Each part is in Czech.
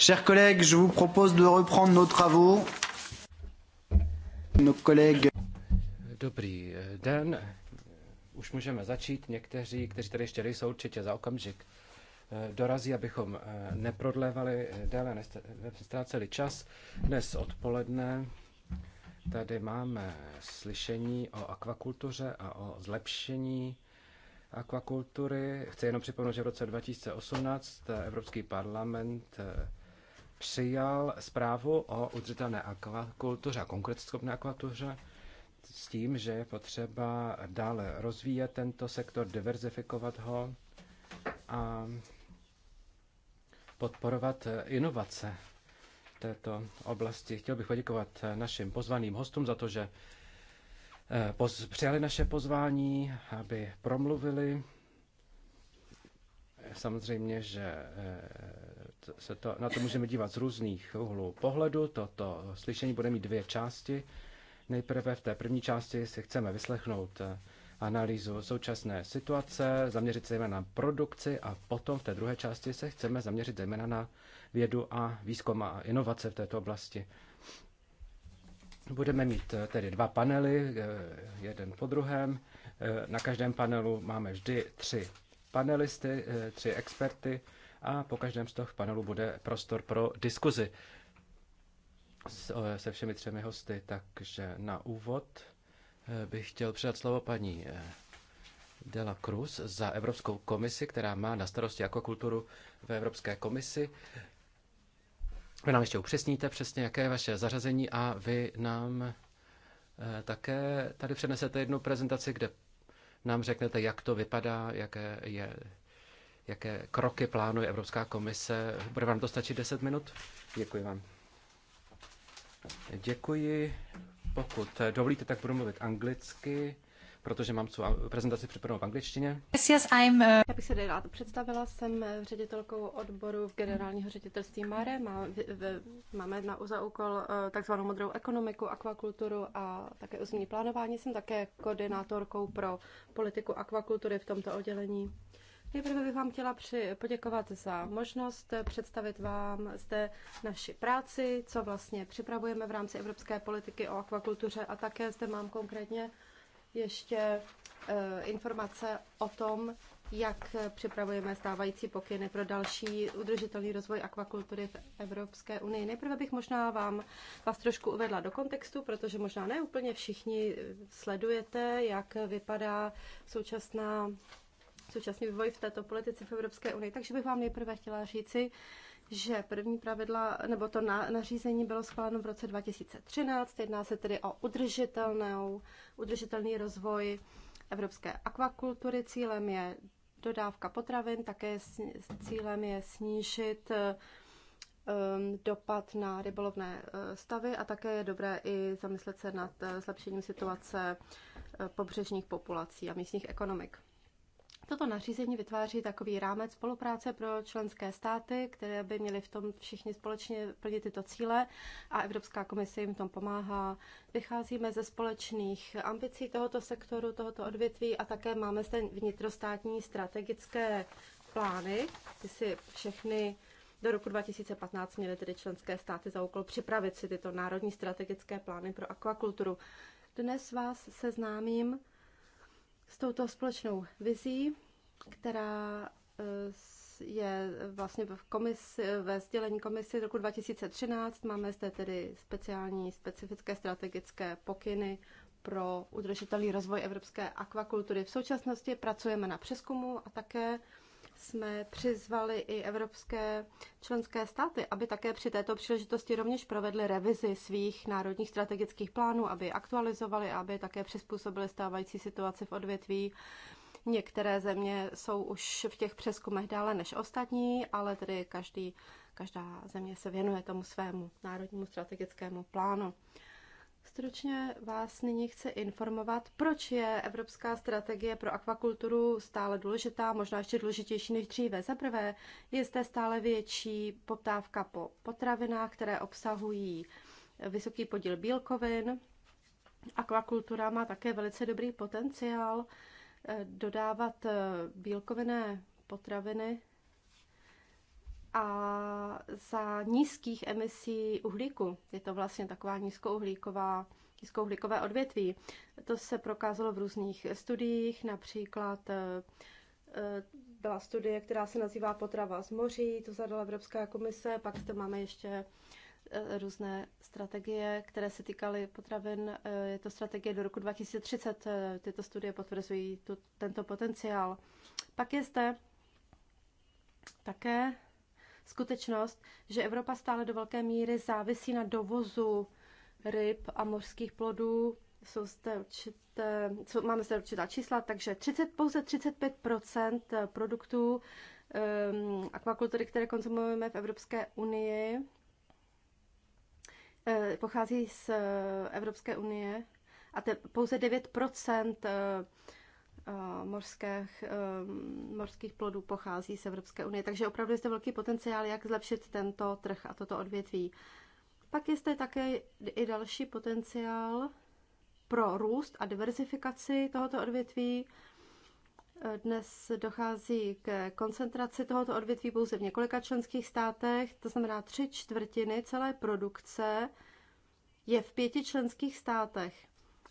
Chers collègues, je vous propose de reprendre nos travaux. Nos collègues. Dobrý eh, den. Už můžeme začít. Někteří, kteří tady ještě nejsou, určitě za okamžik eh, dorazí, abychom eh, neprodlévali déle, nestráceli čas. Dnes odpoledne tady máme slyšení o akvakultuře a o zlepšení akvakultury. Chci jenom připomenout, že v roce 2018 Evropský parlament přijal zprávu o udržitelné akvakultuře a konkurenceschopné akvakultuře s tím, že je potřeba dále rozvíjet tento sektor, diverzifikovat ho a podporovat inovace v této oblasti. Chtěl bych poděkovat našim pozvaným hostům za to, že eh, přijali naše pozvání, aby promluvili. Samozřejmě, že eh, se to, na to můžeme dívat z různých úhlů pohledu. Toto slyšení bude mít dvě části. Nejprve v té první části si chceme vyslechnout eh, analýzu současné situace, zaměřit se na produkci a potom v té druhé části se chceme zaměřit zejména na vědu a výzkum a inovace v této oblasti. Budeme mít eh, tedy dva panely, eh, jeden po druhém. Na každém panelu máme vždy tři panelisty, tři experty a po každém z toho panelu bude prostor pro diskuzi eh, se všemi třemi hosty. Takže na úvod eh, bych chtěl předat slovo paní eh, Dela Cruz za Evropskou komisi, která má na starosti jako kulturu ve Evropské komisi. Vy nám ještě upřesníte přesně, jaké je vaše zařazení a vy nám také tady přenesete jednu prezentaci, kde nám řeknete, jak to vypadá, jaké je jaké kroky plánuje Evropská komise. Bude vám to stačit 10 minut? Děkuji vám. Děkuji. Pokud dovolíte, tak budu mluvit anglicky, protože mám svou prezentaci připravenou v angličtině. Yes, yes, I'm, uh... Já bych se tady rád představila, jsem eh, ředitelkou odboru v generálního ředitelství Mare. Má, v, máme na za úkol uh, takzvanou modrou ekonomiku, akvakulturu a také územní plánování. Jsem také koordinátorkou pro politiku akvakultury v tomto oddělení. Nejprve bych vám chtěla při, poděkovat za možnost představit vám zde naši práci, co vlastně připravujeme v rámci evropské politiky o akvakultuře a také zde mám konkrétně ještě e, informace o tom, jak připravujeme stávající pokyny pro další udržitelný rozvoj akvakultury v Evropské unii. Nejprve bych možná vám vás trošku uvedla do kontextu, protože možná ne úplně všichni sledujete, jak vypadá současná současný vývoj v této politice v Evropské unii. Takže bych vám nejprve chtěla říci, že první pravidla, nebo to na, nařízení bylo schváleno v roce 2013. Jedná se tedy o udržitelnou, udržitelný rozvoj evropské akvakultury. Cílem je dodávka potravin, také cílem je snížit um, dopad na rybolovné uh, stavy a také je dobré i zamyslet se nad uh, zlepšením situace uh, pobřežních populací a místních ekonomik. Toto nařízení vytváří takový rámec spolupráce pro členské státy, které by měly v tom všichni společně plnit tyto cíle a Evropská komise jim v tom pomáhá. Vycházíme ze společných ambicí tohoto sektoru, tohoto odvětví a také máme zde vnitrostátní strategické plány, ty si všechny do roku 2015 měly tedy členské státy za úkol připravit si tyto národní strategické plány pro akvakulturu. Dnes vás seznámím s touto společnou vizí, která eh, je vlastně v komisi, ve sdělení komisi z roku 2013. Máme zde tedy speciální specifické strategické pokyny pro udržitelný rozvoj evropské akvakultury. V současnosti pracujeme na přeskumu a také jsme přizvali i evropské členské státy, aby také při této příležitosti rovněž provedli revizi svých národních strategických plánů, aby aktualizovali, aby také přizpůsobili stávající situaci v odvětví. Některé země jsou už v těch přeskumech dále než ostatní, ale tedy každý, každá země se věnuje tomu svému národnímu strategickému plánu. Stručně vás nyní chci informovat, proč je evropská strategie pro akvakulturu stále důležitá, možná ještě důležitější než dříve. Za prvé je zde stále větší poptávka po potravinách, které obsahují vysoký podíl bílkovin. Akvakultura má také velice dobrý potenciál eh, dodávat eh, bílkovinné potraviny a za nízkých emisí uhlíku. Je to vlastně taková nízkouhlíková nízkouhlíkové odvětví. To se prokázalo v různých studiích, například eh, eh, byla studie, která se nazývá Potrava z moří, to zadala Evropská komise, pak zde máme ještě eh, různé strategie, které se týkaly potravin. Je to strategie do roku 2030. Tyto studie potvrzují tu, tento potenciál. Pak je zde také skutečnost, že Evropa stále do velké míry závisí na dovozu ryb a mořských plodů. Jsou zde určité, jsou, máme zde určitá čísla, takže 30, pouze 35 produktů um, akvakultury, které konzumujeme v Evropské unii, eh, pochází z eh, Evropské unie a te, pouze 9 morských ehm, morských plodů pochází z Evropské unie. Takže opravdu je velký potenciál, jak zlepšit tento trh a toto odvětví. Pak je zde také i další potenciál pro růst a diverzifikaci tohoto odvětví. Dnes dochází k koncentraci tohoto odvětví pouze v několika členských státech, to znamená tři čtvrtiny celé produkce je v pěti členských státech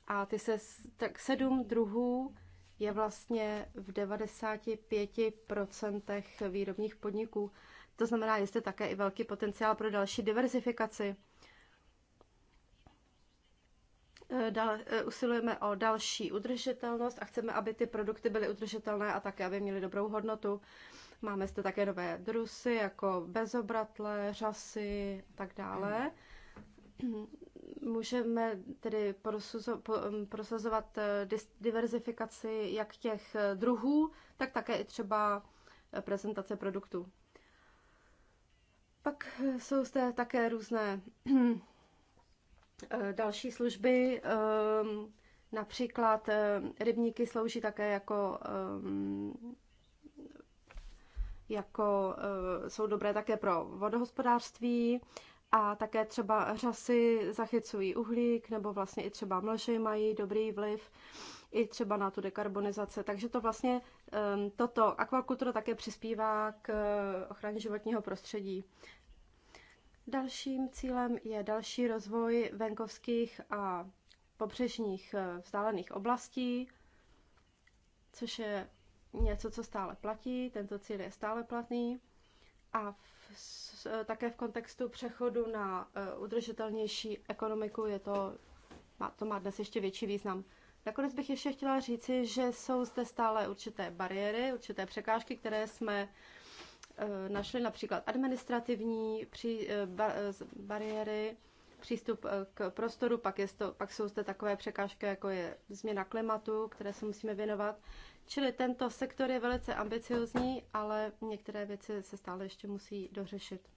a ty se tak sedm druhů je vlastně v 95% výrobních podniků. To znamená, je zde také i velký potenciál pro další diversifikaci. Eh, Dal, eh, usilujeme o další udržitelnost a chceme, aby ty produkty byly udržitelné a také, aby měly dobrou hodnotu. Máme zde také nové drusy, jako bezobratle, řasy a tak dále můžeme tedy prosazovat eh, diverzifikaci jak těch eh, druhů, tak také i třeba eh, prezentace produktů. Pak jsou zde také různé další služby, ehm, například rybníky slouží také jako ehm, jako jsou dobré také pro vodohospodářství. A také třeba řasy zachycují uhlík, nebo vlastně i třeba mlži mají dobrý vliv i třeba na tu dekarbonizaci. Takže to vlastně ehm, toto akvakultura také přispívá k eh, ochraně životního prostředí. Dalším cílem je další rozvoj venkovských a pobřežních eh, vzdálených oblastí, což je něco, co stále platí. Tento cíl je stále platný. A v Eh, také v kontextu přechodu na eh, udržitelnější ekonomiku je to, to má dnes ještě větší význam. Nakonec bych ještě chtěla říci, že jsou zde stále určité bariéry, určité překážky, které jsme eh, našli například administrativní při, ba, bariéry, přístup k prostoru, pak, je to, pak jsou zde takové překážky, jako je změna klimatu, které se musíme věnovat. Čili tento sektor je velice ambiciozní, ale některé věci se stále ještě musí dořešit.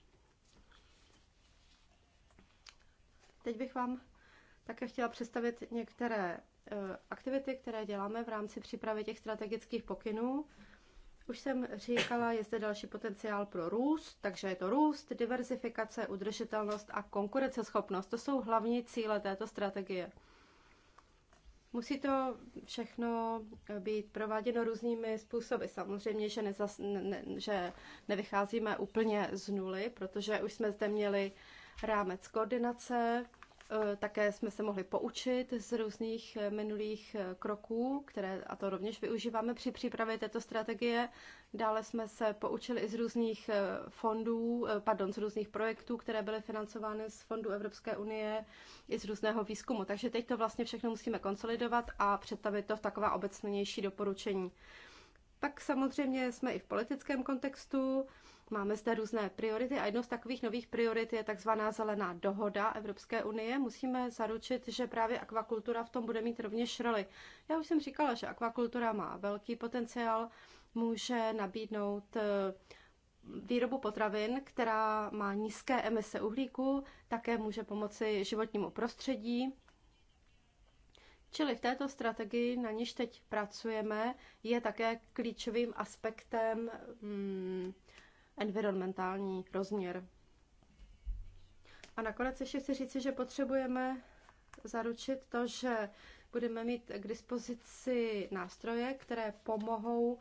Teď bych vám také chtěla představit některé eh, aktivity, které děláme v rámci přípravy těch strategických pokynů. Už jsem říkala, je zde další potenciál pro růst, takže je to růst, diversifikace, udržitelnost a konkurenceschopnost. To jsou hlavní cíle této strategie. Musí to všechno eh, být prováděno různými způsoby. Samozřejmě, že, nezas, ne, že nevycházíme úplně z nuly, protože už jsme zde měli rámec koordinace, Eh, také jsme se mohli poučit z různých eh, minulých eh, kroků, které, a to rovněž využíváme při přípravě této strategie. Dále jsme se poučili i z různých fondů, pardon, z různých projektů, které byly financovány z fondů Evropské unie i z různého výzkumu. Takže teď to vlastně všechno musíme konsolidovat a představit to v taková obecnější doporučení. Pak samozřejmě jsme i v politickém kontextu. Máme zde různé priority a jednou z takových nových priorit je takzvaná zelená dohoda Evropské unie. Musíme zaručit, že právě akvakultura v tom bude mít rovněž roli. Já už jsem říkala, že akvakultura má velký potenciál, může nabídnout eh, výrobu potravin, která má nízké emise uhlíku, také může pomoci životnímu prostředí. Čili v této strategii, na níž teď pracujeme, je také klíčovým aspektem hmm, environmentální rozměr. A nakonec ještě chci říci, že potřebujeme zaručit to, že budeme mít k dispozici nástroje, které pomohou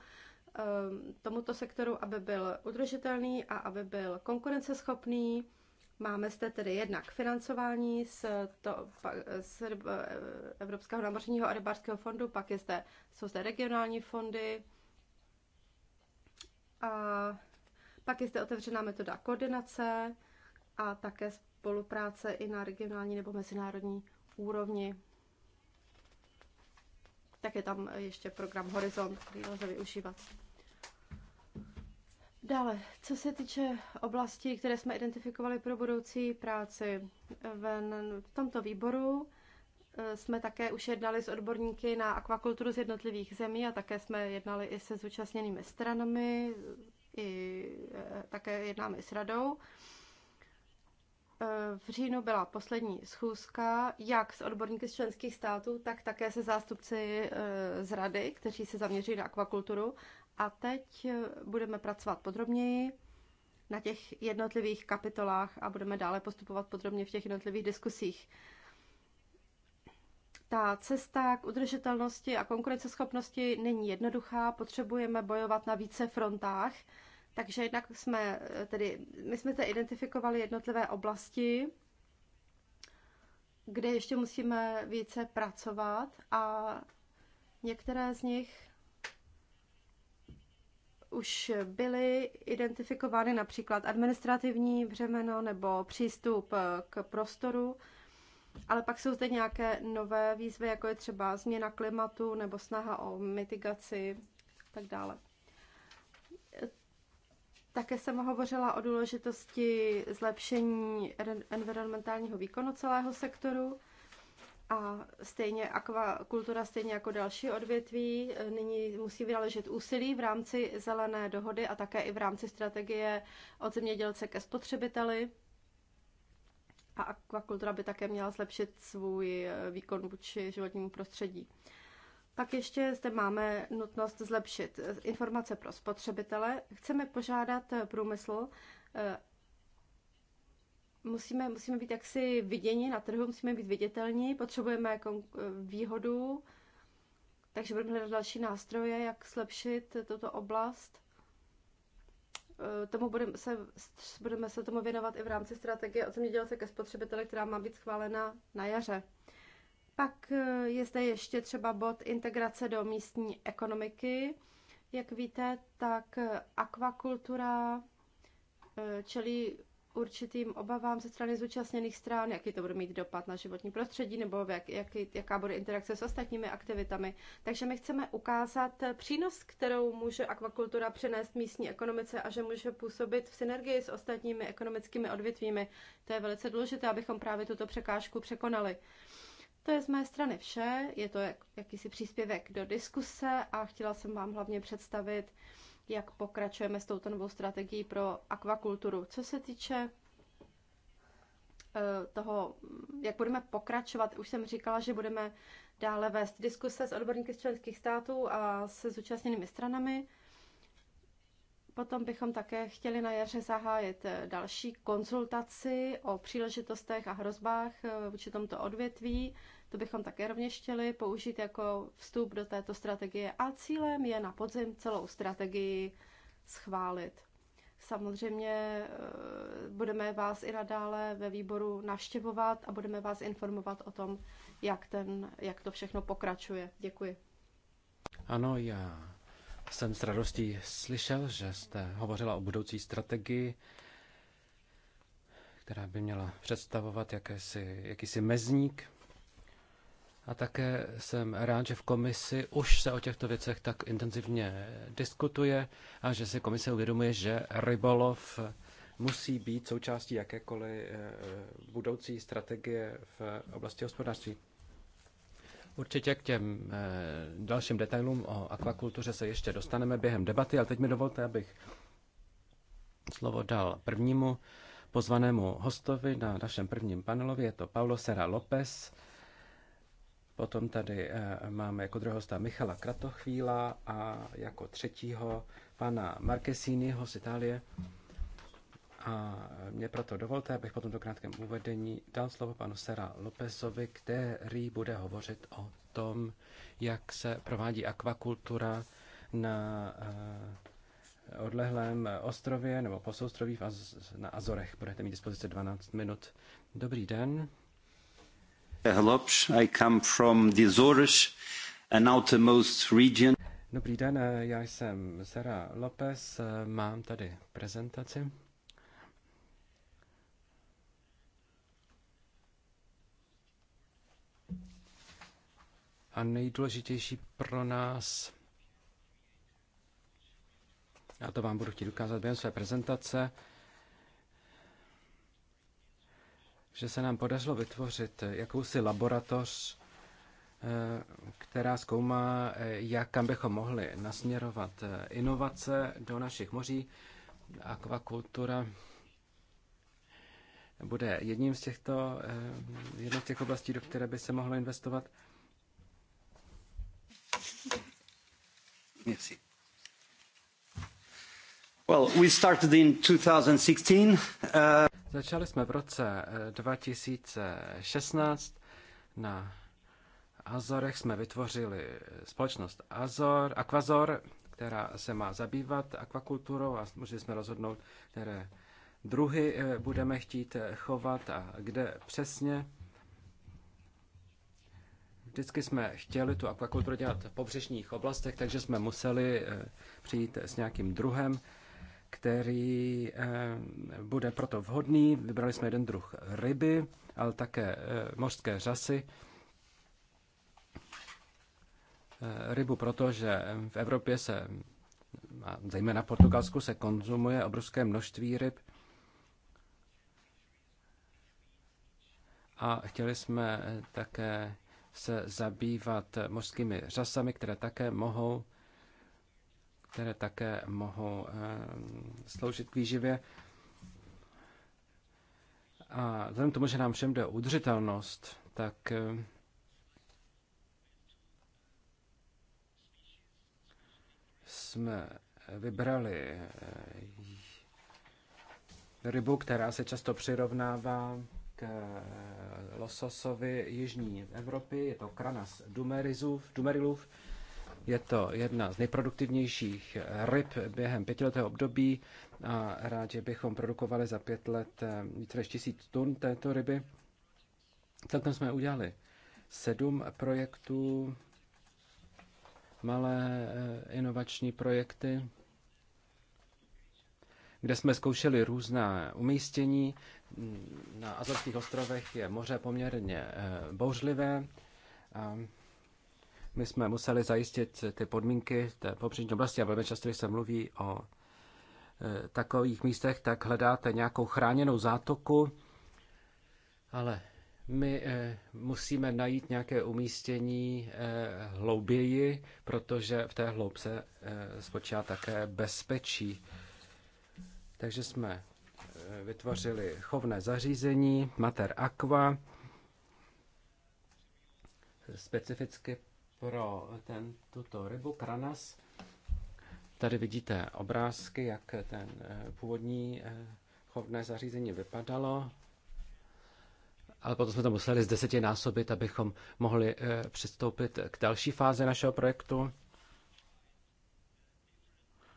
ehm, tomuto sektoru, aby byl udržitelný a aby byl konkurenceschopný. Máme zde tedy jednak financování z, to, z eh, Evropského námořního a rybářského fondu, pak je zde, jsou zde regionální fondy a pak je zde otevřená metoda koordinace a také spolupráce i na regionální nebo mezinárodní úrovni. Tak je tam ještě program Horizont, který lze využívat. Dále, co se týče oblastí, které jsme identifikovali pro budoucí práci, v tomto výboru eh, jsme také už jednali s odborníky na akvakulturu z jednotlivých zemí a také jsme jednali i se zúčastněnými stranami, i e, také jednáme s radou. E, v říjnu byla poslední schůzka, jak s odborníky z členských států, tak také se zástupci e, z rady, kteří se zaměří na akvakulturu. A teď budeme pracovat podrobněji na těch jednotlivých kapitolách a budeme dále postupovat podrobně v těch jednotlivých diskusích. Ta cesta k udržitelnosti a konkurenceschopnosti není jednoduchá, potřebujeme bojovat na více frontách, takže jednak jsme eh, tedy, my jsme zde identifikovali jednotlivé oblasti, kde ještě musíme více pracovat a některé z nich už byly identifikovány například administrativní břemeno nebo přístup eh, k prostoru, ale pak jsou zde nějaké nové výzvy, jako je třeba změna klimatu nebo snaha o mitigaci a tak dále. Také jsem hovořila o důležitosti zlepšení environmentálního výkonu celého sektoru a stejně akvakultura, stejně jako další odvětví, e, nyní musí vynaložit úsilí v rámci zelené dohody a také i v rámci strategie od zemědělce ke spotřebiteli a akvakultura by také měla zlepšit svůj eh, výkon vůči životnímu prostředí. Pak ještě zde máme nutnost zlepšit eh, informace pro spotřebitele. Chceme požádat eh, průmysl, musíme, musíme být jaksi viděni na trhu, musíme být viditelní, potřebujeme výhodu, takže budeme hledat další nástroje, jak zlepšit tuto oblast. Eh, tomu budeme se, budeme se tomu věnovat i v rámci strategie od zemědělce ke spotřebiteli, která má být schválena na jaře. Pak eh, je zde ještě třeba bod integrace do místní ekonomiky. Jak víte, tak eh, akvakultura čelí určitým obavám ze strany zúčastněných stran, jaký to bude mít dopad na životní prostředí nebo jak, jaký, jaká bude interakce s ostatními aktivitami. Takže my chceme ukázat přínos, kterou může akvakultura přinést místní ekonomice a že může působit v synergii s ostatními ekonomickými odvětvími. To je velice důležité, abychom právě tuto překážku překonali. To je z mé strany vše, je to jak, jakýsi příspěvek do diskuse a chtěla jsem vám hlavně představit jak pokračujeme s touto novou strategií pro akvakulturu. Co se týče eh, toho, jak budeme pokračovat, už jsem říkala, že budeme dále vést diskuse s odborníky z členských států a se zúčastněnými stranami. Potom bychom také chtěli na jaře zahájit eh, další konzultaci o příležitostech a hrozbách eh, vůči tomto odvětví. To bychom také rovněž chtěli použít jako vstup do této strategie a cílem je na podzim celou strategii schválit. Samozřejmě e, budeme vás i nadále ve výboru naštěvovat a budeme vás informovat o tom, jak, ten, jak to všechno pokračuje. Děkuji. Ano, já jsem s radostí slyšel, že jste hovořila o budoucí strategii, která by měla představovat jakési, jakýsi mezník a také jsem rád, že v komisi už se o těchto věcech tak intenzivně diskutuje a že si komise uvědomuje, že rybolov musí být součástí jakékoliv eh, budoucí strategie v oblasti hospodářství. Určitě k těm eh, dalším detailům o akvakultuře se ještě dostaneme během debaty, ale teď mi dovolte, abych slovo dal prvnímu pozvanému hostovi na našem prvním panelovi. Je to Paulo Sera López, Potom tady eh, máme jako druhého hosta Michala Kratochvíla a jako třetího pana Marquesiniho z Itálie. A mě proto dovolte, abych po tomto krátkém uvedení dal slovo panu Sera Lopezovi, který bude hovořit o tom, jak se provádí akvakultura na eh, odlehlém ostrově nebo posoustroví na Azorech. Budete mít dispozici 12 minut. Dobrý den. Dobrý den, eh, já jsem Sara López, eh, mám tady prezentaci. A nejdůležitější pro nás, já to vám budu chtít ukázat během své prezentace, že se nám podařilo vytvořit jakousi laboratoř, eh, která zkoumá, eh, jak kam bychom mohli nasměrovat eh, inovace do našich moří. Akvakultura bude jedním z těchto, jednou z těch oblastí, do které by se mohlo investovat. Merci. Well, we started in 2016. Uh... Začali jsme v roce 2016. Eh, Na Azorech jsme vytvořili eh, společnost Azor, Aquazor, která se má zabývat akvakulturou a můželi jsme rozhodnout, které druhy eh, budeme chtít chovat a kde přesně. Vždycky jsme chtěli tu akvakulturu dělat v pobřežních oblastech, takže jsme museli přijít s nějakým druhem, který eh, bude proto vhodný. Vybrali jsme jeden druh ryby, ale také eh, mořské řasy. Eh, rybu proto, že v Evropě se, zejména v Portugalsku, se konzumuje obrovské množství ryb. A chtěli jsme také se zabývat mořskými řasami, které také mohou které také mohou eh, sloužit k výživě. A vzhledem k tomu, že nám všem jde o udržitelnost, tak eh, jsme vybrali eh, rybu, která se často přirovnává k lososovi Jižní Evropy. Je to kranas dumerizův, dumerilův. Je to jedna z nejproduktivnějších ryb během pětiletého období a rádi bychom produkovali za pět let eh, více než tisíc tun této ryby. Celkem jsme udělali sedm projektů, malé eh, inovační projekty, kde jsme zkoušeli různá umístění. Na Azorských ostrovech je moře poměrně eh, bouřlivé. A my jsme museli zajistit ty podmínky té pobřežní oblasti a velmi často, když se mluví o e, takových místech, tak hledáte nějakou chráněnou zátoku, ale my e, musíme najít nějaké umístění e, hlouběji, protože v té hloubce spočívá také bezpečí. Takže jsme vytvořili chovné zařízení Mater Aqua, specificky pro ten, tuto rybu kranas. Tady vidíte obrázky, jak ten eh, původní eh, chovné zařízení vypadalo. Ale potom jsme to museli z deseti násobit, abychom mohli eh, přistoupit k další fázi našeho projektu.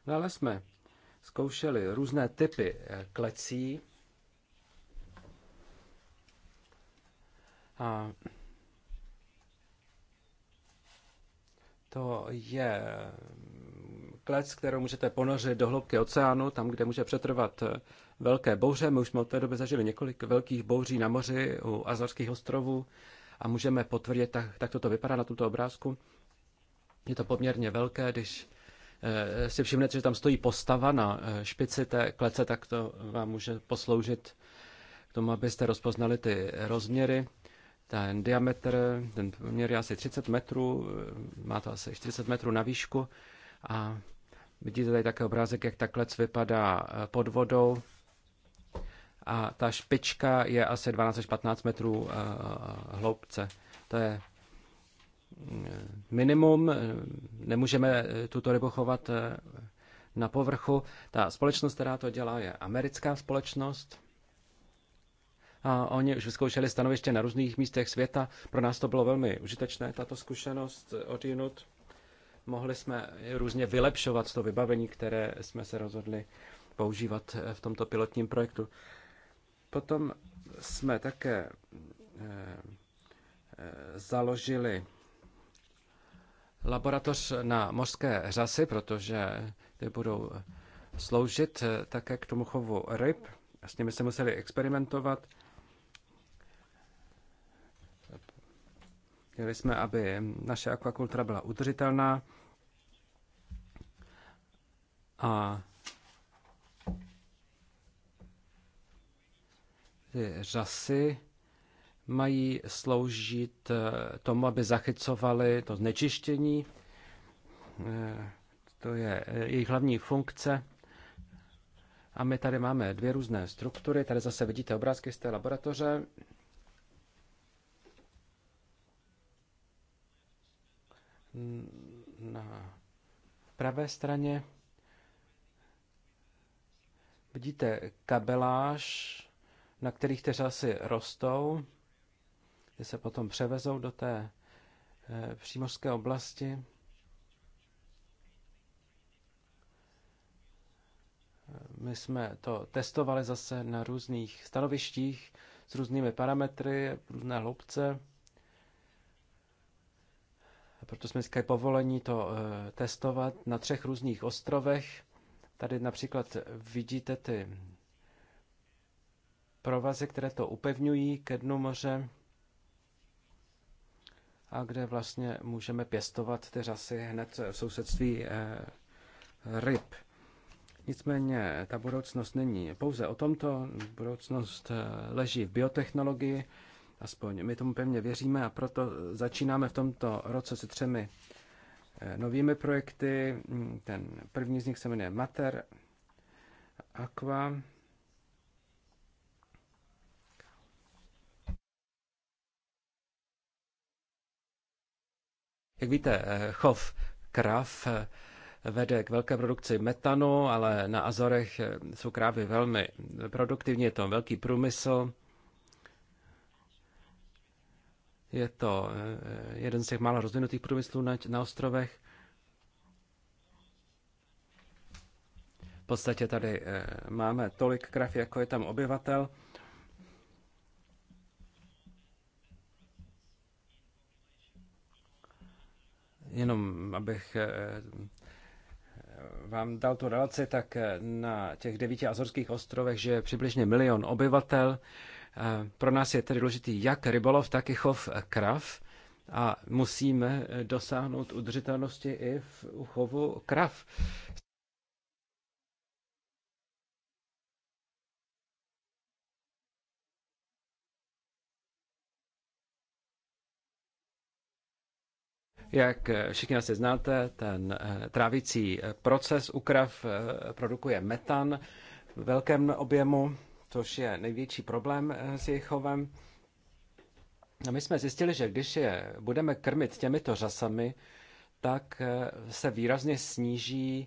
Dále no jsme zkoušeli různé typy klecí. A To je klec, kterou můžete ponořit do hloubky oceánu, tam, kde může přetrvat eh, velké bouře. My už jsme od té doby zažili několik velkých bouří na moři u Azorských ostrovů a můžeme potvrdit, tak, tak toto vypadá na tomto obrázku. Je to poměrně velké, když eh, si všimnete, že tam stojí postava na eh, špici té klece, tak to vám může posloužit k tomu, abyste rozpoznali ty rozměry. Ten diametr, ten poměr je asi 30 metrů, eh, má to asi 40 metrů na výšku a vidíte tady také obrázek, jak ta klec vypadá eh, pod vodou a ta špička je asi 12 až 15 metrů eh, hloubce. To je mm, minimum, nemůžeme tuto rybu chovat na povrchu. Ta společnost, která to dělá, je americká společnost a oni už vyzkoušeli stanoviště na různých místech světa. Pro nás to bylo velmi užitečné, tato zkušenost od jinut. Mohli jsme různě vylepšovat to vybavení, které jsme se rozhodli používat eh, v tomto pilotním projektu. Potom jsme také eh, eh, založili laboratoř na mořské řasy, protože ty budou sloužit také k tomu chovu ryb. S nimi se museli experimentovat. Chtěli jsme, aby naše akvakultura byla udržitelná a ty řasy mají sloužit eh, tomu, aby zachycovali to znečištění. Eh, to je eh, jejich hlavní funkce. A my tady máme dvě různé struktury. Tady zase vidíte obrázky z té laboratoře. na pravé straně vidíte kabeláž, na kterých ty řasy rostou, kde se potom převezou do té eh, přímořské oblasti. My jsme to testovali zase na různých stanovištích s různými parametry, různé hloubce proto jsme získali povolení to eh, testovat na třech různých ostrovech. Tady například vidíte ty provazy, které to upevňují ke dnu moře a kde vlastně můžeme pěstovat ty řasy hned v sousedství eh, ryb. Nicméně ta budoucnost není pouze o tomto, budoucnost eh, leží v biotechnologii, Aspoň my tomu pevně věříme a proto začínáme v tomto roce se třemi eh, novými projekty. Ten první z nich se jmenuje Mater Aqua. Jak víte, eh, chov krav eh, vede k velké produkci metanu, ale na Azorech jsou krávy velmi produktivní, je to velký průmysl Je to eh, jeden z těch málo rozvinutých průmyslů na, na ostrovech. V podstatě tady eh, máme tolik krav, jako je tam obyvatel. Jenom abych eh, vám dal tu relaci, tak na těch devíti azorských ostrovech žije přibližně milion obyvatel. Eh, pro nás je tedy důležitý jak rybolov, tak i chov krav a musíme eh, dosáhnout udržitelnosti i v chovu krav. Jak eh, všichni asi znáte, ten trávicí proces u krav produkuje metan v velkém objemu což je největší problém eh, s jejich chovem. A my jsme zjistili, že když je budeme krmit těmito řasami, tak eh, se výrazně sníží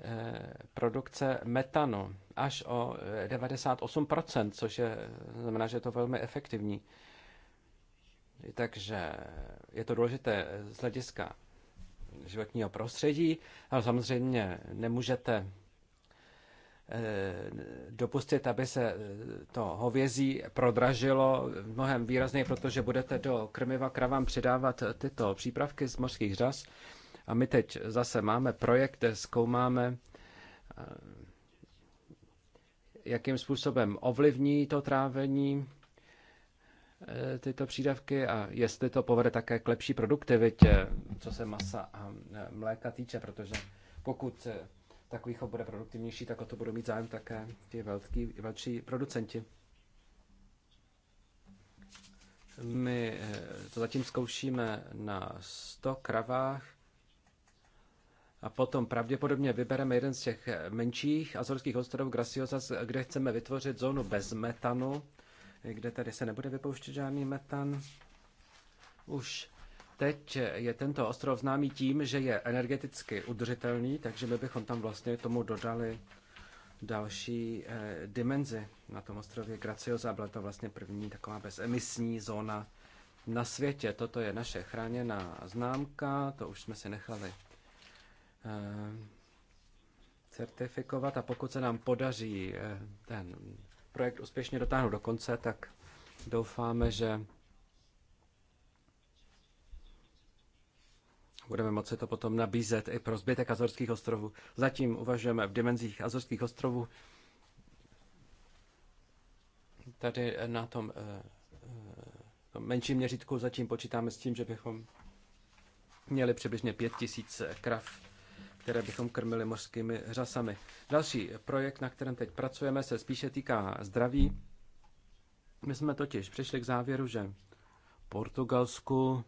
eh, produkce metanu až o 98%, což je, znamená, že je to velmi efektivní. Takže je to důležité z hlediska životního prostředí, ale samozřejmě nemůžete Eh, dopustit, aby se eh, to hovězí prodražilo mnohem výrazněji, protože budete do krmiva kravám přidávat tyto přípravky z mořských řas. A my teď zase máme projekt, kde zkoumáme, eh, jakým způsobem ovlivní to trávení tyto přídavky a jestli to povede také k lepší produktivitě, co se masa a mléka týče, protože pokud chov bude produktivnější, tak o to budou mít zájem také ti velký, velčí producenti. My eh, to zatím zkoušíme na 100 kravách a potom pravděpodobně vybereme jeden z těch eh, menších azorských ostrovů Graciosas, kde chceme vytvořit zónu bez metanu, eh, kde tady se nebude vypouštět žádný metan. Už Teď je tento ostrov známý tím, že je energeticky udržitelný, takže my bychom tam vlastně tomu dodali další eh, dimenzi na tom ostrově Graciosa. Byla to vlastně první taková bezemisní zóna na světě. Toto je naše chráněná známka, to už jsme si nechali eh, certifikovat a pokud se nám podaří eh, ten projekt úspěšně dotáhnout do konce, tak doufáme, že Budeme moci to potom nabízet i pro zbytek Azorských ostrovů. Zatím uvažujeme v dimenzích Azorských ostrovů. Tady na tom, eh, eh, tom menším měřítku zatím počítáme s tím, že bychom měli přibližně 5000 krav, které bychom krmili mořskými řasami. Další projekt, na kterém teď pracujeme, se spíše týká zdraví. My jsme totiž přišli k závěru, že Portugalsku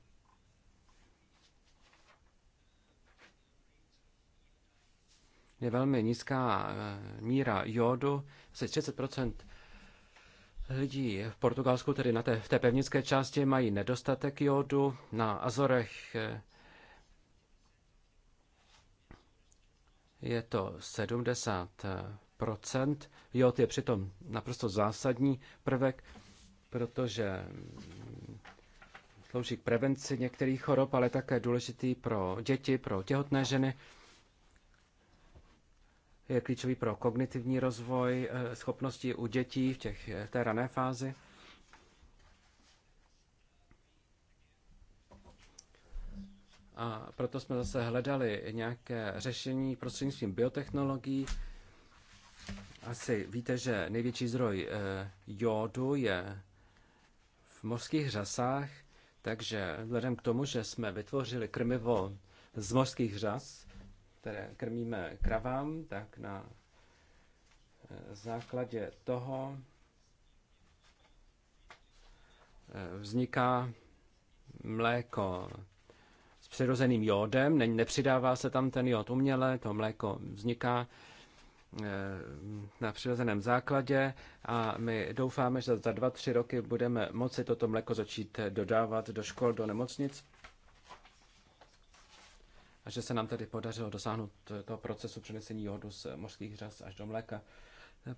je velmi nízká eh, míra jodu, asi 30% lidí v Portugalsku, tedy na té, v té pevnické části, mají nedostatek jodu, na Azorech eh, je to 70%. Jod je přitom naprosto zásadní prvek, protože mm, slouží k prevenci některých chorob, ale také důležitý pro děti, pro těhotné ženy je klíčový pro kognitivní rozvoj eh, schopností u dětí v, těch, v eh, té rané fázi. A proto jsme zase hledali nějaké řešení prostřednictvím biotechnologií. Asi víte, že největší zdroj eh, jodu je v mořských řasách, takže vzhledem k tomu, že jsme vytvořili krmivo z mořských řas, které krmíme kravám, tak na eh, základě toho eh, vzniká mléko s přirozeným jodem, ne, nepřidává se tam ten jod uměle, to mléko vzniká eh, na přirozeném základě a my doufáme, že za dva, tři roky budeme moci toto mléko začít dodávat do škol, do nemocnic a že se nám tedy podařilo dosáhnout toho procesu přenesení jodu z mořských řas až do mléka.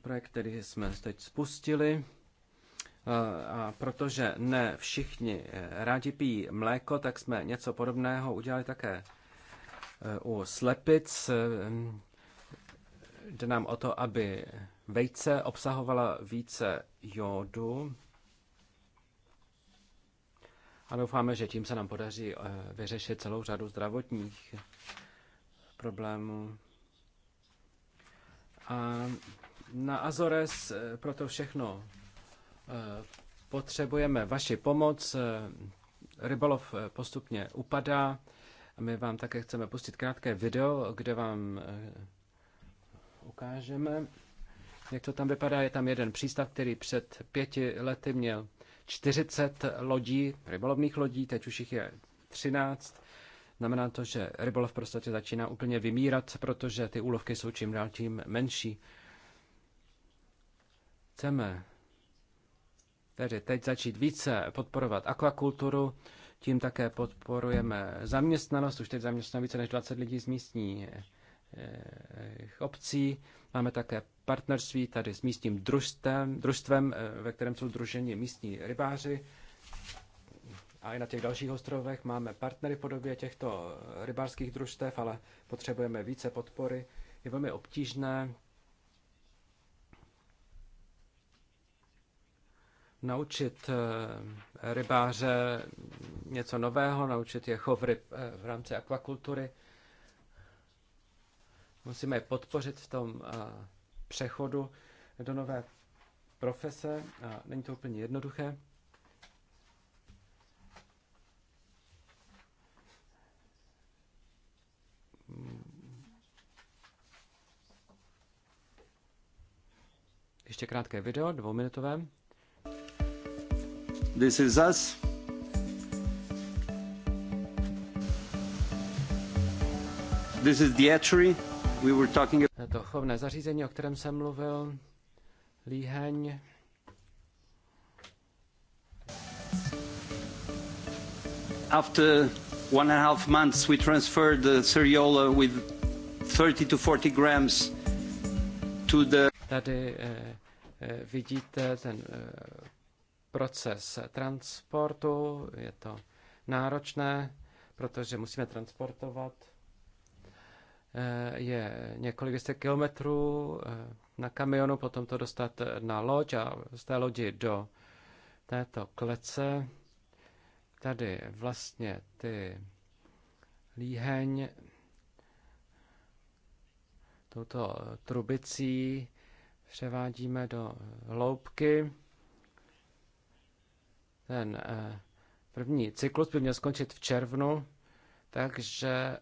Projekt, který jsme teď spustili, a protože ne všichni rádi pijí mléko, tak jsme něco podobného udělali také e, u slepic. Jde nám o to, aby vejce obsahovala více jodu, a doufáme, že tím se nám podaří eh, vyřešit celou řadu zdravotních problémů. A na Azores eh, proto všechno eh, potřebujeme vaši pomoc. Rybolov postupně upadá. my vám také chceme pustit krátké video, kde vám ukážeme, jak to tam vypadá. Je tam jeden přístav, který před pěti lety měl 40 lodí, rybolovných lodí, teď už jich je 13. Znamená to, že rybolov v podstatě začíná úplně vymírat, protože ty úlovky jsou čím dál tím menší. Chceme tedy teď začít více podporovat akvakulturu, tím také podporujeme zaměstnanost, už teď zaměstná více než 20 lidí z místní Eh, obcí. Máme také partnerství tady s místním družstvem, družstvem eh, ve kterém jsou druženi místní rybáři. A i na těch dalších ostrovech máme partnery v podobě těchto rybářských družstev, ale potřebujeme více podpory. Je velmi obtížné naučit eh, rybáře něco nového, naučit je chov ryb v rámci akvakultury. Musíme je podpořit v tom eh, přechodu do nové profese a není to úplně jednoduché. Ještě krátké video, dvouminutové. This is us. This is the eatery. To chovné zařízení, o kterém jsem mluvil, líheň. After one and a half months, we transferred the cereola with 30 to 40 grams to the... Tady eh, eh, vidíte ten eh, proces transportu, je to náročné, protože musíme transportovat Eh, je několik desítek kilometrů eh, na kamionu, potom to dostat eh, na loď a z té lodi do této klece. Tady vlastně ty líheň touto trubicí převádíme do hloubky. Ten první cyklus by měl skončit v červnu, takže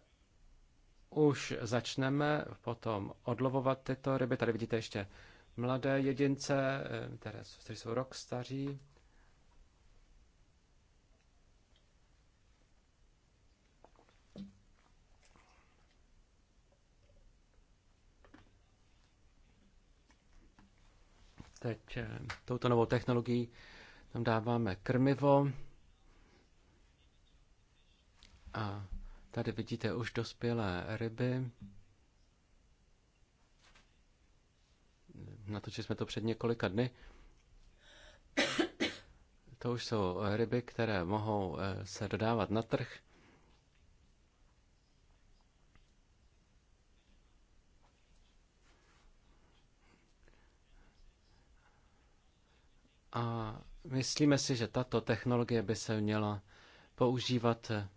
už začneme potom odlovovat tyto ryby. Tady vidíte ještě mladé jedince, eh, které jsou rok staří. Teď eh, touto novou technologií tam dáváme krmivo a Tady vidíte už dospělé ryby. Natočili jsme to před několika dny. To už jsou ryby, které mohou eh, se dodávat na trh. A myslíme si, že tato technologie by se měla používat eh,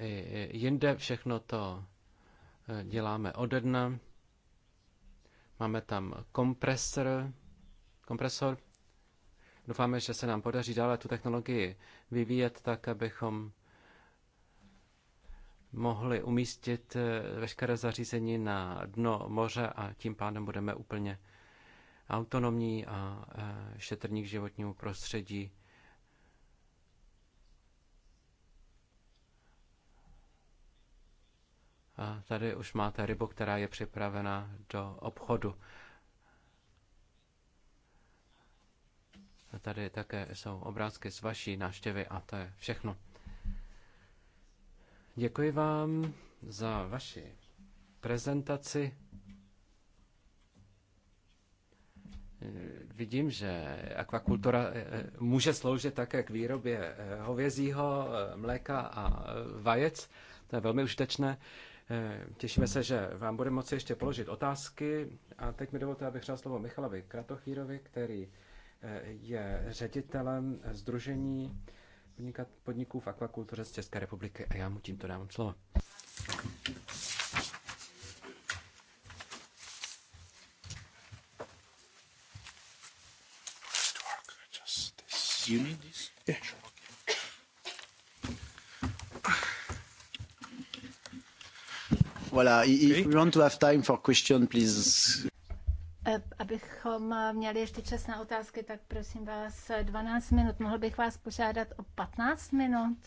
i jinde. Všechno to e, děláme ode dna. Máme tam kompresor, kompresor. Doufáme, že se nám podaří dále tu technologii vyvíjet tak, abychom mohli umístit e, veškeré zařízení na dno moře a tím pádem budeme úplně autonomní a e, šetrní k životnímu prostředí. A tady už máte rybu, která je připravena do obchodu. A tady také jsou obrázky z vaší návštěvy a to je všechno. Děkuji vám za vaši prezentaci. Vidím, že akvakultura eh, eh, může sloužit také k výrobě eh, hovězího mléka a vajec. To je velmi užitečné. Eh, těšíme se, že vám bude moci ještě položit otázky. A teď mi dovolte, abych řekl slovo Michalovi Kratochýrovi, který eh, je ředitelem Združení podniků v akvakultuře z České republiky a já mu tímto dávám slovo. You need this? Yeah, sure. Voilà, if we want to have time for question, please. E, abychom měli ještě čas na otázky, tak prosím vás 12 minut. Mohl bych vás požádat o 15 minut?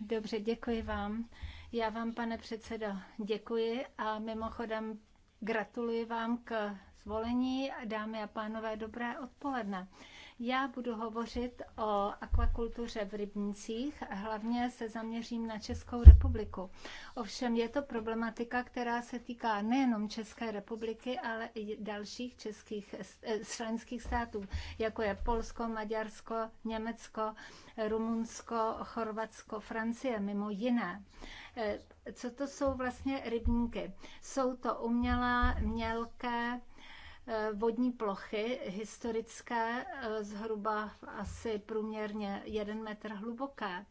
Dobře, děkuji vám. Já vám, pane předsedo, děkuji a mimochodem gratuluji vám k zvolení. Dámy a pánové, dobré odpoledne. Já budu hovořit o akvakultuře v rybnicích, hlavně se zaměřím na Českou republiku. Ovšem je to problematika, která se týká nejenom České republiky, ale i dalších českých eh, členských států, jako je Polsko, Maďarsko, Německo, Rumunsko, Chorvatsko, Francie, mimo jiné. Eh, co to jsou vlastně rybníky? Jsou to umělá, mělké, Eh, vodní plochy historické, eh, zhruba asi průměrně jeden metr hluboké.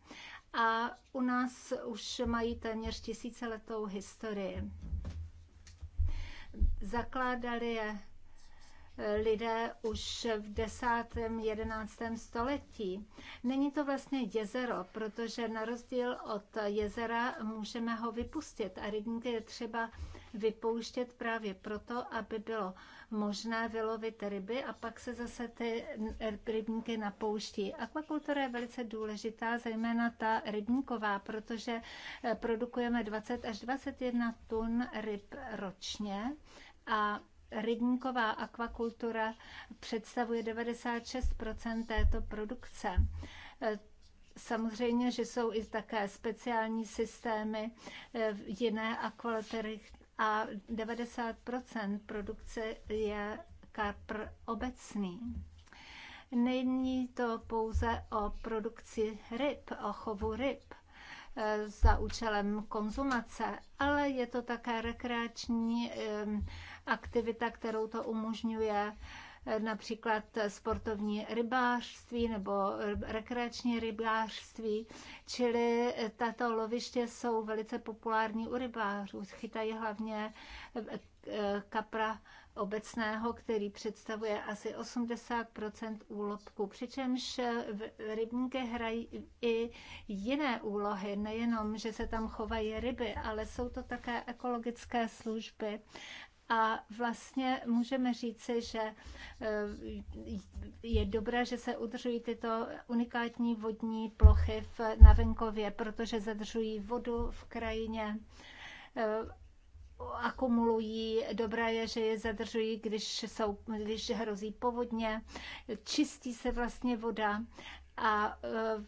A u nás už mají téměř tisíciletou historii. Zakládali je eh, lidé už v 10. 11. století. Není to vlastně jezero, protože na rozdíl od jezera můžeme ho vypustit a rybníky je třeba vypouštět právě proto, aby bylo možné vylovit ryby a pak se zase ty rybníky napouští. Akvakultura je velice důležitá, zejména ta rybníková, protože eh, produkujeme 20 až 21 tun ryb ročně a rybníková akvakultura představuje 96 této produkce. Eh, samozřejmě, že jsou i také speciální systémy v eh, jiné akvakultury, a 90 produkce je kapr obecný. Není to pouze o produkci ryb, o chovu ryb eh, za účelem konzumace, ale je to také rekreační eh, aktivita, kterou to umožňuje například sportovní rybářství nebo rekreační rybářství, čili tato loviště jsou velice populární u rybářů. Chytají hlavně eh, kapra obecného, který představuje asi 80 úlobku. Přičemž rybníky hrají i jiné úlohy, nejenom, že se tam chovají ryby, ale jsou to také ekologické služby a vlastně můžeme říci, že eh, je dobré, že se udržují tyto unikátní vodní plochy na venkově, protože zadržují vodu v krajině eh, akumulují, dobré je, že je zadržují, když, jsou, když hrozí povodně, čistí se vlastně voda a eh,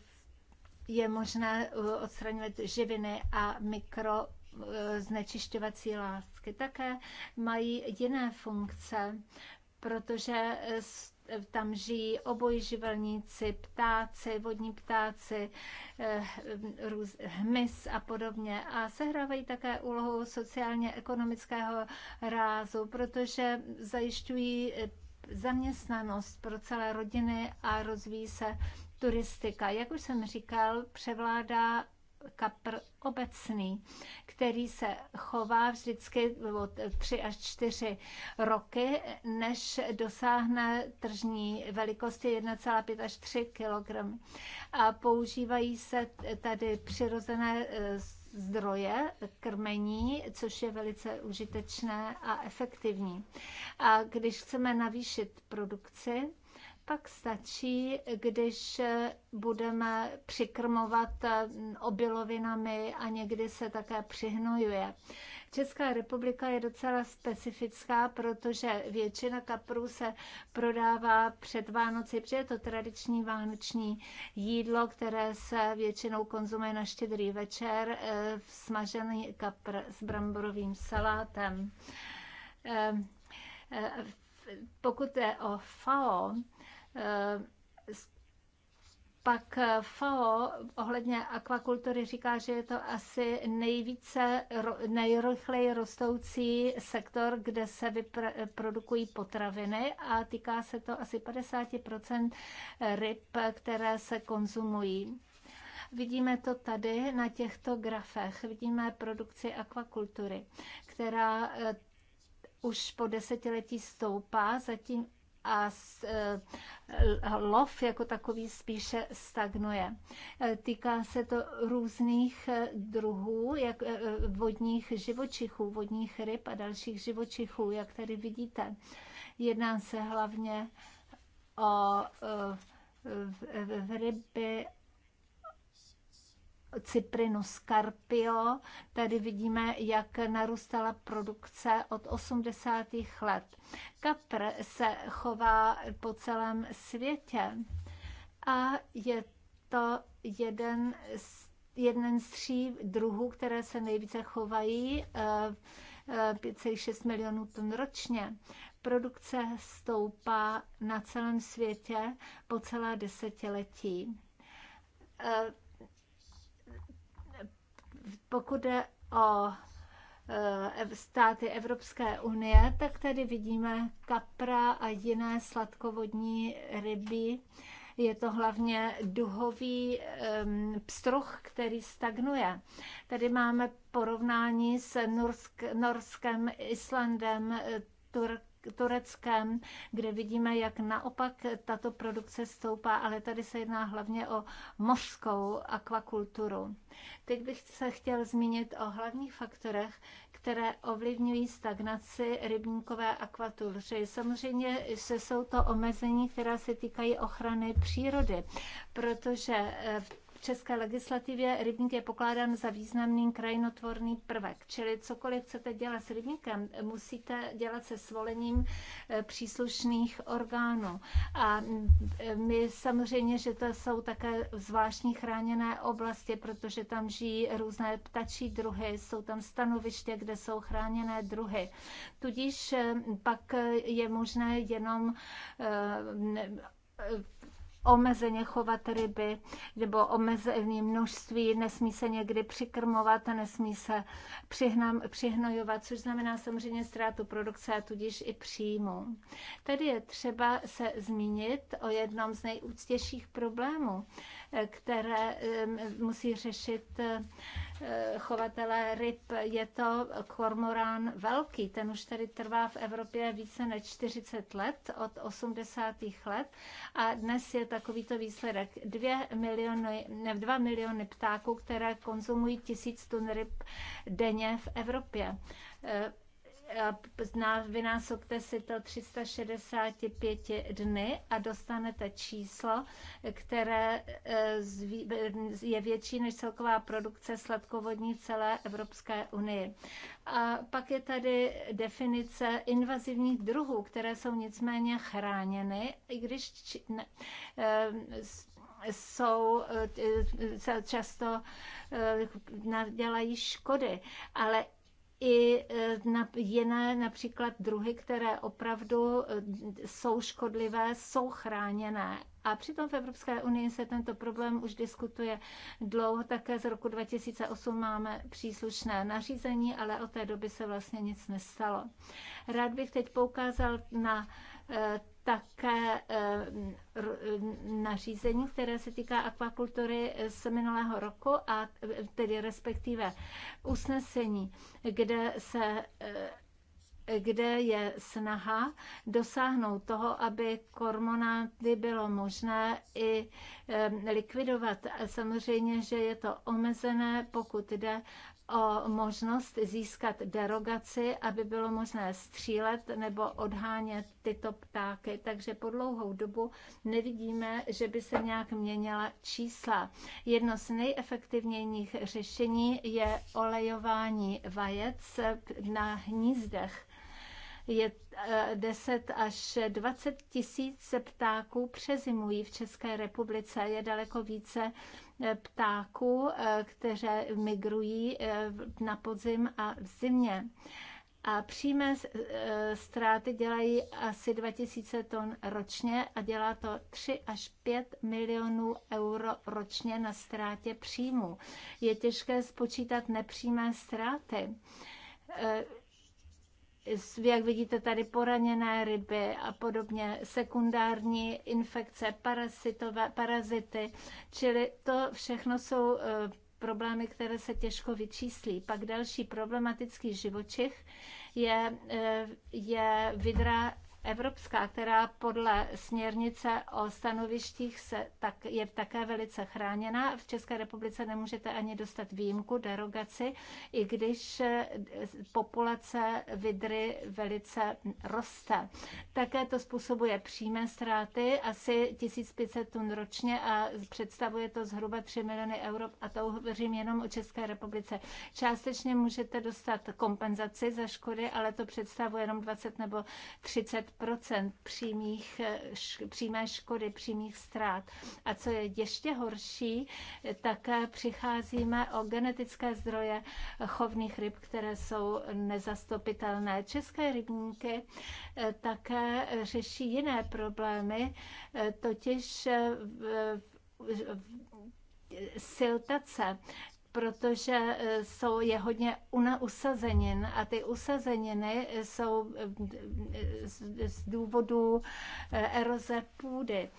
je možné odstraňovat živiny a mikro Eh, znečišťovací látky. Také mají jiné funkce, protože eh, eh, tam žijí obojživelníci, ptáci, vodní ptáci, hmyz a podobně. A sehrávají také úlohu sociálně-ekonomického rázu, protože zajišťují zaměstnanost pro celé rodiny a rozvíjí se turistika. Jak už jsem říkal, převládá kapr obecný, který se chová vždycky tři až čtyři roky, než dosáhne tržní velikosti 1,5 až 3 kg. A používají se tady přirozené e, zdroje krmení, což je velice užitečné a efektivní. A když chceme navýšit produkci, pak stačí, když budeme přikrmovat eh, obilovinami a někdy se také přihnojuje. Česká republika je docela specifická, protože většina kaprů se prodává před Vánoci, protože je to tradiční vánoční jídlo, které se většinou konzumuje na štědrý večer, eh, smažený kapr s bramborovým salátem. Eh, pokud je o FAO, pak FAO ohledně akvakultury říká, že je to asi nejvíce, nejrychleji rostoucí sektor, kde se produkují potraviny a týká se to asi 50 ryb, které se konzumují. Vidíme to tady na těchto grafech. Vidíme produkci akvakultury, která eh, už po desetiletí stoupá, zatím a eh, lov jako takový spíše stagnuje. Eh, týká se to různých eh, druhů jak vodních živočichů, vodních ryb a dalších živočichů, jak tady vidíte. Jedná se hlavně o v ryby Cyprinu Scarpio. Tady vidíme, jak narůstala produkce od 80. let. Kapr se chová po celém světě a je to jeden z, jeden z tří druhů, které se nejvíce chovají, 5,6 eh, eh, milionů tun ročně. Produkce stoupá na celém světě po celá desetiletí eh, pokud jde o eh, státy Evropské unie, tak tady vidíme kapra a jiné sladkovodní ryby. Je to hlavně duhový pstruh, který stagnuje. Tady máme porovnání s Norsk, Norskem, Islandem, eh, Turk, Tureckem, kde vidíme, jak naopak tato produkce stoupá, ale tady se jedná hlavně o mořskou akvakulturu. Teď bych se chtěl zmínit o hlavních faktorech, které ovlivňují stagnaci rybníkové akvatury. Samozřejmě že jsou to omezení, která se týkají ochrany přírody, protože v eh, české legislativě rybník je pokládán za významný krajinotvorný prvek, čili cokoliv chcete dělat s rybníkem, musíte dělat se svolením eh, příslušných orgánů. A mm, my samozřejmě, že to jsou také zvláštní chráněné oblasti, protože tam žijí různé ptačí druhy, jsou tam stanoviště, kde jsou chráněné druhy. Tudíž eh, pak eh, je možné jenom omezeně chovat ryby nebo omezené množství, nesmí se někdy přikrmovat a nesmí se přihnam, přihnojovat, což znamená samozřejmě ztrátu produkce a tudíž i příjmu. Tady je třeba se zmínit o jednom z nejúctějších problémů, eh, které eh, musí řešit eh, chovatele ryb. Je to kormorán velký, ten už tady trvá v Evropě více než 40 let, od 80. let a dnes je takovýto výsledek. 2 miliony, ne, 2 miliony ptáků, které konzumují tisíc tun ryb denně v Evropě eh, vynásobte si to 365 dny a dostanete číslo, které e, je větší než celková produkce sladkovodní celé Evropské unii. A pak je tady definice invazivních druhů, které jsou nicméně chráněny, i když či, ne, e, jsou e, často dělají škody, ale i e, na jiné například druhy, které opravdu e, jsou škodlivé, jsou chráněné. A přitom v Evropské unii se tento problém už diskutuje dlouho, také z roku 2008 máme příslušné nařízení, ale od té doby se vlastně nic nestalo. Rád bych teď poukázal na e, také eh, nařízení, které se týká akvakultury z minulého roku a eh, tedy respektive usnesení, kde se eh, kde je snaha dosáhnout toho, aby kormonáty bylo možné i likvidovat. Samozřejmě, že je to omezené, pokud jde o možnost získat derogaci, aby bylo možné střílet nebo odhánět tyto ptáky. Takže po dlouhou dobu nevidíme, že by se nějak měnila čísla. Jedno z nejefektivnějších řešení je olejování vajec na hnízdech je 10 eh, až 20 tisíc ptáků přezimují v České republice, je daleko více Eh, ptáků, eh, které migrují eh, na podzim a v zimě. A přímé ztráty dělají asi 2000 ton ročně a dělá to 3 až 5 milionů euro ročně na ztrátě příjmu. Je těžké spočítat nepřímé ztráty jak vidíte tady poraněné ryby a podobně, sekundární infekce, parasitové, parazity, čili to všechno jsou eh, problémy, které se těžko vyčíslí. Pak další problematický živočich je, eh, je vidra evropská, která podle směrnice o stanovištích se tak, je také velice chráněna. V České republice nemůžete ani dostat výjimku, derogaci, i když eh, populace vidry velice roste. Také to způsobuje přímé ztráty, asi 1500 tun ročně a představuje to zhruba 3 miliony euro a to hovořím jenom o České republice. Částečně můžete dostat kompenzaci za škody, ale to představuje jenom 20 nebo 30 25 přímých, přímé škody, přímých ztrát. A co je ještě horší, také přicházíme o genetické zdroje chovných ryb, které jsou nezastupitelné. České rybníky eh, také řeší jiné problémy, eh, totiž eh, siltace protože eh, jsou, je hodně una, usazenin a ty usazeniny jsou eh, z, eh, z důvodu eroze půdy,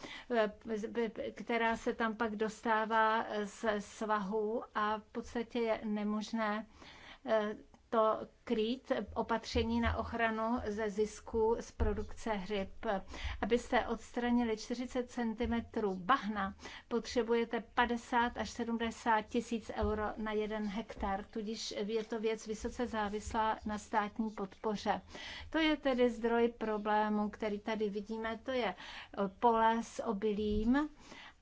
která se tam pak dostává z svahu a v podstatě je nemožné to krýt opatření na ochranu ze zisku z produkce hřib. Abyste odstranili 40 cm bahna, potřebujete 50 až 70 tisíc euro na jeden hektar, tudíž je to věc vysoce závislá na státní podpoře. To je tedy zdroj problému, který tady vidíme, to je pole s obilím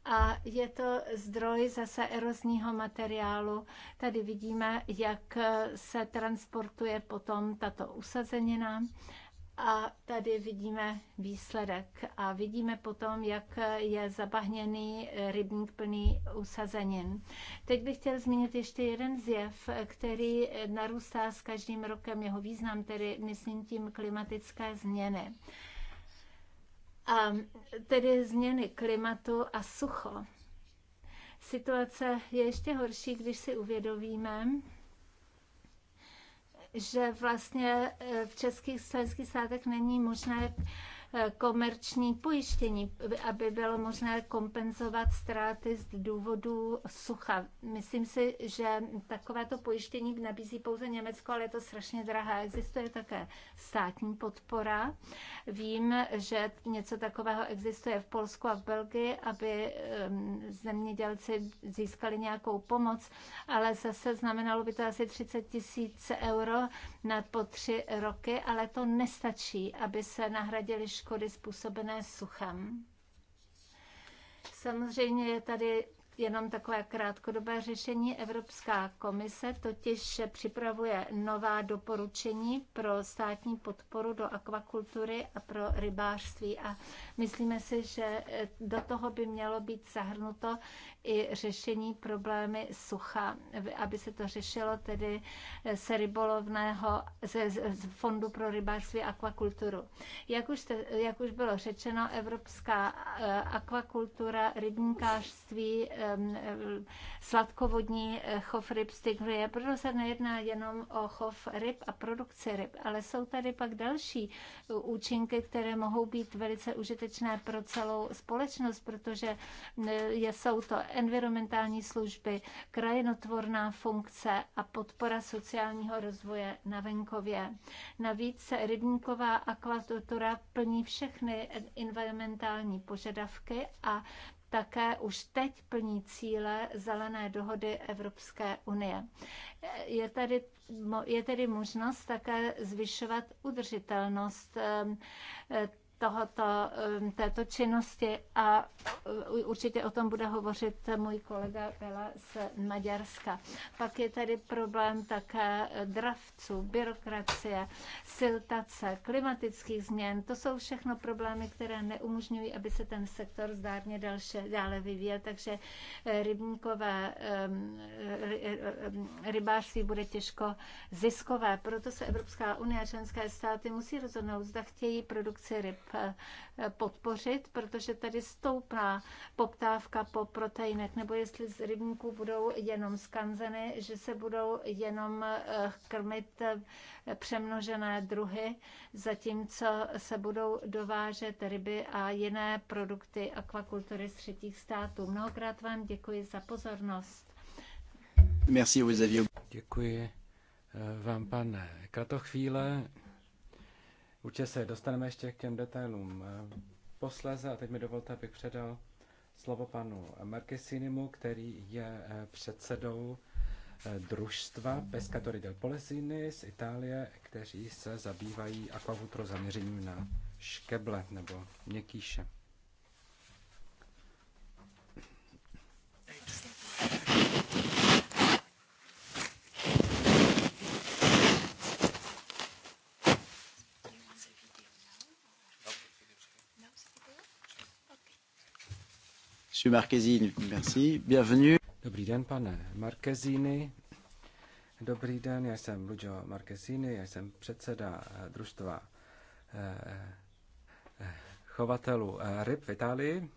a je to zdroj zase erozního materiálu. Tady vidíme, jak se transportuje potom tato usazenina a tady vidíme výsledek a vidíme potom, jak je zabahněný rybník plný usazenin. Teď bych chtěl zmínit ještě jeden zjev, který narůstá s každým rokem jeho význam, tedy myslím tím klimatické změny tedy změny klimatu a sucho. Situace je ještě horší, když si uvědomíme, že vlastně eh, v českých členských státech není možné Eh, komerční pojištění, aby bylo možné kompenzovat ztráty z důvodu sucha. Myslím si, že takovéto pojištění nabízí pouze Německo, ale je to strašně drahé. Existuje také státní podpora. Vím, že něco takového existuje v Polsku a v Belgii, aby zemědělci získali nějakou pomoc, ale zase znamenalo by to asi 30 tisíc euro na po tři roky, ale to nestačí, aby se nahradili škody způsobené suchem. Samozřejmě je tady jenom takové krátkodobé řešení. Evropská komise totiž připravuje nová doporučení pro státní podporu do akvakultury a pro rybářství a myslíme si, že eh, do toho by mělo být zahrnuto i řešení problémy sucha, aby se to řešilo tedy eh, se rybolovného ze, z Fondu pro rybářství a akvakulturu. Jak už, te, jak už bylo řečeno, evropská eh, akvakultura, rybníkářství, Um, sladkovodní eh, chov ryb styglie. Proto se nejedná jenom o chov ryb a produkci ryb, ale jsou tady pak další eh, účinky, které mohou být velice užitečné pro celou společnost, protože eh, jsou to environmentální služby, krajinotvorná funkce a podpora sociálního rozvoje na venkově. Navíc rybníková akvatura plní všechny environmentální požadavky a také už teď plní cíle zelené dohody Evropské unie. Je tady, je tady možnost také zvyšovat udržitelnost eh, tohoto, um, této činnosti a uh, určitě o tom bude hovořit můj kolega Bela z Maďarska. Pak je tady problém také eh, dravců, byrokracie, siltace, klimatických změn. To jsou všechno problémy, které neumožňují, aby se ten sektor zdárně další, dále vyvíjel, takže eh, rybníkové rybářství bude těžko ziskové. Proto se Evropská unie a členské státy musí rozhodnout, zda chtějí produkci ryb Eh, podpořit, protože tady stoupá poptávka po proteinech, nebo jestli z rybníků budou jenom skanzeny, že se budou jenom eh, krmit eh, přemnožené druhy, zatímco se budou dovážet ryby a jiné produkty akvakultury z třetích států. Mnohokrát vám děkuji za pozornost. Merci, Děkuji vám, pane Katochvíle. Určitě se dostaneme ještě k těm detailům eh, posléze a teď mi dovolte, abych předal slovo panu Markesinimu, který je eh, předsedou eh, družstva Pescatori del Polesini z Itálie, kteří se zabývají akvavutro zaměřením na škeble nebo měkýše. Monsieur Marquezine, merci. Bienvenue. Dobrý den, pane Markezíny. Dobrý den, já jsem Lujo Markezíny, já jsem předseda eh, družstva eh, eh, chovatelů ryb v Itálii.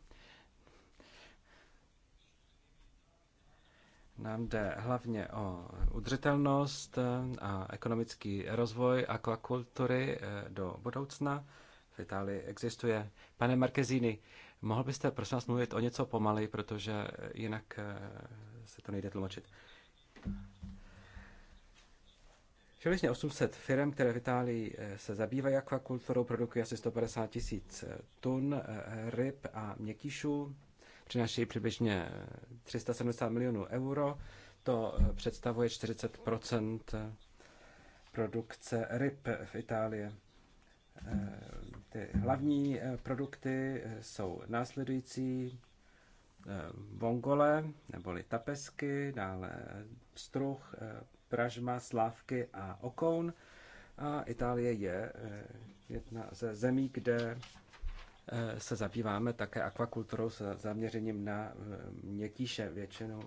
Nám jde hlavně o udržitelnost a ekonomický rozvoj akvakultury do budoucna. V Itálii existuje. Pane Markezíny, Mohl byste, prosím vás, mluvit o něco pomalej, protože jinak eh, se to nejde tlumočit. Přibližně 800 firm, které v Itálii eh, se zabývají akvakulturou, produkují asi 150 tisíc eh, tun ryb a měkýšů. přinášejí přibližně 370 milionů euro. To představuje 40 produkce ryb v Itálii. Ty hlavní eh, produkty eh, jsou následující eh, vongole, neboli tapesky, dále struh, pražma, slávky a okoun. A Itálie je jedna ze zemí, kde se zabýváme také akvakulturou s zaměřením na měkkýše. Většinu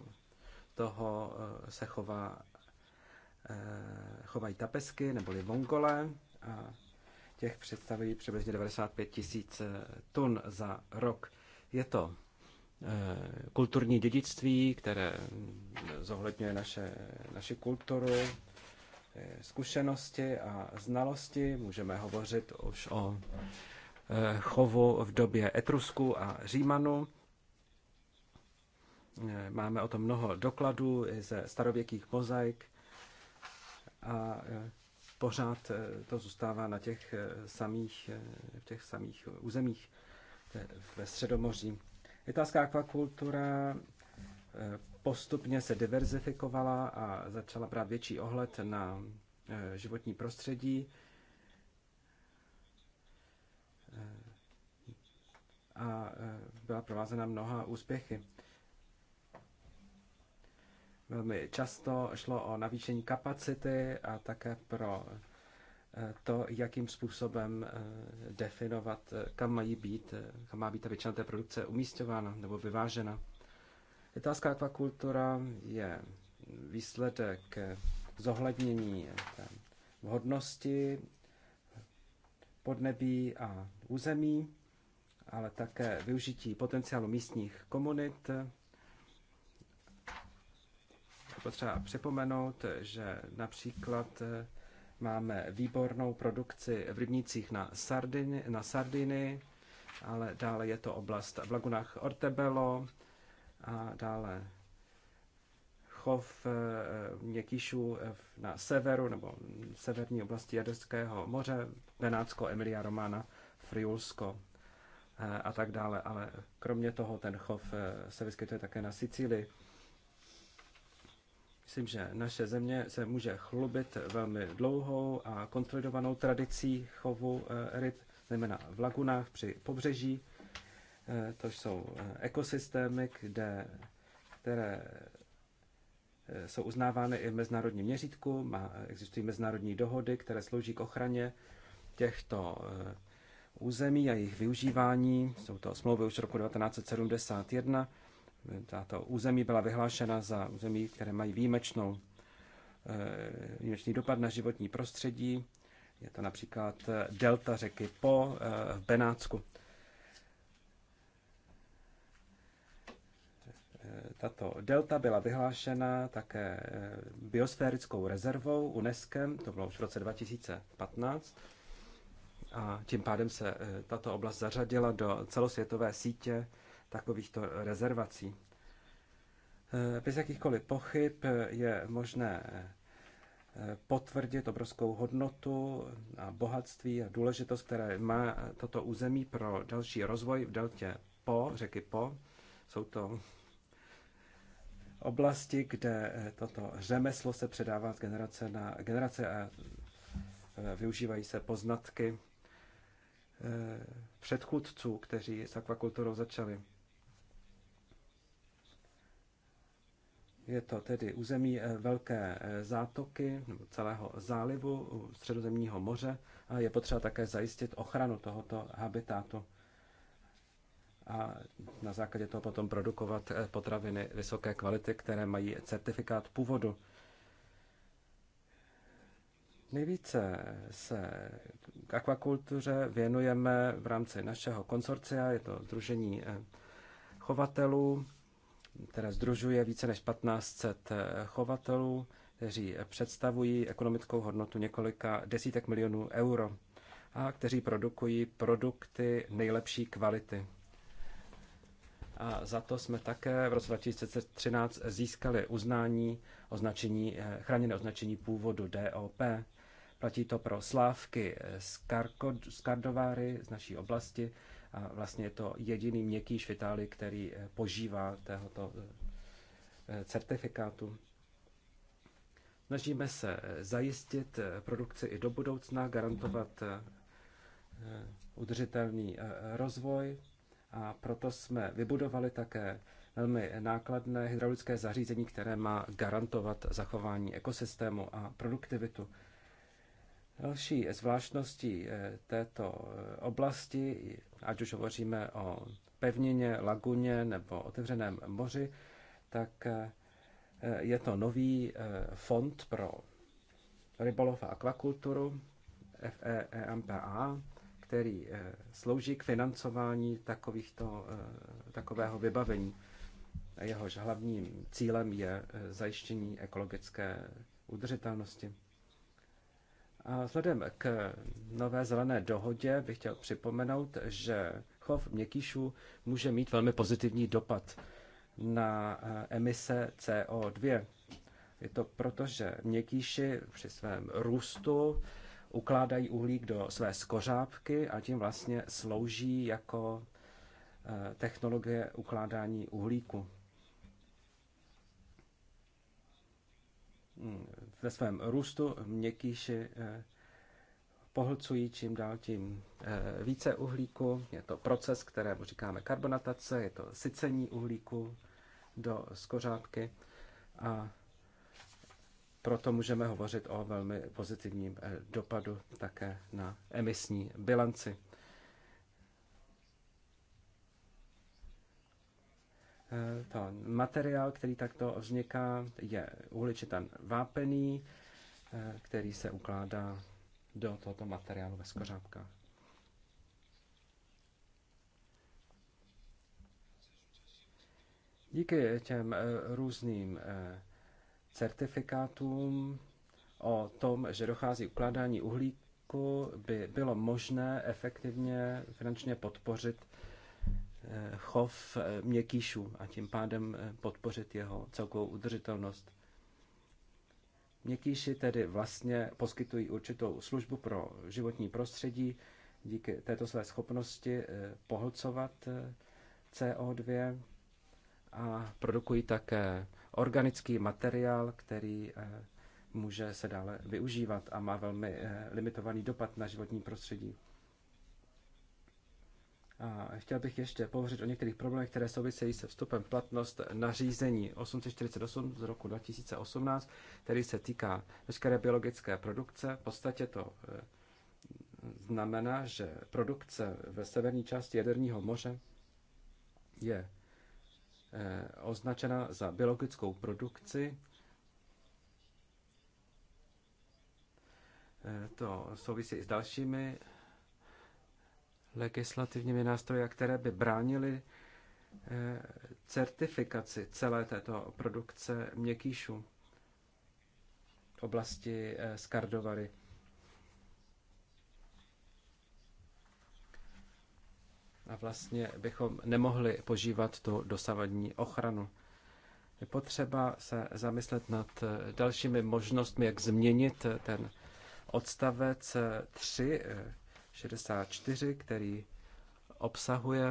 toho se chová, chovají tapesky neboli vongole a těch představují přibližně 95 tisíc eh, tun za rok. Je to eh, kulturní dědictví, které mm, zohledňuje naše, naši kulturu, eh, zkušenosti a znalosti. Můžeme hovořit už o chovu v době Etrusku a Římanu. Máme o tom mnoho dokladů ze starověkých mozaik. A pořád eh, to zůstává na těch eh, samých, eh, v těch samých územích ve Středomoří. Italská akvakultura postupně se diverzifikovala a začala brát větší ohled na životní prostředí. A byla provázena mnoha úspěchy. Velmi často šlo o navýšení kapacity a také pro eh, to, jakým způsobem eh, definovat, eh, kam mají být, kam má být ta většina té produkce umístěvána nebo vyvážena. Italská akvakultura je výsledek zohlednění vhodnosti podnebí a území, ale také využití potenciálu místních komunit, potřeba připomenout, že například eh, máme výbornou produkci v rybnících na Sardiny, na Sardiny ale dále je to oblast v lagunách Ortebelo a dále chov eh, měkýšů eh, na severu nebo severní oblasti Jaderského moře, Benátsko, Emilia Romana, Friulsko a tak dále. Ale kromě toho ten chov se vyskytuje také na Sicílii. Myslím, že naše země se může chlubit velmi dlouhou a konsolidovanou tradicí chovu eh, ryb, zejména v lagunách při pobřeží. Eh, to jsou eh, ekosystémy, kde, které jsou uznávány i v mezinárodním měřítku. Má, existují mezinárodní dohody, které slouží k ochraně těchto území a jejich využívání. Jsou to smlouvy už roku 1971 tato území byla vyhlášena za území, které mají výjimečnou, eh, výjimečný dopad na životní prostředí. Je to například eh, delta řeky Po eh, v Benátsku. Tato delta byla vyhlášena také biosférickou rezervou UNESCO, to bylo už v roce 2015. A tím pádem se tato oblast zařadila do celosvětové sítě takovýchto rezervací. Eh, bez jakýchkoliv pochyb je možné eh, potvrdit obrovskou hodnotu a bohatství a důležitost, které má toto území pro další rozvoj v deltě Po, řeky Po. Jsou to oblasti, kde eh, toto řemeslo se předává z generace na generace a využívají se poznatky předchůdců, kteří s akvakulturou začali. Je to tedy území eh, velké eh, zátoky nebo celého zálivu Středozemního moře a je potřeba také zajistit ochranu tohoto habitatu a na základě toho potom produkovat eh, potraviny vysoké kvality, které mají certifikát původu. Nejvíce se k akvakultuře věnujeme v rámci našeho konsorcia, je to Združení chovatelů které združuje více než 1500 eh, chovatelů, kteří představují ekonomickou hodnotu několika desítek milionů euro a kteří produkují produkty nejlepší kvality. A za to jsme také v roce 2013 získali uznání označení, eh, chráněné označení původu DOP. Platí to pro slávky z, Karko, z Kardováry z naší oblasti, a vlastně je to jediný měkký švitály, který eh, požívá tohoto eh, eh, certifikátu. Snažíme se zajistit produkci i do budoucna, garantovat udržitelný rozvoj a proto jsme vybudovali také velmi nákladné hydraulické zařízení, které má garantovat zachování ekosystému a produktivitu. Další zvláštností eh, této eh, oblasti, ať už hovoříme o pevnině, laguně nebo otevřeném moři, tak eh, je to nový fond pro rybolov a akvakulturu FEEMPA, který slouží k financování takovýchto, takového vybavení. Jehož hlavním cílem je zajištění ekologické udržitelnosti. A vzhledem k nové zelené dohodě bych chtěl připomenout, že chov měkkýšů může mít velmi pozitivní dopad na eh, emise CO2. Je to proto, že měkkýši při svém růstu ukládají uhlík do své skořápky a tím vlastně slouží jako eh, technologie ukládání uhlíku. Hmm ve svém růstu měkkýši eh, pohlcují čím dál tím eh, více uhlíku. Je to proces, kterému říkáme karbonatace, je to sycení uhlíku do skořápky a proto můžeme hovořit o velmi pozitivním eh, dopadu také na emisní bilanci. Eh, to materiál, který takto vzniká, je uhličitan vápený, eh, který se ukládá do tohoto materiálu ve skořápkách. Díky těm eh, různým certifikátům o tom, že dochází ukládání uhlíku, by bylo možné efektivně finančně podpořit Eh, chov eh, měkýšů a tím pádem eh, podpořit jeho celkovou udržitelnost. Měkýši tedy vlastně poskytují určitou službu pro životní prostředí díky této své schopnosti pohlcovat CO2 a produkují také organický materiál, který může se dále využívat a má velmi limitovaný dopad na životní prostředí. A chtěl bych ještě pohovořit o některých problémech, které souvisejí se vstupem v platnost nařízení 848 z roku 2018, který se týká veškeré biologické produkce. V podstatě to eh, znamená, že produkce ve severní části Jaderního moře je eh, označena za biologickou produkci. Eh, to souvisí i s dalšími legislativními nástroji, které by bránily eh, certifikaci celé této produkce měkkýšů v oblasti eh, Skardovary. A vlastně bychom nemohli požívat tu dosavadní ochranu. Je potřeba se zamyslet nad eh, dalšími možnostmi, jak změnit ten odstavec 3 64, který obsahuje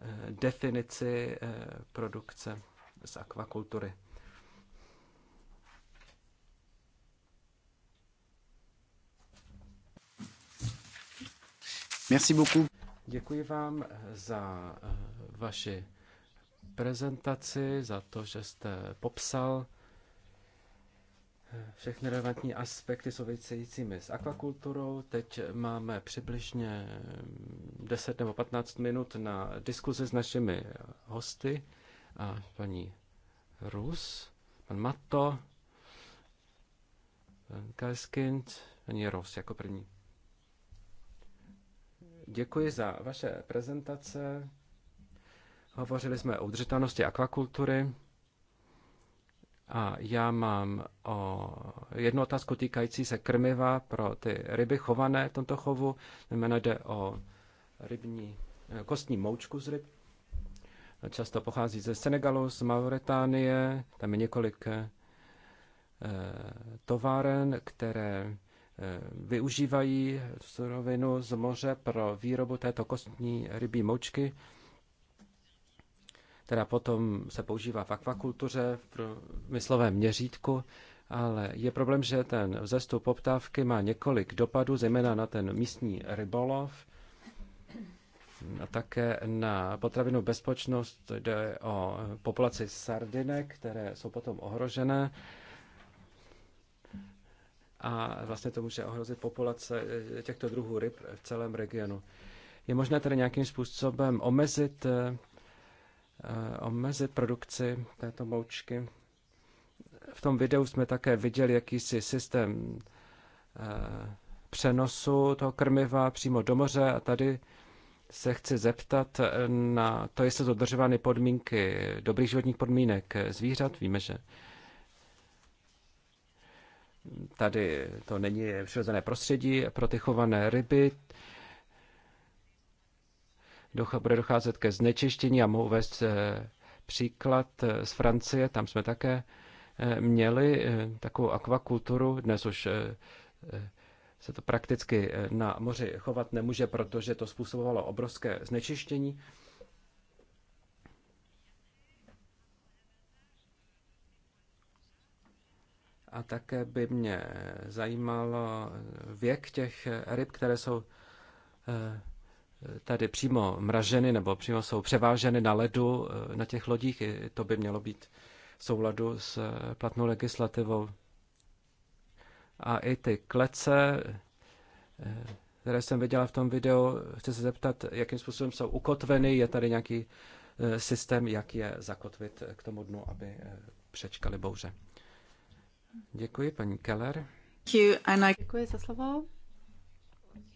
eh, definici eh, produkce z akvakultury. Merci beaucoup. Děkuji vám eh, za vaši prezentaci, za to, že jste popsal všechny relevantní aspekty souvisejícími s akvakulturou. Teď máme přibližně 10 nebo 15 minut na diskuzi s našimi hosty a paní Rus, pan Mato, pan Kajskind, paní Rus jako první. Děkuji za vaše prezentace. Hovořili jsme o udržitelnosti akvakultury. A já mám o jednu otázku týkající se krmiva pro ty ryby chované v tomto chovu. Jméno jde o rybní eh, kostní moučku z ryb. Často pochází ze Senegalu, z Mauritánie. Tam je několik eh, továren, které eh, využívají surovinu z moře pro výrobu této kostní rybí moučky která potom se používá v akvakultuře v myslovém měřítku, ale je problém, že ten vzestup poptávky má několik dopadů, zejména na ten místní rybolov a také na potravinu bezpečnost. Jde o populaci sardinek, které jsou potom ohrožené. A vlastně to může ohrozit populace těchto druhů ryb v celém regionu. Je možné tedy nějakým způsobem omezit eh, Eh, omezit produkci této moučky. V tom videu jsme také viděli jakýsi systém eh, přenosu toho krmiva přímo do moře a tady se chci zeptat eh, na to, jestli jsou dodržovány podmínky dobrých životních podmínek zvířat. Víme, že tady to není přirozené prostředí pro ty chované ryby bude docházet ke znečištění a mohu vést eh, příklad eh, z Francie, tam jsme také eh, měli takovou akvakulturu, dnes už se to prakticky na moři chovat nemůže, protože to způsobovalo obrovské znečištění. A také by mě zajímalo věk těch ryb, které jsou tady přímo mraženy nebo přímo jsou převáženy na ledu eh, na těch lodích. to by mělo být v souladu s eh, platnou legislativou. A i ty klece, eh, které jsem viděla v tom videu, chci se zeptat, jakým způsobem jsou ukotveny, je tady nějaký systém, jak je zakotvit k tomu dnu, aby přečkali bouře. Děkuji, paní Keller. Děkuji za slovo.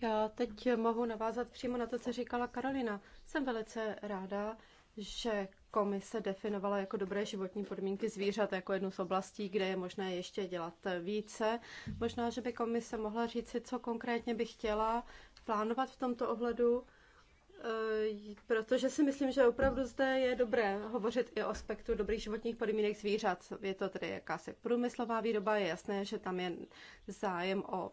Já teď mohu navázat přímo na to, co říkala Karolina. Jsem velice ráda, že komise definovala jako dobré životní podmínky zvířat jako jednu z oblastí, kde je možné ještě dělat více. Možná, že by komise mohla říci, co konkrétně by chtěla plánovat v tomto ohledu, eh, protože si myslím, že opravdu zde je dobré hovořit i o aspektu dobrých životních podmínek zvířat. Je to tedy jakási průmyslová výroba, je jasné, že tam je zájem o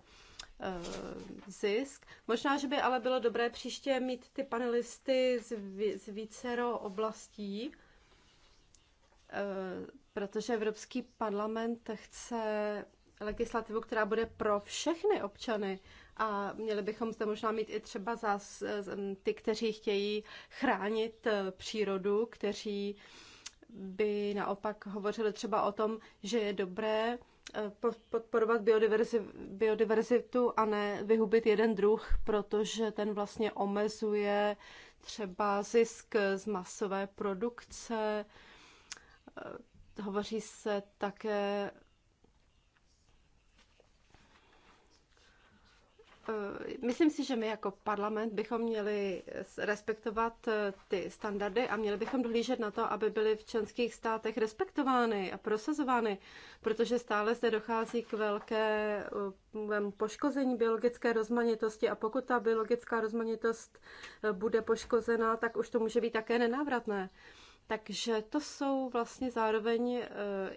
Eh, zisk. Možná, že by ale bylo dobré příště mít ty panelisty z, z vícero oblastí, eh, protože Evropský parlament chce legislativu, která bude pro všechny občany a měli bychom zde možná mít i třeba zás ty, kteří chtějí chránit eh, přírodu, kteří by naopak hovořili třeba o tom, že je dobré Eh, podporovat biodiverzitu a ne vyhubit jeden druh, protože ten vlastně omezuje třeba zisk z masové produkce. Eh, hovoří se také Eh, myslím si, že my jako parlament bychom měli respektovat eh, ty standardy a měli bychom dohlížet na to, aby byly v členských státech respektovány a prosazovány, protože stále zde dochází k velkému eh, poškození biologické rozmanitosti a pokud ta biologická rozmanitost bude poškozená, tak už to může být také nenávratné. Takže to jsou vlastně zároveň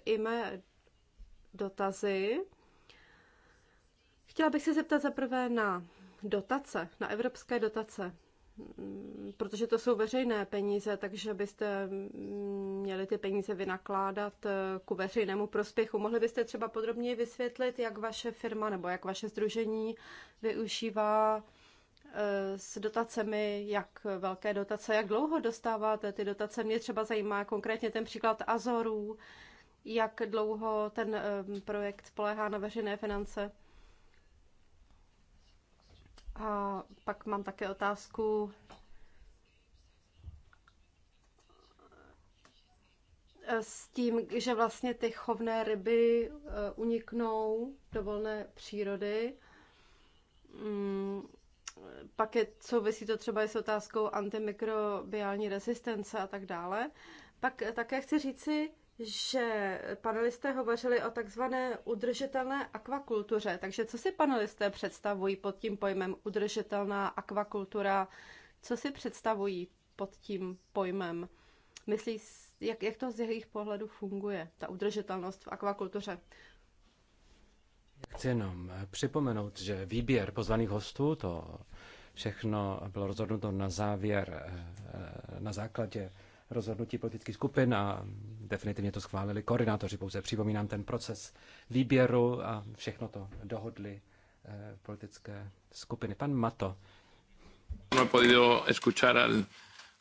i mé dotazy. Chtěla bych se zeptat zaprvé na dotace, na evropské dotace, mm, protože to jsou veřejné peníze, takže byste měli ty peníze vynakládat eh, ku veřejnému prospěchu. Mohli byste třeba podrobněji vysvětlit, jak vaše firma nebo jak vaše združení využívá eh, s dotacemi, jak velké dotace, jak dlouho dostáváte ty dotace. Mě třeba zajímá konkrétně ten příklad Azorů, jak dlouho ten eh, projekt spolehá na veřejné finance. A pak mám také otázku. S tím, že vlastně ty chovné ryby eh, uniknou do volné přírody. Mm, pak je, souvisí to třeba i s otázkou antimikrobiální rezistence a tak dále. Pak také chci říci, že panelisté hovořili o takzvané udržitelné akvakultuře. Takže co si panelisté představují pod tím pojmem udržitelná akvakultura? Co si představují pod tím pojmem? Myslí, jak, jak to z jejich pohledu funguje, ta udržitelnost v akvakultuře? Chci jenom eh, připomenout, že výběr pozvaných hostů, to všechno bylo rozhodnuto na závěr, eh, eh, na základě rozhodnutí politických skupin a definitivně to schválili koordinátoři. Pouze připomínám ten proces výběru a všechno to dohodli eh, politické skupiny. Pan Mato. No he podido escuchar al,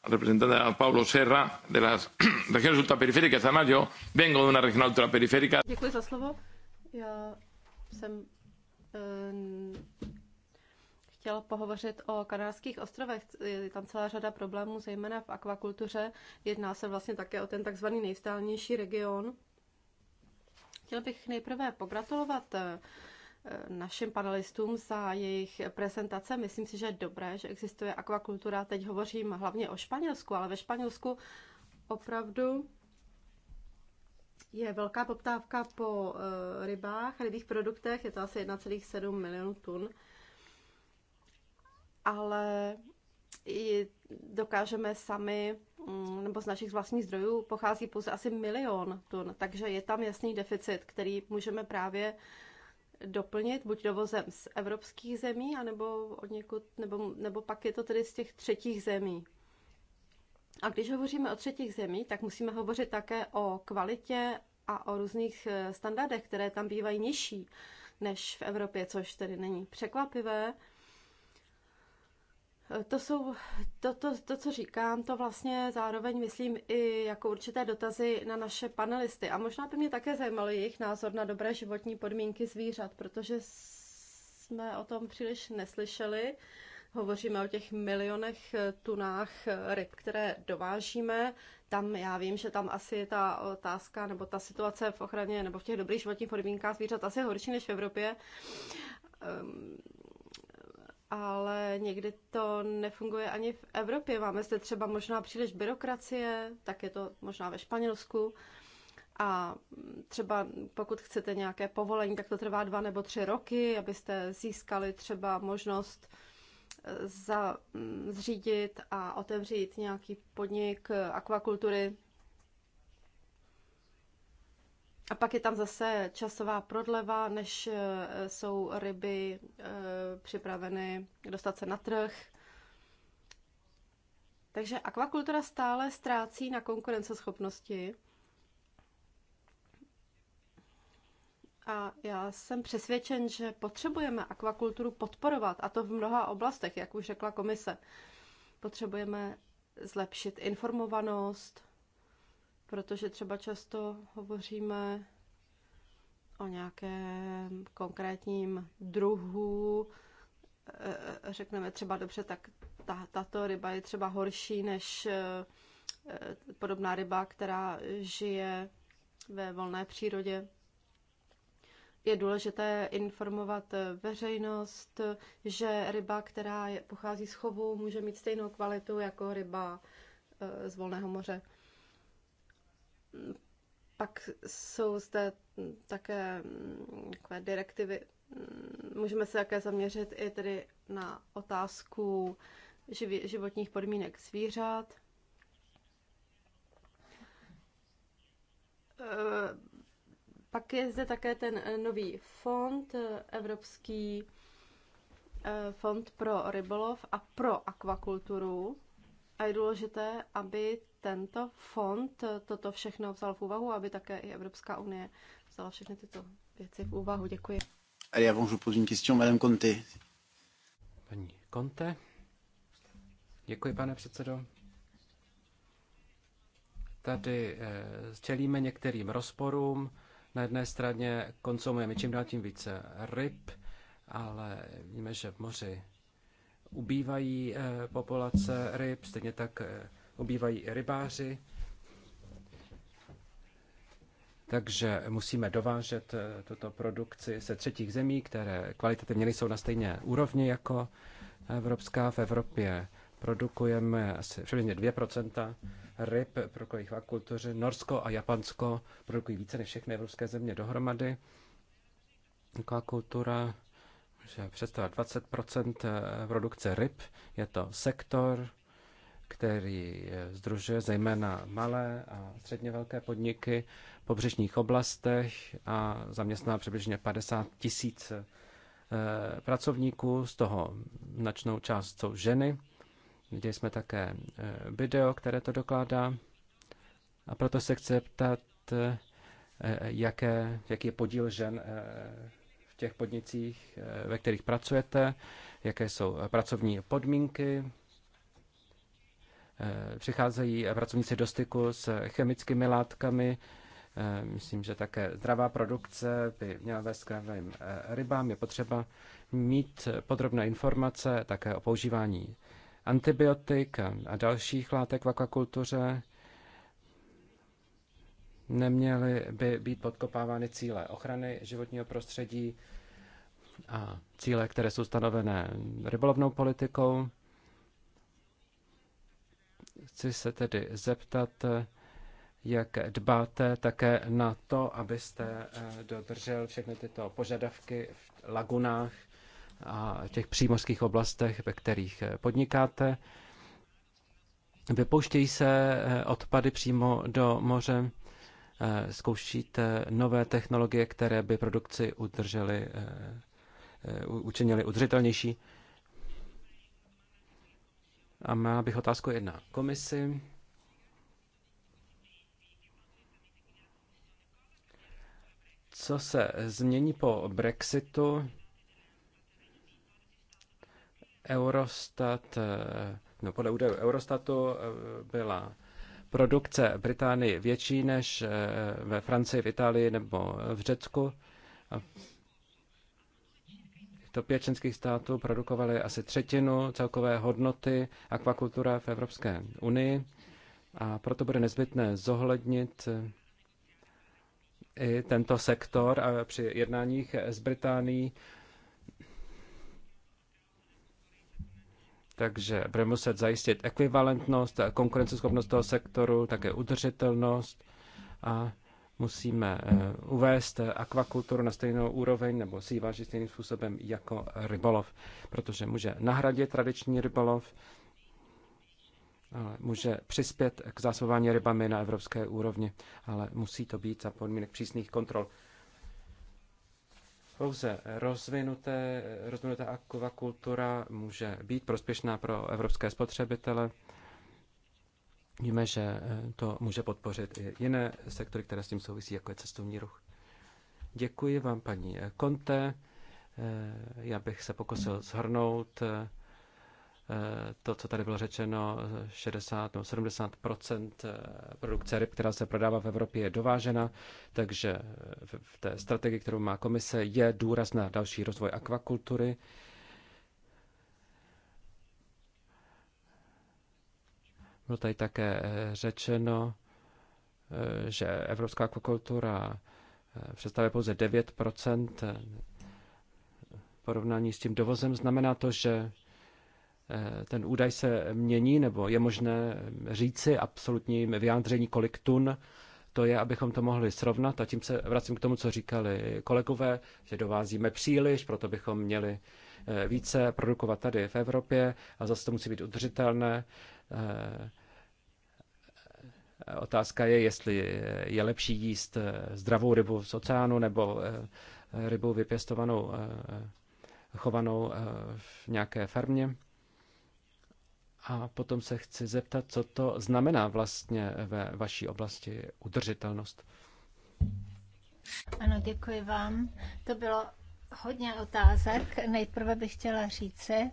al representante a Pablo Serra de las regiones ultraperiféricas. Además, yo vengo de una región ultraperiférica. Děkuji za slovo. Já jsem eh, chtěl pohovořit o Kanárských ostrovech. Je tam celá řada problémů, zejména v akvakultuře. Jedná se vlastně také o ten takzvaný nejstálnější region. Chtěl bych nejprve pogratulovat eh, našim panelistům za jejich prezentace. Myslím si, že je dobré, že existuje akvakultura. Teď hovořím hlavně o Španělsku, ale ve Španělsku opravdu je velká poptávka po eh, rybách, rybých produktech, je to asi 1,7 milionů tun ale i dokážeme sami, mm, nebo z našich vlastních zdrojů pochází pouze asi milion tun, takže je tam jasný deficit, který můžeme právě doplnit buď dovozem z evropských zemí, anebo od někud, nebo, nebo pak je to tedy z těch třetích zemí. A když hovoříme o třetích zemí, tak musíme hovořit také o kvalitě a o různých eh, standardech, které tam bývají nižší než v Evropě, což tedy není překvapivé. To, jsou, to, to, to, co říkám, to vlastně zároveň myslím i jako určité dotazy na naše panelisty. A možná by mě také zajímalo jejich názor na dobré životní podmínky zvířat, protože jsme o tom příliš neslyšeli. Hovoříme o těch milionech eh, tunách eh, ryb, které dovážíme. Tam já vím, že tam asi je ta otázka nebo ta situace v ochraně nebo v těch dobrých životních podmínkách zvířat asi horší než v Evropě. Um, ale někdy to nefunguje ani v Evropě. Máme zde třeba možná příliš byrokracie, tak je to možná ve Španělsku. A třeba pokud chcete nějaké povolení, tak to trvá dva nebo tři roky, abyste získali třeba možnost eh, za, mm, zřídit a otevřít nějaký podnik akvakultury. A pak je tam zase časová prodleva, než eh, jsou ryby eh, připraveny dostat se na trh. Takže akvakultura stále ztrácí na konkurenceschopnosti. A já jsem přesvědčen, že potřebujeme akvakulturu podporovat, a to v mnoha oblastech, jak už řekla komise. Potřebujeme zlepšit informovanost, protože třeba často hovoříme o nějakém konkrétním druhu, eh, eh, řekneme třeba dobře, tak ta, tato ryba je třeba horší než eh, podobná ryba, která žije ve volné přírodě. Je důležité informovat veřejnost, že ryba, která je, pochází z chovu, může mít stejnou kvalitu jako ryba z volného moře. Pak jsou zde také takové direktivy. Můžeme se také zaměřit i tedy na otázku životních podmínek zvířat. Eh, pak je zde také ten nový fond, Evropský eh, fond pro rybolov a pro akvakulturu. A je důležité, aby tento fond toto všechno vzal v úvahu, aby také i Evropská unie vzala všechny tyto věci v úvahu. Děkuji. A já vám pose question, Madame Conte. Paní Conte. Děkuji, pane předsedo. Tady eh, čelíme některým rozporům. Na jedné straně konzumujeme čím dál tím více ryb, ale víme, že v moři ubývají eh, populace ryb, stejně tak eh, ubývají rybáři. Takže musíme dovážet eh, tuto produkci se třetích zemí, které kvalitativně jsou na stejné úrovni jako evropská. V Evropě produkujeme asi přibližně 2% ryb pro kolik akvakultuře. Norsko a Japonsko produkují více než všechny evropské země dohromady. Akvakultura jako že představuje 20 eh, produkce ryb. Je to sektor, který eh, združuje zejména malé a středně velké podniky v pobřežních oblastech a zaměstná přibližně 50 tisíc eh, pracovníků, z toho značnou část jsou ženy. Viděli jsme také video, které to dokládá. A proto se chci ptat, jaké, jaký je podíl žen těch podnicích, eh, ve kterých pracujete, jaké jsou eh, pracovní podmínky. Eh, přicházejí pracovníci do styku s chemickými látkami. Myslím, že také zdravá produkce by měla vést zdravým rybám. Je potřeba mít podrobné informace také o používání antibiotik a dalších látek v akvakultuře Neměly by být podkopávány cíle ochrany životního prostředí a cíle, které jsou stanovené rybolovnou politikou. Chci se tedy zeptat, jak dbáte také na to, abyste eh, dodržel všechny tyto požadavky v lagunách a těch přímořských oblastech, ve kterých eh, podnikáte. Vypouštějí se eh, odpady přímo do moře. Eh, zkoušíte eh, nové technologie, které by produkci udržely, eh, učinily udržitelnější. A má bych otázku jedna. Komisi. Co se změní po Brexitu? Eurostat, no podle údajů Eurostatu byla produkce Británii větší než eh, ve Francii, v Itálii nebo v Řecku. to pět členských států produkovaly asi třetinu celkové hodnoty akvakultura v Evropské unii a proto bude nezbytné zohlednit eh, i tento sektor a eh, při jednáních s Británií takže budeme muset zajistit ekvivalentnost, konkurenceschopnost toho sektoru, také udržitelnost a musíme eh, uvést akvakulturu na stejnou úroveň nebo si ji vážit stejným způsobem jako rybolov, protože může nahradit tradiční rybolov, ale může přispět k zásobování rybami na evropské úrovni, ale musí to být za podmínek přísných kontrol. Pouze rozvinuté, rozvinutá akvakultura může být prospěšná pro evropské spotřebitele. Víme, že eh, to může podpořit i jiné sektory, které s tím souvisí, jako je cestovní ruch. Děkuji vám, paní Konte. Eh, já bych se pokusil shrnout eh, Eh, to, co tady bylo řečeno, 60 eh, nebo 70 eh, produkce ryb, která se prodává v Evropě, je dovážena, takže v té strategii, kterou má komise, je důraz na další rozvoj akvakultury. Bylo tady také řečeno, že evropská akvakultura představuje pouze 9 porovnání s tím dovozem. Znamená to, že Eh, ten údaj se mění, nebo je možné říci absolutním vyjádření, kolik tun to je, abychom to mohli srovnat. A tím se vracím k tomu, co říkali kolegové, že dovázíme příliš, proto bychom měli eh, více produkovat tady v Evropě a zase to musí být udržitelné. Eh, otázka je, jestli je lepší jíst zdravou rybu z oceánu nebo rybu vypěstovanou, chovanou v nějaké farmě. A potom se chci zeptat, co to znamená vlastně ve vaší oblasti udržitelnost. Ano, děkuji vám. To bylo hodně otázek. Nejprve bych chtěla říci,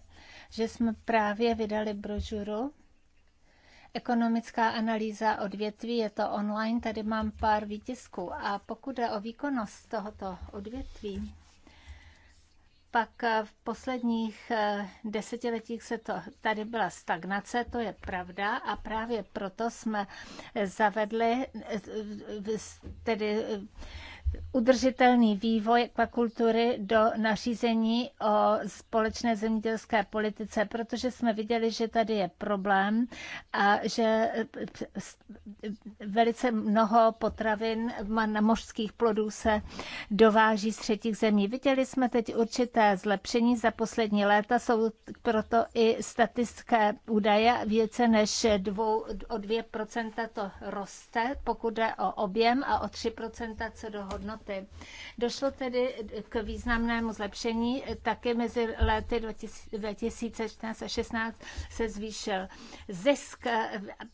že jsme právě vydali brožuru Ekonomická analýza odvětví, je to online, tady mám pár výtisků. A pokud je o výkonnost tohoto odvětví, pak eh, v posledních eh, desetiletích se to, tady byla stagnace, to je pravda a právě proto jsme zavedli eh, tedy udržitelný vývoj akvakultury do nařízení o společné zemědělské politice, protože jsme viděli, že tady je problém a že eh, velice mnoho potravin na mořských plodů se dováží z třetích zemí. Viděli jsme teď určité zlepšení za poslední léta, jsou proto i statistické údaje, více než dvou, o 2% to roste, pokud jde o objem a o 3% co do hodnoty. Došlo tedy k významnému zlepšení, taky mezi lety 2014 a 2016 se zvýšil zisk,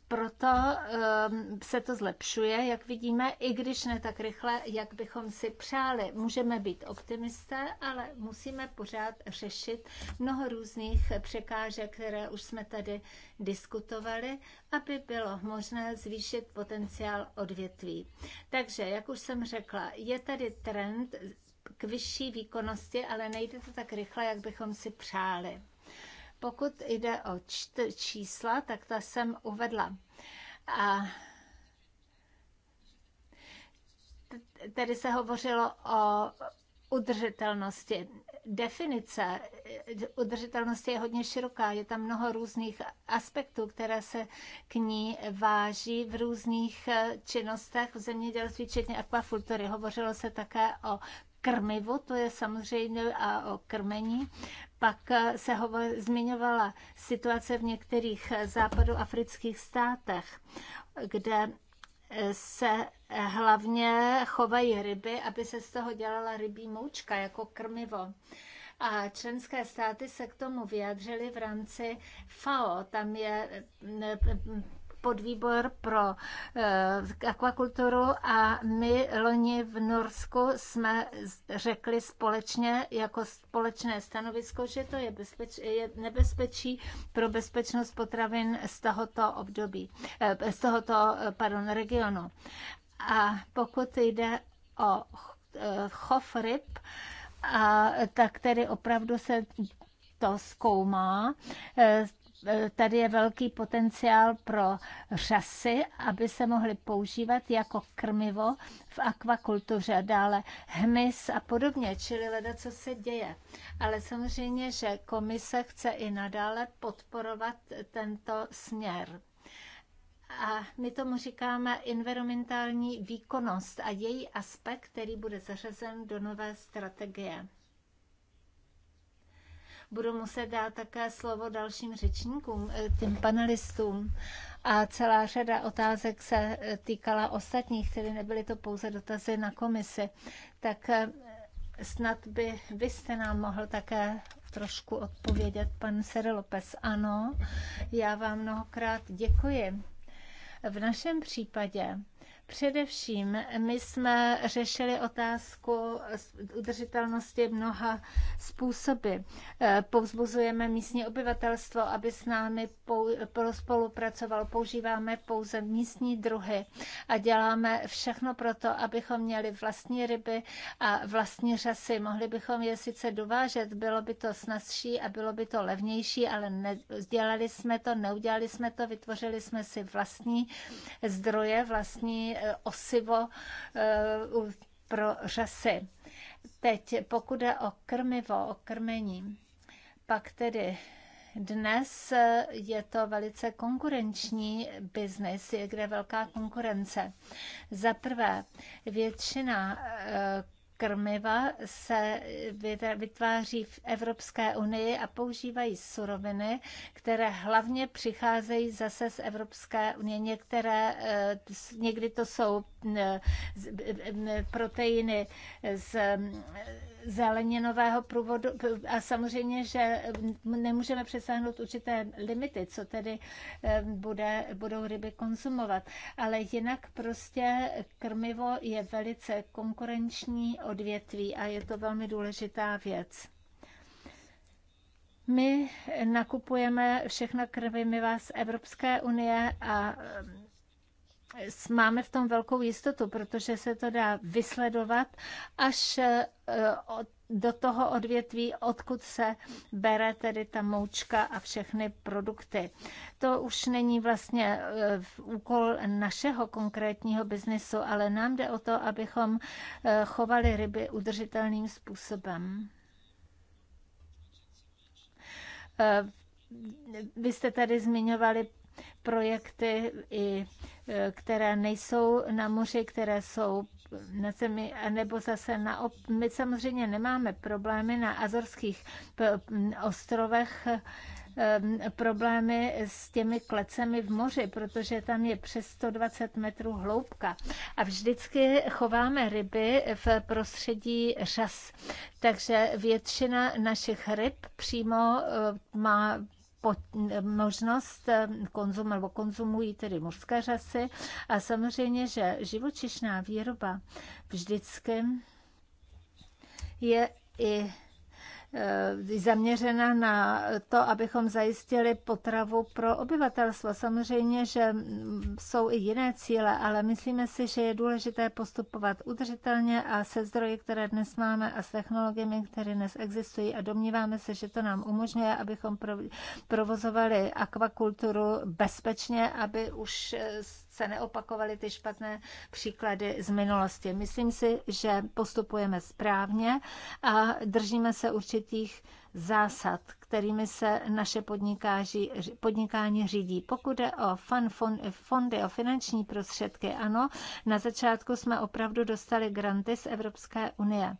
proto ehm, se to zlepšuje, jak vidíme, i když ne tak rychle, jak bychom si přáli. Můžeme být optimisté, ale musíme pořád řešit mnoho různých překážek, které už jsme tady diskutovali aby bylo možné zvýšit potenciál odvětví. Takže, jak už jsem řekla, je tady trend k vyšší výkonnosti, ale nejde to tak rychle, jak bychom si přáli. Pokud jde o čísla, tak ta jsem uvedla. A tady se hovořilo o udržitelnosti. Definice udržitelnosti je hodně široká, je tam mnoho různých aspektů, které se k ní váží v různých eh, činnostech v zemědělství, včetně akvafultury. Hovořilo se také o krmivu, to je samozřejmě a o krmení. Pak eh, se hovo, zmiňovala situace v některých eh, západoafrických státech, kde se hlavně chovají ryby, aby se z toho dělala rybí moučka jako krmivo a členské státy se k tomu vyjadřily v rámci FAO. Tam je podvýbor pro eh, akvakulturu a my loni v Norsku jsme řekli společně, jako společné stanovisko, že to je, bezpeč, je nebezpečí pro bezpečnost potravin z tohoto období, eh, z tohoto eh, pardon, regionu. A pokud jde o chov ryb, a tak tedy opravdu se to zkoumá tady je velký potenciál pro řasy, aby se mohly používat jako krmivo v akvakultuře, dále hmyz a podobně, čili leda, co se děje. Ale samozřejmě, že komise chce i nadále podporovat tento směr. A my tomu říkáme environmentální výkonnost a její aspekt, který bude zařazen do nové strategie budu muset dát také slovo dalším řečníkům, eh, tím panelistům. A celá řada otázek se eh, týkala ostatních, tedy nebyly to pouze dotazy na komisi. Tak eh, snad by vy jste nám mohl také trošku odpovědět, pan Sere Lopez. Ano, já vám mnohokrát děkuji. V našem případě Především my jsme řešili otázku udržitelnosti mnoha způsoby. Eh, povzbuzujeme místní obyvatelstvo, aby s námi spolupracoval. používáme pouze místní druhy a děláme všechno pro to, abychom měli vlastní ryby a vlastní řasy. Mohli bychom je sice dovážet, bylo by to snazší a bylo by to levnější, ale nedělali jsme to, neudělali jsme to, vytvořili jsme si vlastní zdroje, vlastní Eh, osivo eh, pro řasy. Teď pokud je o krmivo, o krmení, pak tedy dnes eh, je to velice konkurenční biznis, je kde velká konkurence. Za prvé, většina krmiva se vytváří v Evropské unii a používají suroviny, které hlavně přicházejí zase z Evropské unie. Některé, eh, někdy to jsou eh, eh, proteiny z zeleninového průvodu a samozřejmě, že nemůžeme přesáhnout určité limity, co tedy bude, budou ryby konzumovat. Ale jinak prostě krmivo je velice konkurenční odvětví a je to velmi důležitá věc. My nakupujeme všechna krmiva z Evropské unie a máme v tom velkou jistotu, protože se to dá vysledovat až eh, od do toho odvětví, odkud se bere tedy ta moučka a všechny produkty. To už není vlastně eh, úkol našeho konkrétního biznesu, ale nám jde o to, abychom eh, chovali ryby udržitelným způsobem. Vy jste tady zmiňovali projekty, i, e, které nejsou na moři, které jsou na zemi, nebo zase na, my samozřejmě nemáme problémy na Azorských ostrovech, e, problémy s těmi klecemi v moři, protože tam je přes 120 metrů hloubka. A vždycky chováme ryby v prostředí řas. Takže většina našich ryb přímo e, má možnost eh, konzum, nebo konzumují tedy mořské řasy a samozřejmě, že živočišná výroba vždycky je i Eh, zaměřena na to, abychom zajistili potravu pro obyvatelstvo. Samozřejmě, že jsou i jiné cíle, ale myslíme si, že je důležité postupovat udržitelně a se zdroji, které dnes máme a s technologiemi, které dnes existují a domníváme se, že to nám umožňuje, abychom provozovali akvakulturu bezpečně, aby už eh, se neopakovaly ty špatné příklady z minulosti. Myslím si, že postupujeme správně a držíme se určitě určitých zásad, kterými se naše podnikání řídí. Pokud jde o fun, fondy, o finanční prostředky, ano, na začátku jsme opravdu dostali granty z Evropské unie.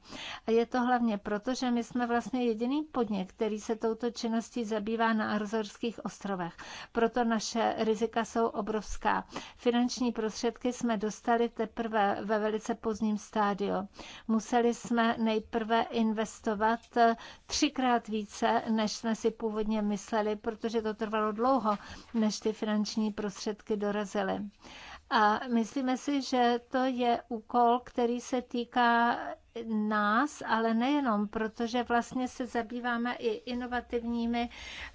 A je to hlavně proto, že my jsme vlastně jediný podnik, který se touto činností zabývá na Arzorských ostrovech. Proto naše rizika jsou obrovská. Finanční prostředky jsme dostali teprve ve velice pozdním stádiu. Museli jsme nejprve investovat třikrát dělat více, než jsme si původně mysleli, protože to trvalo dlouho, než ty finanční prostředky dorazily. A myslíme si, že to je úkol, který se týká nás, ale nejenom, protože vlastně se zabýváme i inovativními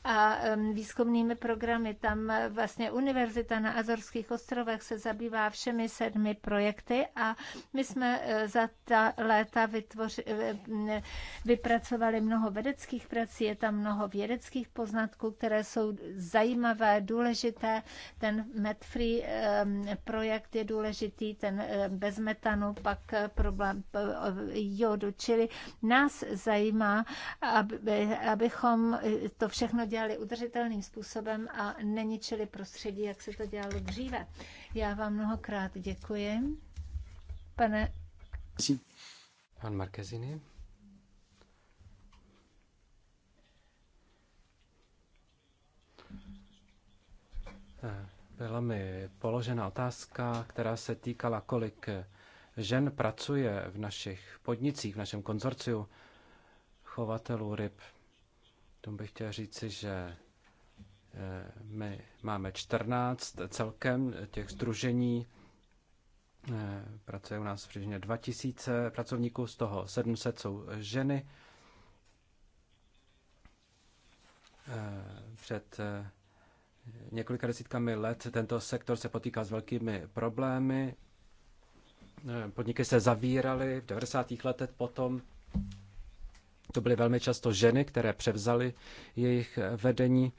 a výzkumnými programy. Tam vlastně Univerzita na Azorských ostrovech se zabývá všemi sedmi projekty a my jsme e, za ta léta vytvoři, e, vypracovali mnoho vědeckých prací, je tam mnoho vědeckých poznatků, které jsou zajímavé, důležité. Ten MedFree projekt je důležitý, ten bez metanu, pak e, problém jodu. Čili nás zajímá, aby, abychom to všechno dělali udržitelným způsobem a neničili prostředí, jak se to dělalo dříve. Já vám mnohokrát děkuji. Pane... Pan Markezini. Eh, Byla mi položena otázka, která se týkala, kolik eh, žen pracuje v našich podnicích, v našem konzorciu chovatelů ryb. Tomu bych chtěl říci, že eh, my máme 14 celkem těch združení. Eh, pracuje u nás přibližně 2000 pracovníků, z toho 700 jsou ženy. Eh, před několika desítkami let tento sektor se potýká s velkými problémy. Eh, podniky se zavíraly v 90. letech potom. To byly velmi často ženy, které převzaly jejich eh, vedení.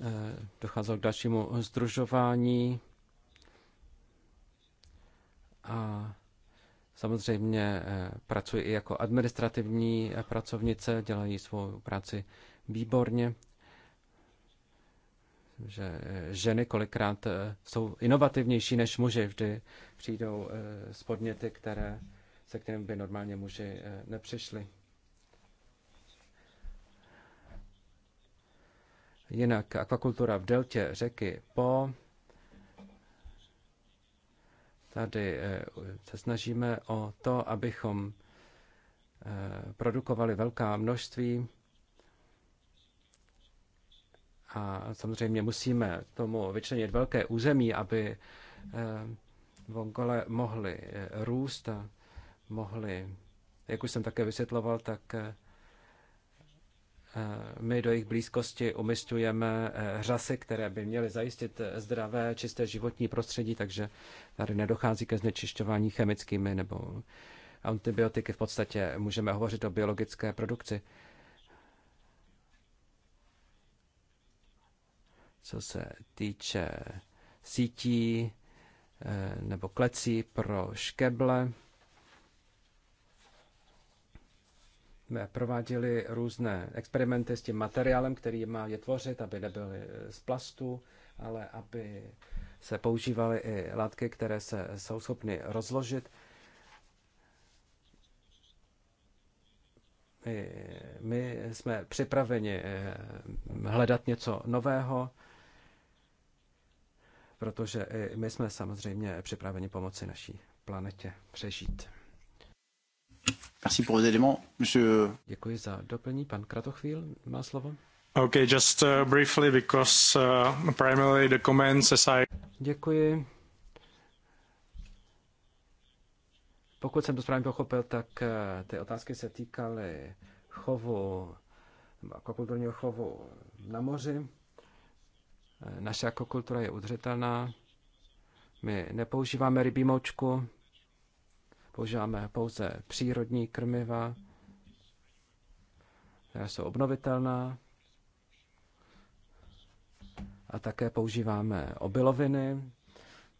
Eh, docházelo k dalšímu združování a samozřejmě pracuji i jako administrativní pracovnice, dělají svou práci výborně že eh, ženy kolikrát eh, jsou inovativnější než muži, vždy přijdou eh, s podněty, které, se kterým by normálně muži nepřišli. Jinak akvakultura v deltě řeky Po. Tady se snažíme o to, abychom produkovali velká množství a samozřejmě musíme tomu vyčlenit velké území, aby eh, Vongole mohly eh, růst a mohly, jak už jsem také vysvětloval, tak eh, my do jejich blízkosti umistujeme řasy, které by měly zajistit zdravé, čisté životní prostředí, takže tady nedochází ke znečišťování chemickými nebo antibiotiky. V podstatě můžeme hovořit o biologické produkci. co se týče sítí eh, nebo klecí pro škeble. jsme prováděli různé experimenty s tím materiálem, který má je tvořit, aby nebyly eh, z plastu, ale aby se používaly i látky, které se jsou schopny rozložit. My, my jsme připraveni eh, hledat něco nového protože i my jsme samozřejmě připraveni pomoci naší planetě přežít. Merci pour les éléments, monsieur. Děkuji za doplnění. Pan Kratochvíl má slovo. Okay, just uh, briefly because uh, primarily the comments as I... Děkuji. Pokud jsem to správně pochopil, tak eh, ty otázky se týkaly chovu, akvakulturního chovu na moři. Naše akvakultura je udržitelná. My nepoužíváme rybí močku, používáme pouze přírodní krmiva, která jsou obnovitelná. A také používáme obiloviny,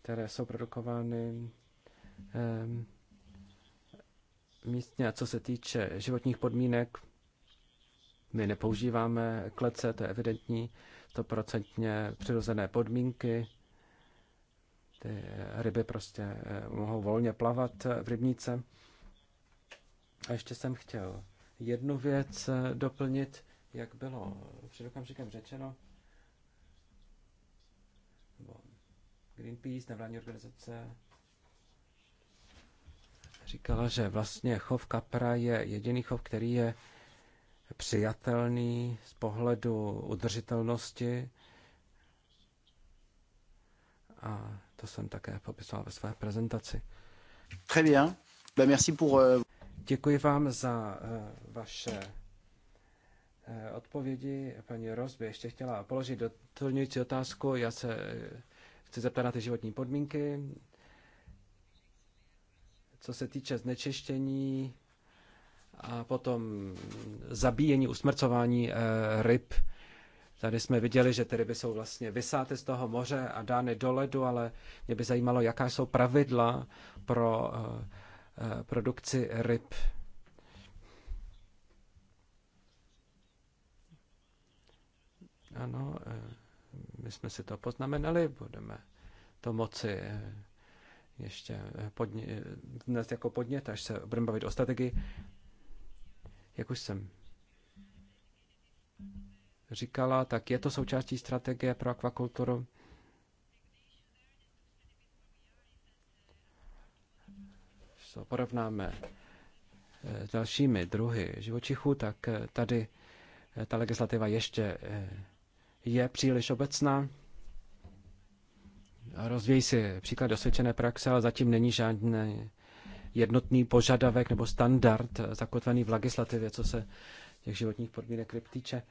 které jsou produkovány ehm, místně. A co se týče životních podmínek, my nepoužíváme klece, to je evidentní stoprocentně přirozené podmínky. Ty ryby prostě eh, mohou volně plavat eh, v rybníce. A ještě jsem chtěl jednu věc eh, doplnit, jak bylo před okamžikem řečeno. Greenpeace, nevládní organizace, říkala, že vlastně chov kapra je jediný chov, který je přijatelný z pohledu udržitelnosti. A to jsem také popisoval ve své prezentaci. Très bien. Ben, merci pour... Euh, Děkuji vám za eh, vaše eh, odpovědi. Paní Rozby ještě chtěla položit doplňující otázku. Já se eh, chci zeptat na ty životní podmínky. Co se týče znečištění, a potom zabíjení, usmrcování eh, ryb. Tady jsme viděli, že ty ryby jsou vlastně vysáty z toho moře a dány do ledu, ale mě by zajímalo, jaká jsou pravidla pro eh, eh, produkci ryb. Ano, my jsme si to poznamenali, budeme to moci ještě podně, dnes jako podnět, až se budeme bavit o strategii. Jak už jsem říkala, tak je to součástí strategie pro akvakulturu. Když to porovnáme eh, s dalšími druhy živočichů, tak eh, tady eh, ta legislativa ještě je příliš obecná. Rozvíjí si příklad osvědčené praxe, ale zatím není žádný jednotný požadavek nebo standard eh, zakotvený v legislativě, co se těch životních podmínek ryb týče.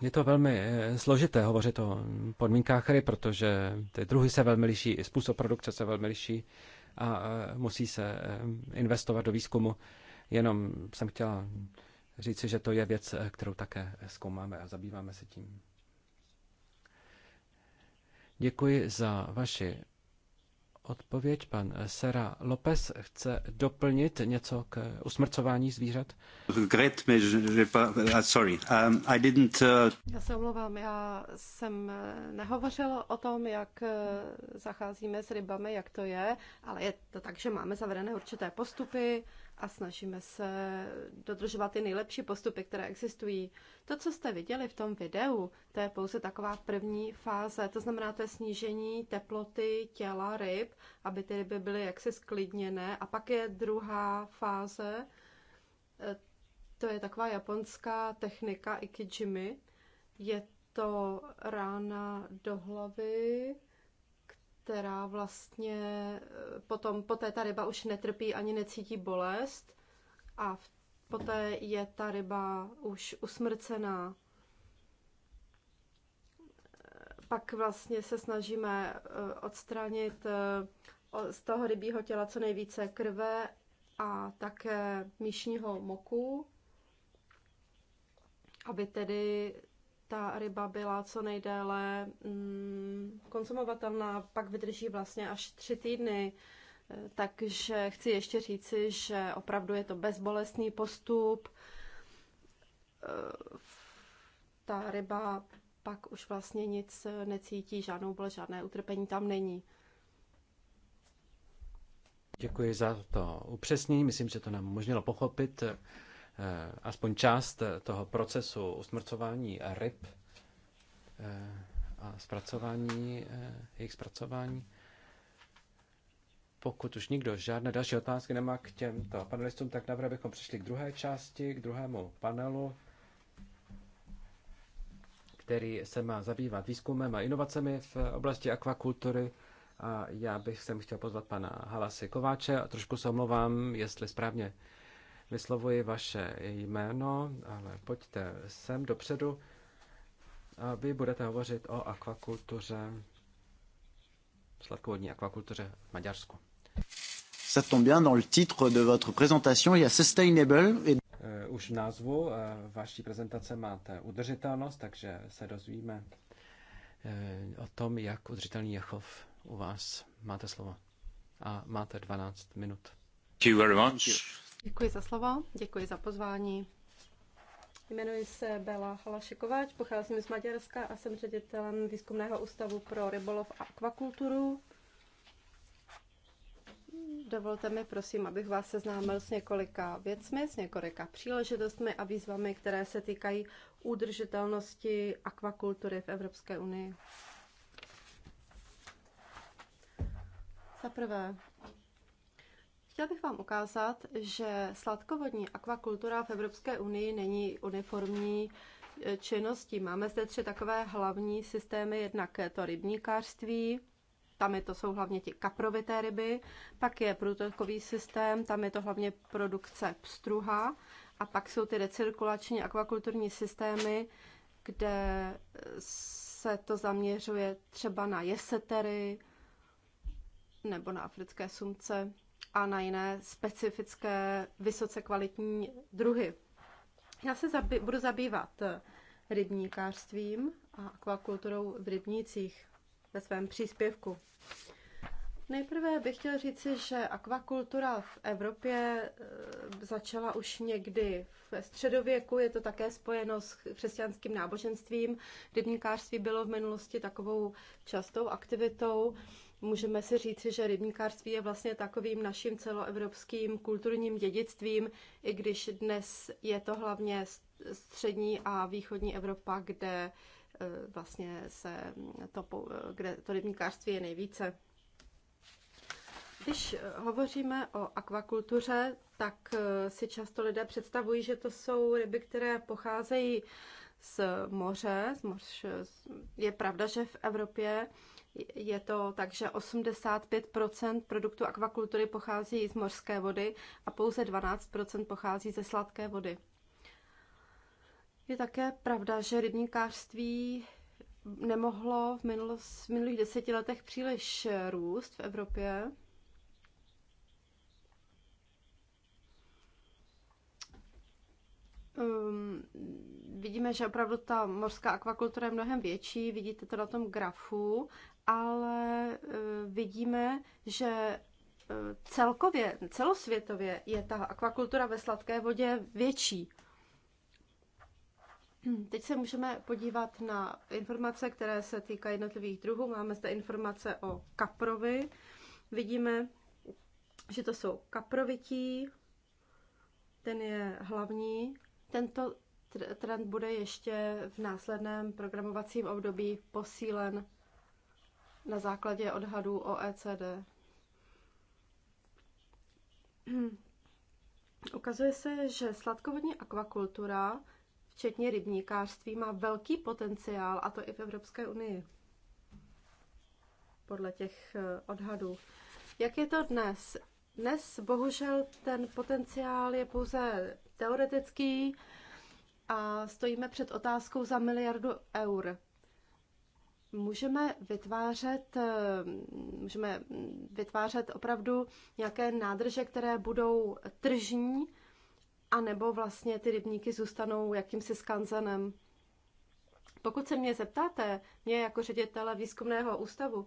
Je to velmi eh, složité hovořit o podmínkách ryb, protože ty druhy se velmi liší, způsob produkce se velmi liší a eh, musí se investovat do výzkumu. Jenom jsem chtěla říci, že to je věc, kterou také zkoumáme a zabýváme se tím. Děkuji za vaši odpověď. Pan Sera López chce doplnit něco k usmrcování zvířat. Uh, sorry, um, I didn't... Uh, já se omlouvám, já jsem uh, nehovořil o tom, jak zacházíme s rybami, jak to je, ale je to tak, že máme zavedené určité postupy a snažíme se dodržovat ty nejlepší postupy, které existují. To, co jste viděli v tom videu, to je pouze taková první fáze, to znamená, to je snížení teploty těla ryb, aby ty ryby byly jaksi sklidněné. A pak je druhá fáze, e, to je taková japonská technika ikijimi. Je to rána do hlavy, která vlastně eh, potom, poté ta ryba už netrpí ani necítí bolest a poté je ta ryba už usmrcená. Eh, pak vlastně se snažíme eh, odstranit z toho rybího těla co nejvíce krve a také míšního moku, aby tedy ta ryba byla co nejdéle mm, konzumovatelná, pak vydrží vlastně až tři týdny. Eh, takže chci ještě říci, že opravdu je to bezbolestný postup. Eh, ta ryba pak už vlastně nic necítí, žádnou bolest, žádné utrpení tam není. Děkuji za to upřesnění. Myslím, že to nám umožnilo pochopit Eh, aspoň část toho procesu usmrcování ryb eh, a zpracování, eh, jejich zpracování. Pokud už nikdo žádné další otázky nemá k těmto panelistům, tak navrhuji, abychom přešli k druhé části, k druhému panelu, který se má zabývat výzkumem a inovacemi v oblasti akvakultury. A já bych sem chtěl pozvat pana Halasy Kováče a trošku se omlouvám, jestli správně vyslovuji vaše jméno, ale pojďte sem dopředu a vy budete hovořit o akvakultuře, sladkovodní akvakultuře v Maďarsku. Ça tombe bien, dans le titre de votre présentation, il y a sustainable. Et... Eh, už v názvu eh, vaší prezentace máte udržitelnost, takže se dozvíme eh, o tom, jak udržitelný je chov u vás. Máte slovo. A máte 12 minut. Thank you very much. Děkuji za slovo, děkuji za pozvání. Jmenuji se Bela Halašikováč, pocházím z Maďarska a jsem ředitelem Výzkumného ústavu pro rybolov a akvakulturu. Dovolte mi, prosím, abych vás seznámil s několika věcmi, s několika příležitostmi a výzvami, které se týkají udržitelnosti akvakultury v Evropské unii. Za prvé, Chtěla bych vám ukázat, že sladkovodní akvakultura v Evropské unii není uniformní eh, činností. Máme zde tři takové hlavní systémy, jednak je to rybníkářství, tam je to, jsou hlavně ti kaprovité ryby, pak je průtokový systém, tam je to hlavně produkce pstruha a pak jsou ty recirkulační akvakulturní systémy, kde eh, se to zaměřuje třeba na jesetery nebo na africké sumce a na jiné specifické, vysoce kvalitní druhy. Já se zabý, budu zabývat eh, rybníkářstvím a akvakulturou v rybnících ve svém příspěvku. Nejprve bych chtěl říci, že akvakultura v Evropě eh, začala už někdy ve středověku, je to také spojeno s křesťanským náboženstvím. Rybníkářství bylo v minulosti takovou častou aktivitou. Můžeme si říci, že rybníkářství je vlastně takovým naším celoevropským kulturním dědictvím, i když dnes je to hlavně střední a východní Evropa, kde e, vlastně se to, kde to rybníkářství je nejvíce. Když hovoříme o akvakultuře, tak e, si často lidé představují, že to jsou ryby, které pocházejí z moře. Z moře. Je pravda, že v Evropě je to tak, že 85 produktů akvakultury pochází z mořské vody a pouze 12 pochází ze sladké vody. Je také pravda, že rybníkářství nemohlo v, minulost, v minulých deseti letech příliš růst v Evropě. Um, vidíme, že opravdu ta mořská akvakultura je mnohem větší, vidíte to na tom grafu ale e, vidíme, že e, celkově, celosvětově je ta akvakultura ve sladké vodě větší. Teď se můžeme podívat na informace, které se týkají jednotlivých druhů. Máme zde informace o kaprovi. Vidíme, že to jsou kaprovití. Ten je hlavní. Tento trend bude ještě v následném programovacím období posílen na základě odhadů OECD. Ukazuje se, že sladkovodní akvakultura, včetně rybníkářství, má velký potenciál, a to i v Evropské unii, podle těch eh, odhadů. Jak je to dnes? Dnes bohužel ten potenciál je pouze teoretický a stojíme před otázkou za miliardu eur můžeme vytvářet, eh, můžeme vytvářet opravdu nějaké nádrže, které budou tržní, anebo vlastně ty rybníky zůstanou jakýmsi skanzenem. Pokud se mě zeptáte, mě jako ředitele výzkumného ústavu,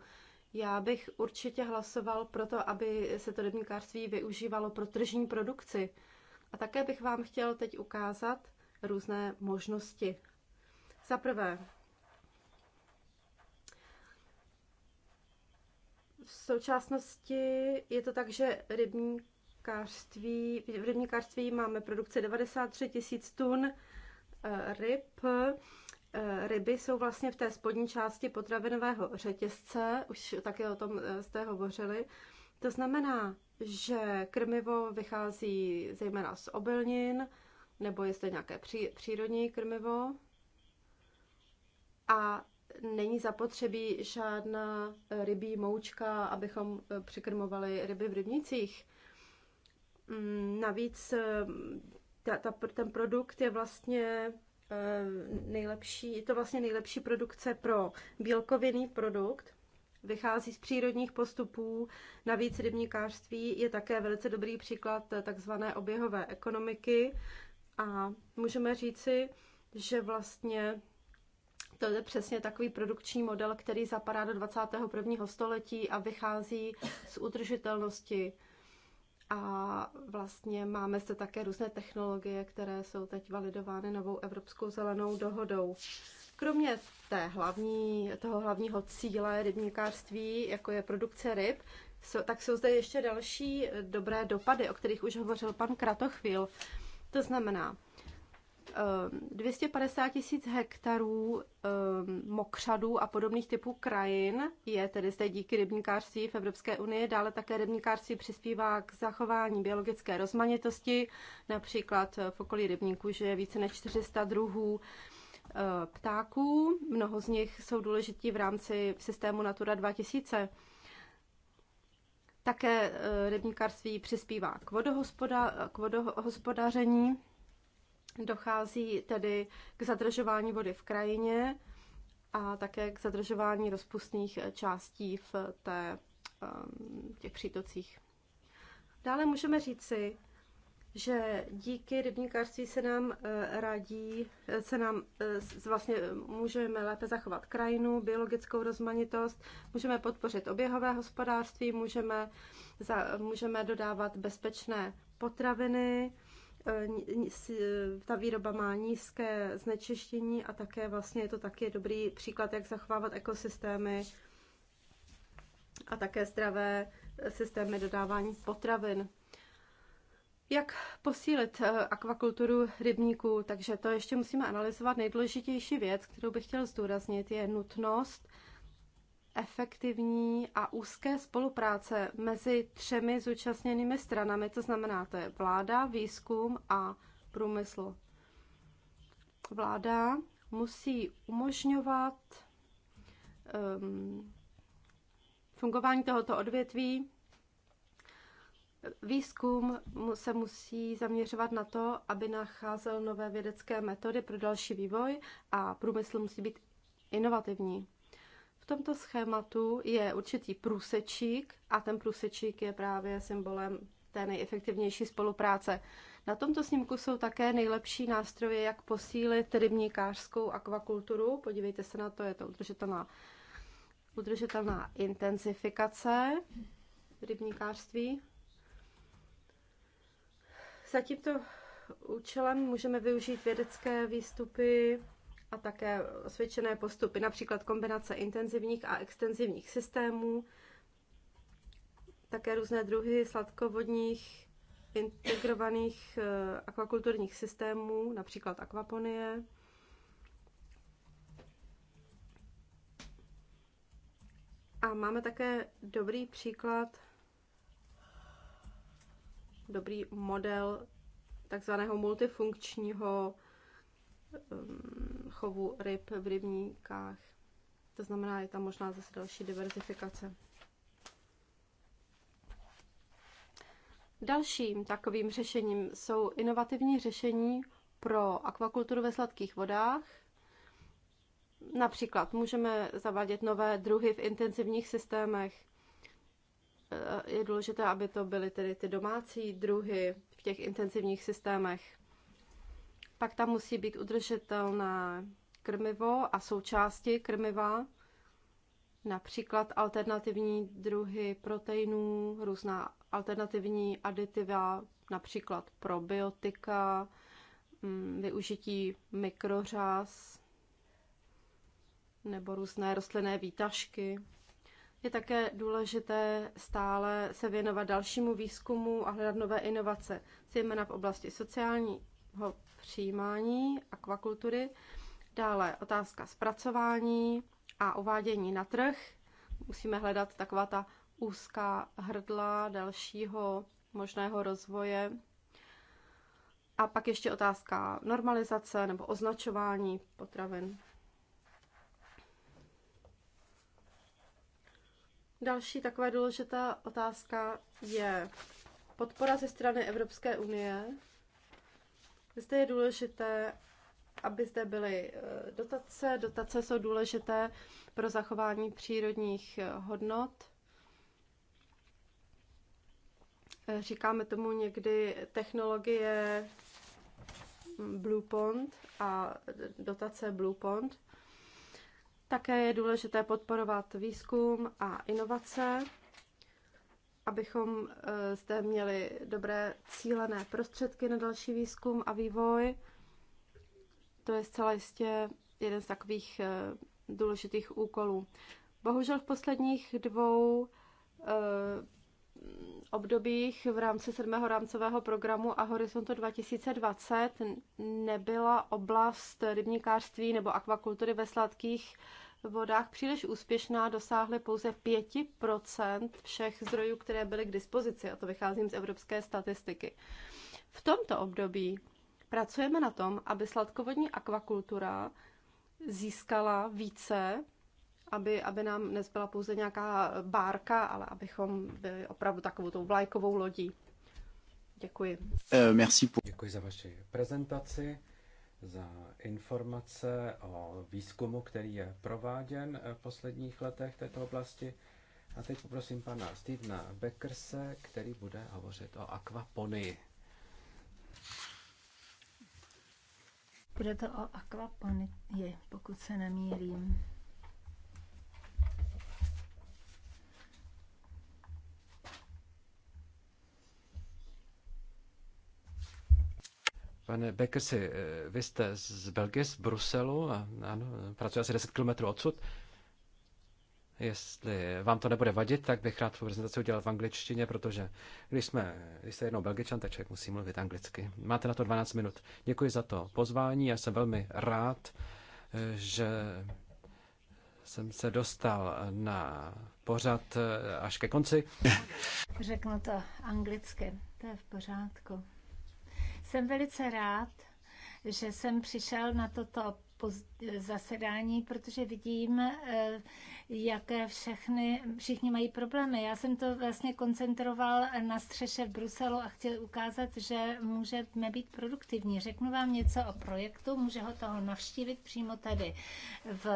já bych určitě hlasoval pro to, aby se to rybníkářství využívalo pro tržní produkci. A také bych vám chtěl teď ukázat různé možnosti. Za prvé, V současnosti je to tak, že rybníkářství, v rybníkářství máme produkce 93 tisíc tun eh, ryb. Eh, ryby jsou vlastně v té spodní části potravinového řetězce, už také o tom eh, jste hovořili. To znamená, že krmivo vychází zejména z obilnin, nebo jestli nějaké přírodní krmivo. A není zapotřebí žádná rybí moučka, abychom eh, přikrmovali ryby v rybnicích. Mm, navíc eh, ta, ta, ten produkt je vlastně eh, nejlepší, je to vlastně nejlepší produkce pro bílkovinný produkt, vychází z přírodních postupů. Navíc rybníkářství je také velice dobrý příklad takzvané oběhové ekonomiky a můžeme říci, že vlastně to je přesně takový produkční model, který zapadá do 21. století a vychází z udržitelnosti. A vlastně máme se také různé technologie, které jsou teď validovány novou Evropskou zelenou dohodou. Kromě té hlavní, toho hlavního cíle rybníkářství, jako je produkce ryb, tak jsou zde ještě další dobré dopady, o kterých už hovořil pan Kratochvíl. To znamená, 250 eh, tisíc hektarů eh, mokřadů a podobných typů krajin je tedy zde díky rybníkářství v Evropské unii. Dále také rybníkářství přispívá k zachování biologické rozmanitosti. Například eh, v okolí rybníků je více než 400 druhů ptáků. Mnoho z nich jsou důležití v rámci systému Natura 2000. Také rybníkářství přispívá k, vodohospoda- k vodohospodaření. Dochází tedy k zadržování vody v krajině a také k zadržování rozpustných částí v té, ehm, těch přítocích. Dále můžeme říci, že díky rybníkářství se nám e, radí, e, se nám e, vlastně můžeme lépe zachovat krajinu, biologickou rozmanitost, můžeme podpořit oběhové hospodářství, můžeme, za, můžeme dodávat bezpečné potraviny, Eh, eh, ta výroba má nízké znečištění a také vlastně je to taky dobrý příklad, jak zachovávat ekosystémy a také zdravé eh, systémy dodávání potravin. Jak posílit akvakulturu rybníků? Takže to ještě musíme analyzovat. Nejdůležitější věc, kterou bych chtěl zdůraznit, je nutnost efektivní a úzké spolupráce mezi třemi zúčastněnými stranami, to znamená, to je vláda, výzkum a průmysl. Vláda musí umožňovat um, fungování tohoto odvětví. Výzkum se musí zaměřovat na to, aby nacházel nové vědecké metody pro další vývoj a průmysl musí být inovativní tomto schématu je určitý průsečík a ten průsečík je právě symbolem té nejefektivnější spolupráce. Na tomto snímku jsou také nejlepší nástroje, jak posílit rybníkářskou akvakulturu. Podívejte se na to, je to udržitelná, udržitelná intenzifikace rybníkářství. Za tímto účelem můžeme využít vědecké výstupy a také osvědčené postupy, například kombinace intenzivních a extenzivních systémů, také různé druhy sladkovodních integrovaných eh, akvakulturních systémů, například akvaponie. A máme také dobrý příklad, dobrý model takzvaného multifunkčního Ehm, chovu ryb v rybníkách. To znamená, je tam možná zase další diverzifikace. Dalším takovým řešením jsou inovativní řešení pro akvakulturu ve sladkých vodách. Například můžeme zavádět nové druhy v intenzivních systémech. Eh, je důležité, aby to byly tedy ty domácí druhy v těch intenzivních systémech pak tam musí být udržitelné krmivo a součásti krmiva, například alternativní druhy proteinů, různá alternativní aditiva, například probiotika, mm, využití mikrořas nebo různé rostlinné výtažky. Je také důležité stále se věnovat dalšímu výzkumu a hledat nové inovace, zejména v oblasti sociálního přijímání akvakultury, dále otázka zpracování a uvádění na trh. Musíme hledat taková ta úzká hrdla dalšího možného rozvoje. A pak ještě otázka normalizace nebo označování potravin. Další taková důležitá otázka je podpora ze strany Evropské unie zde je důležité, aby zde byly eh, dotace. Dotace jsou důležité pro zachování přírodních eh, hodnot. Eh, říkáme tomu někdy technologie Blue Pond a dotace Blue Pond. Také je důležité podporovat výzkum a inovace abychom eh, zde měli dobré cílené prostředky na další výzkum a vývoj. To je zcela jistě jeden z takových eh, důležitých úkolů. Bohužel v posledních dvou eh, obdobích v rámci sedmého rámcového programu a Horizontu 2020 nebyla oblast rybníkářství nebo akvakultury ve sladkých vodách příliš úspěšná, dosáhly pouze 5% všech zdrojů, které byly k dispozici, a to vycházím z evropské statistiky. V tomto období pracujeme na tom, aby sladkovodní akvakultura získala více, aby, aby nám nezbyla pouze nějaká bárka, ale abychom byli opravdu takovou tou vlajkovou lodí. Děkuji. Eh, Děkuji za vaši prezentaci za informace o výzkumu, který je prováděn eh, v posledních letech této oblasti. A teď poprosím pana Stevena Beckerse, který bude hovořit o akvaponii. Bude to o akvaponii, pokud se nemýlím. Pane si, eh, vy jste z Belgie, z Bruselu, a ano, pracuje asi 10 km odsud. Jestli vám to nebude vadit, tak bych rád tu prezentaci udělal v angličtině, protože když, jsme, když jste jednou belgičan, tak člověk musí mluvit anglicky. Máte na to 12 minut. Děkuji za to pozvání, já jsem velmi rád, eh, že jsem se dostal na pořad eh, až ke konci. Řeknu to anglicky, to je v pořádku. Jsem velice rád, že jsem přišel na toto zasedání, protože vidím, eh, jaké všechny, všichni mají problémy. Já jsem to vlastně koncentroval na střeše v Bruselu a chtěl ukázat, že můžeme být produktivní. Řeknu vám něco o projektu, může ho toho navštívit přímo tady v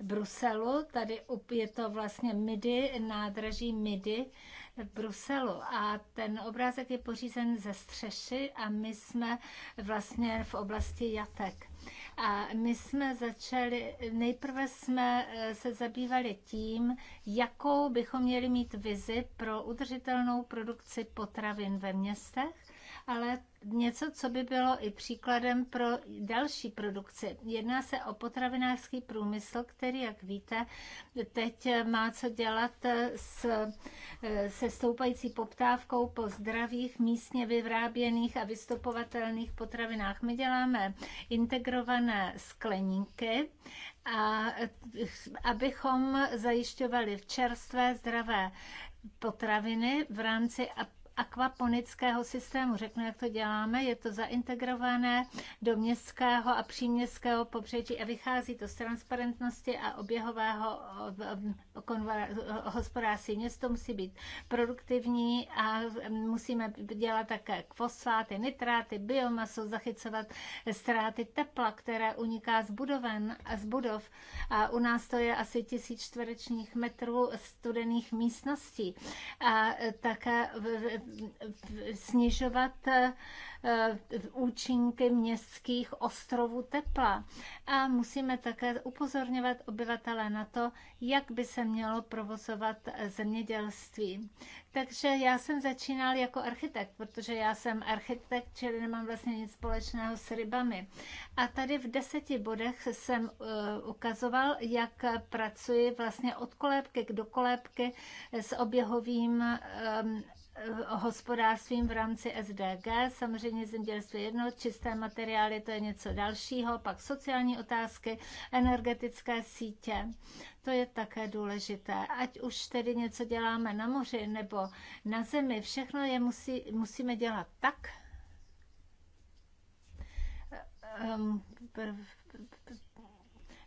Bruselu. Tady je to vlastně MIDI, nádraží MIDI v Bruselu a ten obrázek je pořízen ze střeši a my jsme vlastně v oblasti jatek. A my jsme začali, nejprve jsme eh, se zabývali tím, jakou bychom měli mít vizi pro udržitelnou produkci potravin ve městech ale něco, co by bylo i příkladem pro další produkci. Jedná se o potravinářský průmysl, který, jak víte, teď má co dělat s, se stoupající poptávkou po zdravých, místně vyvráběných a vystupovatelných potravinách. My děláme integrované skleníky, a abychom zajišťovali čerstvé, zdravé potraviny v rámci akvaponického systému. Řeknu, jak to děláme. Je to zaintegrované do městského a příměstského pobřeží a vychází to z transparentnosti a oběhového eh, eh, hospodářství. Město musí být produktivní a musíme dělat také fosfáty, nitráty, biomasu, zachycovat ztráty tepla, které uniká z, budoven, z budov. A u nás to je asi tisíc čtverečních metrů studených místností. A také snižovat eh, účinky městských ostrovů tepla. A musíme také upozorňovat obyvatele na to, jak by se mělo provozovat zemědělství. Takže já jsem začínal jako architekt, protože já jsem architekt, čili nemám vlastně nic společného s rybami. A tady v deseti bodech jsem eh, ukazoval, jak pracuji vlastně od kolébky do kolébky s oběhovým eh, Eh, hospodářstvím v rámci SDG, samozřejmě zemědělství jedno, čisté materiály, to je něco dalšího, pak sociální otázky, energetické sítě, to je také důležité. Ať už tedy něco děláme na moři nebo na zemi, všechno je musí, musíme dělat tak, um,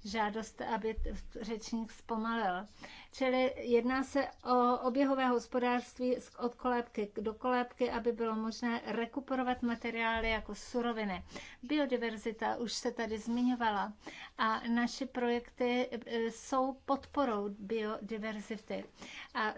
žádost, aby řečník zpomalil. Čili jedná se o oběhové hospodářství od kolébky do kolébky, aby bylo možné rekuperovat materiály jako suroviny. Biodiverzita už se tady zmiňovala a naše projekty e, jsou podporou biodiverzity. A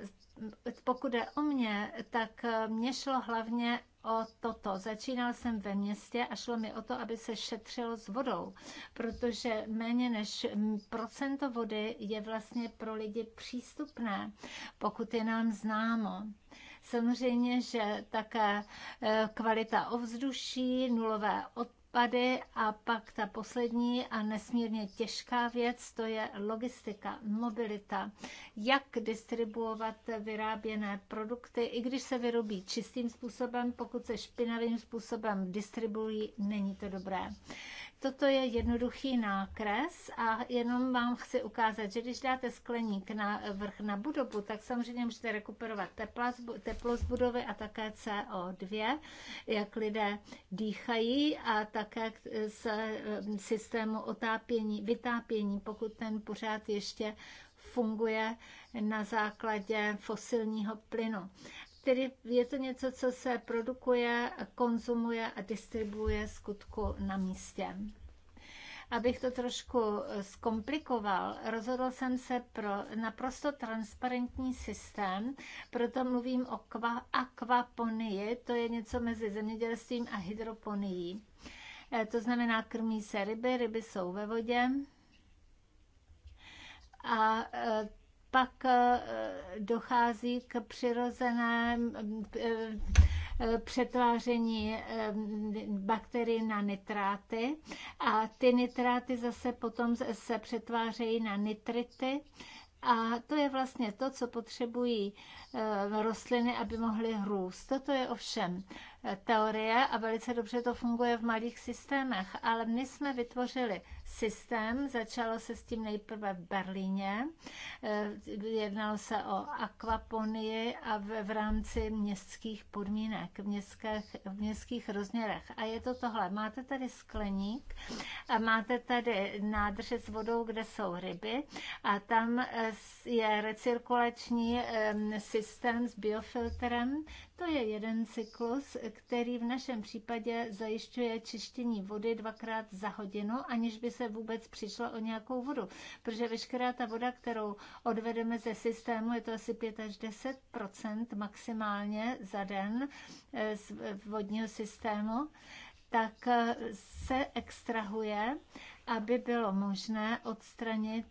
pokud je o mě, tak eh, mě šlo hlavně o toto. Začínal jsem ve městě a šlo mi o to, aby se šetřilo s vodou, protože méně než mm, procento vody je vlastně pro lidi přístupné, pokud je nám známo. Samozřejmě, že také eh, kvalita ovzduší, nulové odpady a pak ta poslední a nesmírně těžká věc, to je logistika, mobilita. Jak distribuovat vyráběné produkty, i když se vyrobí čistým způsobem, pokud se špinavým způsobem distribuují, není to dobré. Toto je jednoduchý nákres a jenom vám chci ukázat, že když dáte skleník na vrch na budovu, tak samozřejmě můžete rekuperovat teplo z budovy a také CO2, jak lidé dýchají a také z systému otápění, vytápění, pokud ten pořád ještě funguje na základě fosilního plynu tedy je to něco, co se produkuje, konzumuje a distribuje skutku na místě. Abych to trošku eh, zkomplikoval, rozhodl jsem se pro naprosto transparentní systém, proto mluvím o kva, akvaponii, to je něco mezi zemědělstvím a hydroponií. Eh, to znamená, krmí se ryby, ryby jsou ve vodě, a eh, pak eh, dochází k přirozeném eh, přetváření eh, bakterií na nitráty a ty nitráty zase potom se přetvářejí na nitrity. A to je vlastně to, co potřebují rostliny, aby mohly růst. Toto je ovšem teorie a velice dobře to funguje v malých systémech, ale my jsme vytvořili systém. Začalo se s tím nejprve v Berlíně. Eh, jednalo se o akvaponii a v, v rámci městských podmínek, v městských, v městských rozměrech. A je to tohle. Máte tady skleník a máte tady nádrže s vodou, kde jsou ryby a tam eh, je recirkulační eh, systém s biofiltrem, to je jeden cyklus, který v našem případě zajišťuje čištění vody dvakrát za hodinu, aniž by se vůbec přišlo o nějakou vodu, protože veškerá ta voda, kterou odvedeme ze systému, je to asi 5 až 10 maximálně za den eh, z eh, vodního systému, tak eh, se extrahuje, aby bylo možné odstranit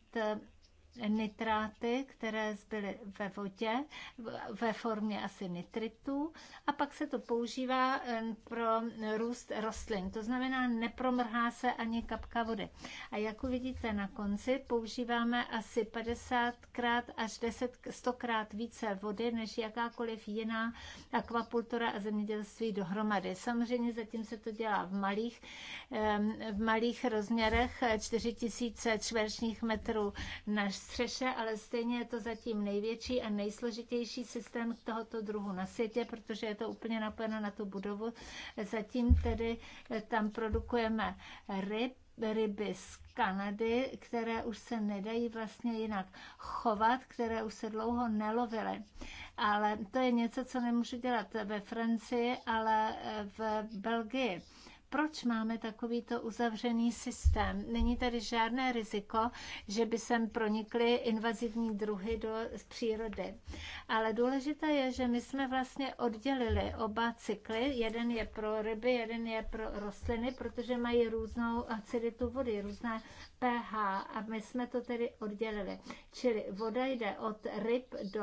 nitráty, které zbyly ve vodě ve formě asi nitritů a pak se to používá pro růst rostlin. To znamená, nepromrhá se ani kapka vody. A jak uvidíte na konci, používáme asi 50krát až 10, 100krát více vody, než jakákoliv jiná akvapultura a zemědělství dohromady. Samozřejmě zatím se to dělá v malých, v malých rozměrech 4000 čtverečních metrů na střeše, ale stejně je to zatím největší a nejsložitější systém tohoto druhu na světě, protože je to úplně napojeno na tu budovu. Zatím tedy eh, tam produkujeme ryb, ryby z Kanady, které už se nedají vlastně jinak chovat, které už se dlouho nelovily. Ale to je něco, co nemůžu dělat ve Francii, ale eh, v Belgii proč máme takovýto uzavřený systém? Není tady žádné riziko, že by sem pronikly invazivní druhy do přírody. Ale důležité je, že my jsme vlastně oddělili oba cykly. Jeden je pro ryby, jeden je pro rostliny, protože mají různou aciditu vody, různé pH a my jsme to tedy oddělili. Čili voda jde od ryb do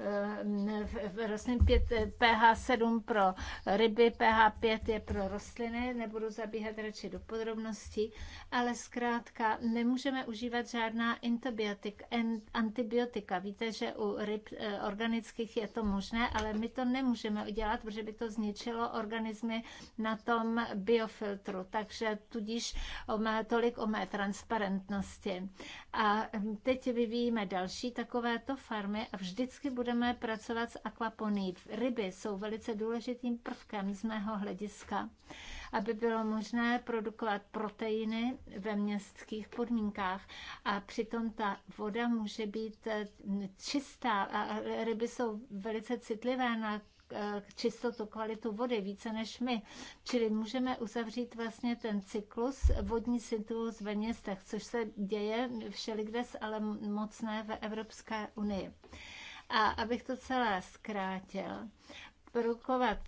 Eh, rostlin 5, eh, pH 7 pro ryby, pH 5 je pro rostliny, nebudu zabíhat radši do podrobností, ale zkrátka nemůžeme užívat žádná antibiotika. Víte, že u ryb eh, organických je to možné, ale my to nemůžeme udělat, protože by to zničilo organismy na tom biofiltru. Takže tudíž o mé, tolik o mé transparentnosti. A hm, teď vyvíjíme další takovéto farmy a vždycky bude budeme pracovat s akvaponí. Ryby jsou velice důležitým prvkem z mého hlediska, aby bylo možné produkovat proteiny ve městských podmínkách. A přitom ta voda může být eh, čistá. A ryby jsou velice citlivé na eh, čistotu, kvalitu vody více než my. Čili můžeme uzavřít vlastně ten cyklus, vodní cyklus ve městech, což se děje všelikdes, ale mocné ve Evropské unii. A abych to celé zkrátil, produkovat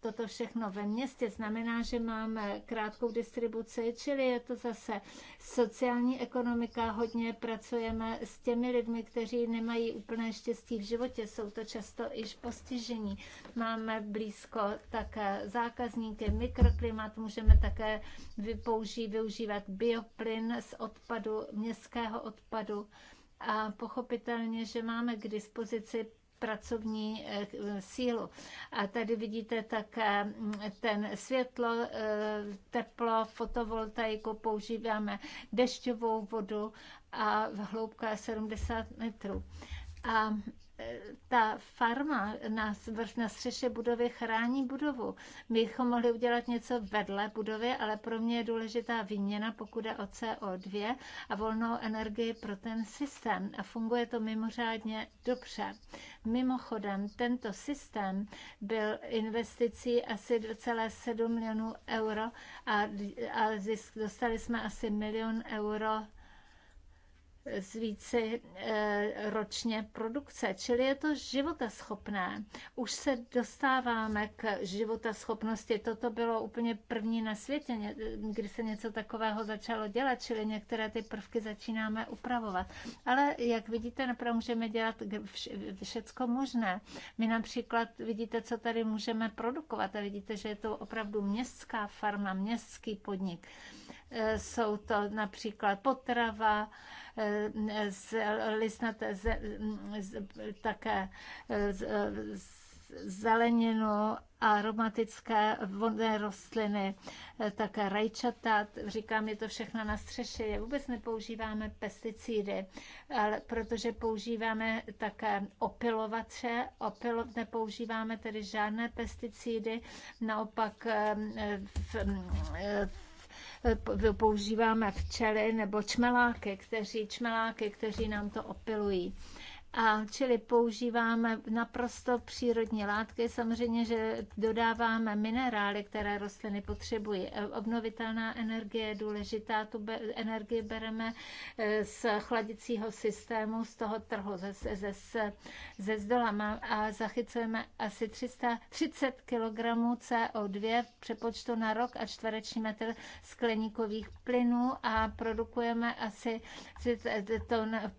toto všechno ve městě znamená, že máme krátkou distribuci, čili je to zase sociální ekonomika, hodně pracujeme s těmi lidmi, kteří nemají úplné štěstí v životě, jsou to často iž postižení. Máme blízko také zákazníky, mikroklimat, můžeme také vypoužít, využívat bioplyn z odpadu, městského odpadu a pochopitelně, že máme k dispozici pracovní eh, sílu. A tady vidíte také mm, ten světlo, eh, teplo, fotovoltaiku, používáme dešťovou vodu a v hloubka 70 metrů. A ta farma na, na střeše budovy chrání budovu. My bychom mohli udělat něco vedle budovy, ale pro mě je důležitá výměna, pokud je o CO2 a volnou energii pro ten systém. A funguje to mimořádně dobře. Mimochodem, tento systém byl investicí asi 2,7 milionů euro a, a zisk, dostali jsme asi milion euro více eh, ročně produkce, čili je to životaschopné. Už se dostáváme k životaschopnosti. Toto bylo úplně první na světě, kdy se něco takového začalo dělat, čili některé ty prvky začínáme upravovat. Ale jak vidíte, napravdu můžeme dělat všecko možné. My například vidíte, co tady můžeme produkovat a vidíte, že je to opravdu městská farma, městský podnik jsou to například potrava, eh, z, listnaté, z, z, také eh, z, z, eh, zeleninu, aromatické vodné rostliny, také rajčata, říkám, je to všechno na střeše. Vůbec nepoužíváme pesticidy, ale protože používáme také opilovače, opilo, nepoužíváme tedy žádné pesticidy, naopak v, v, Eh, používáme včely nebo čmeláky, kteří, čmeláky, kteří nám to opilují. A čili používáme naprosto přírodní látky. Samozřejmě, že dodáváme minerály, které rostliny potřebují. E, obnovitelná energie je důležitá. Tu be, energii bereme e, z chladicího systému, z toho trhu, ze, ze, ze, ze zdola. A zachycujeme asi 330 kg CO2 v přepočtu na rok a čtvereční metr skleníkových plynů a produkujeme asi to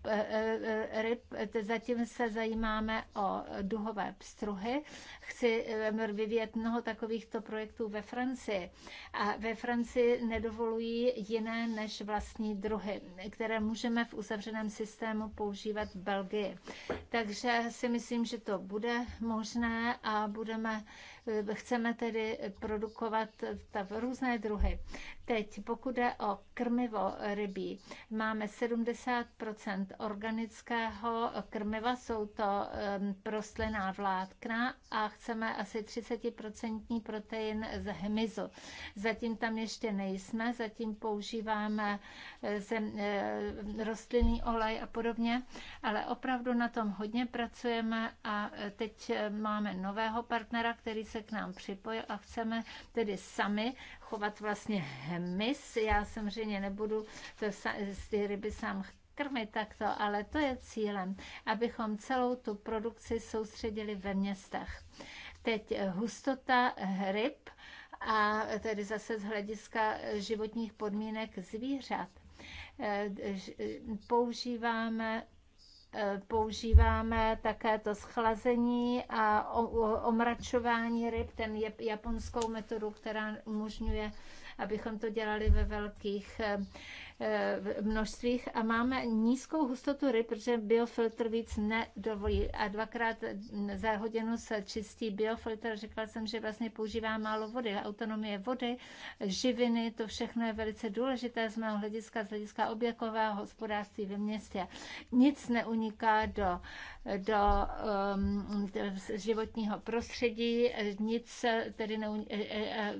e, ryb, zatím se zajímáme o duhové pstruhy. Chci eh, vyvíjet mnoho takovýchto projektů ve Francii. A ve Francii nedovolují jiné než vlastní druhy, které můžeme v uzavřeném systému používat v Belgii. Takže si myslím, že to bude možné a budeme Chceme tedy produkovat ta různé druhy. Teď, pokud jde o krmivo rybí, máme 70 organického krmiva, jsou to rostlinná vlákna a chceme asi 30% protein z hmyzu. Zatím tam ještě nejsme, zatím používáme e, zem, e, rostlinný olej a podobně, ale opravdu na tom hodně pracujeme a e, teď máme nového partnera, který se se k nám připojil a chceme tedy sami chovat vlastně hmyz. Já samozřejmě nebudu to, z ty ryby sám krmit takto, ale to je cílem, abychom celou tu produkci soustředili ve městech. Teď hustota ryb a tedy zase z hlediska životních podmínek zvířat eh, používáme Eh, používáme také to schlazení a omračování ryb, ten japonskou metodu, která umožňuje abychom to dělali ve velkých eh, Eh, v množstvích a máme nízkou hustotu ryb, protože biofiltr víc nedovolí a dvakrát za hodinu se čistí biofiltr. Řekla jsem, že vlastně používá málo vody. Autonomie vody, živiny, to všechno je velice důležité z mého hlediska, z hlediska oběkového hospodářství ve městě. Nic neuniká do, do um, životního prostředí, nic tedy neuniká, eh,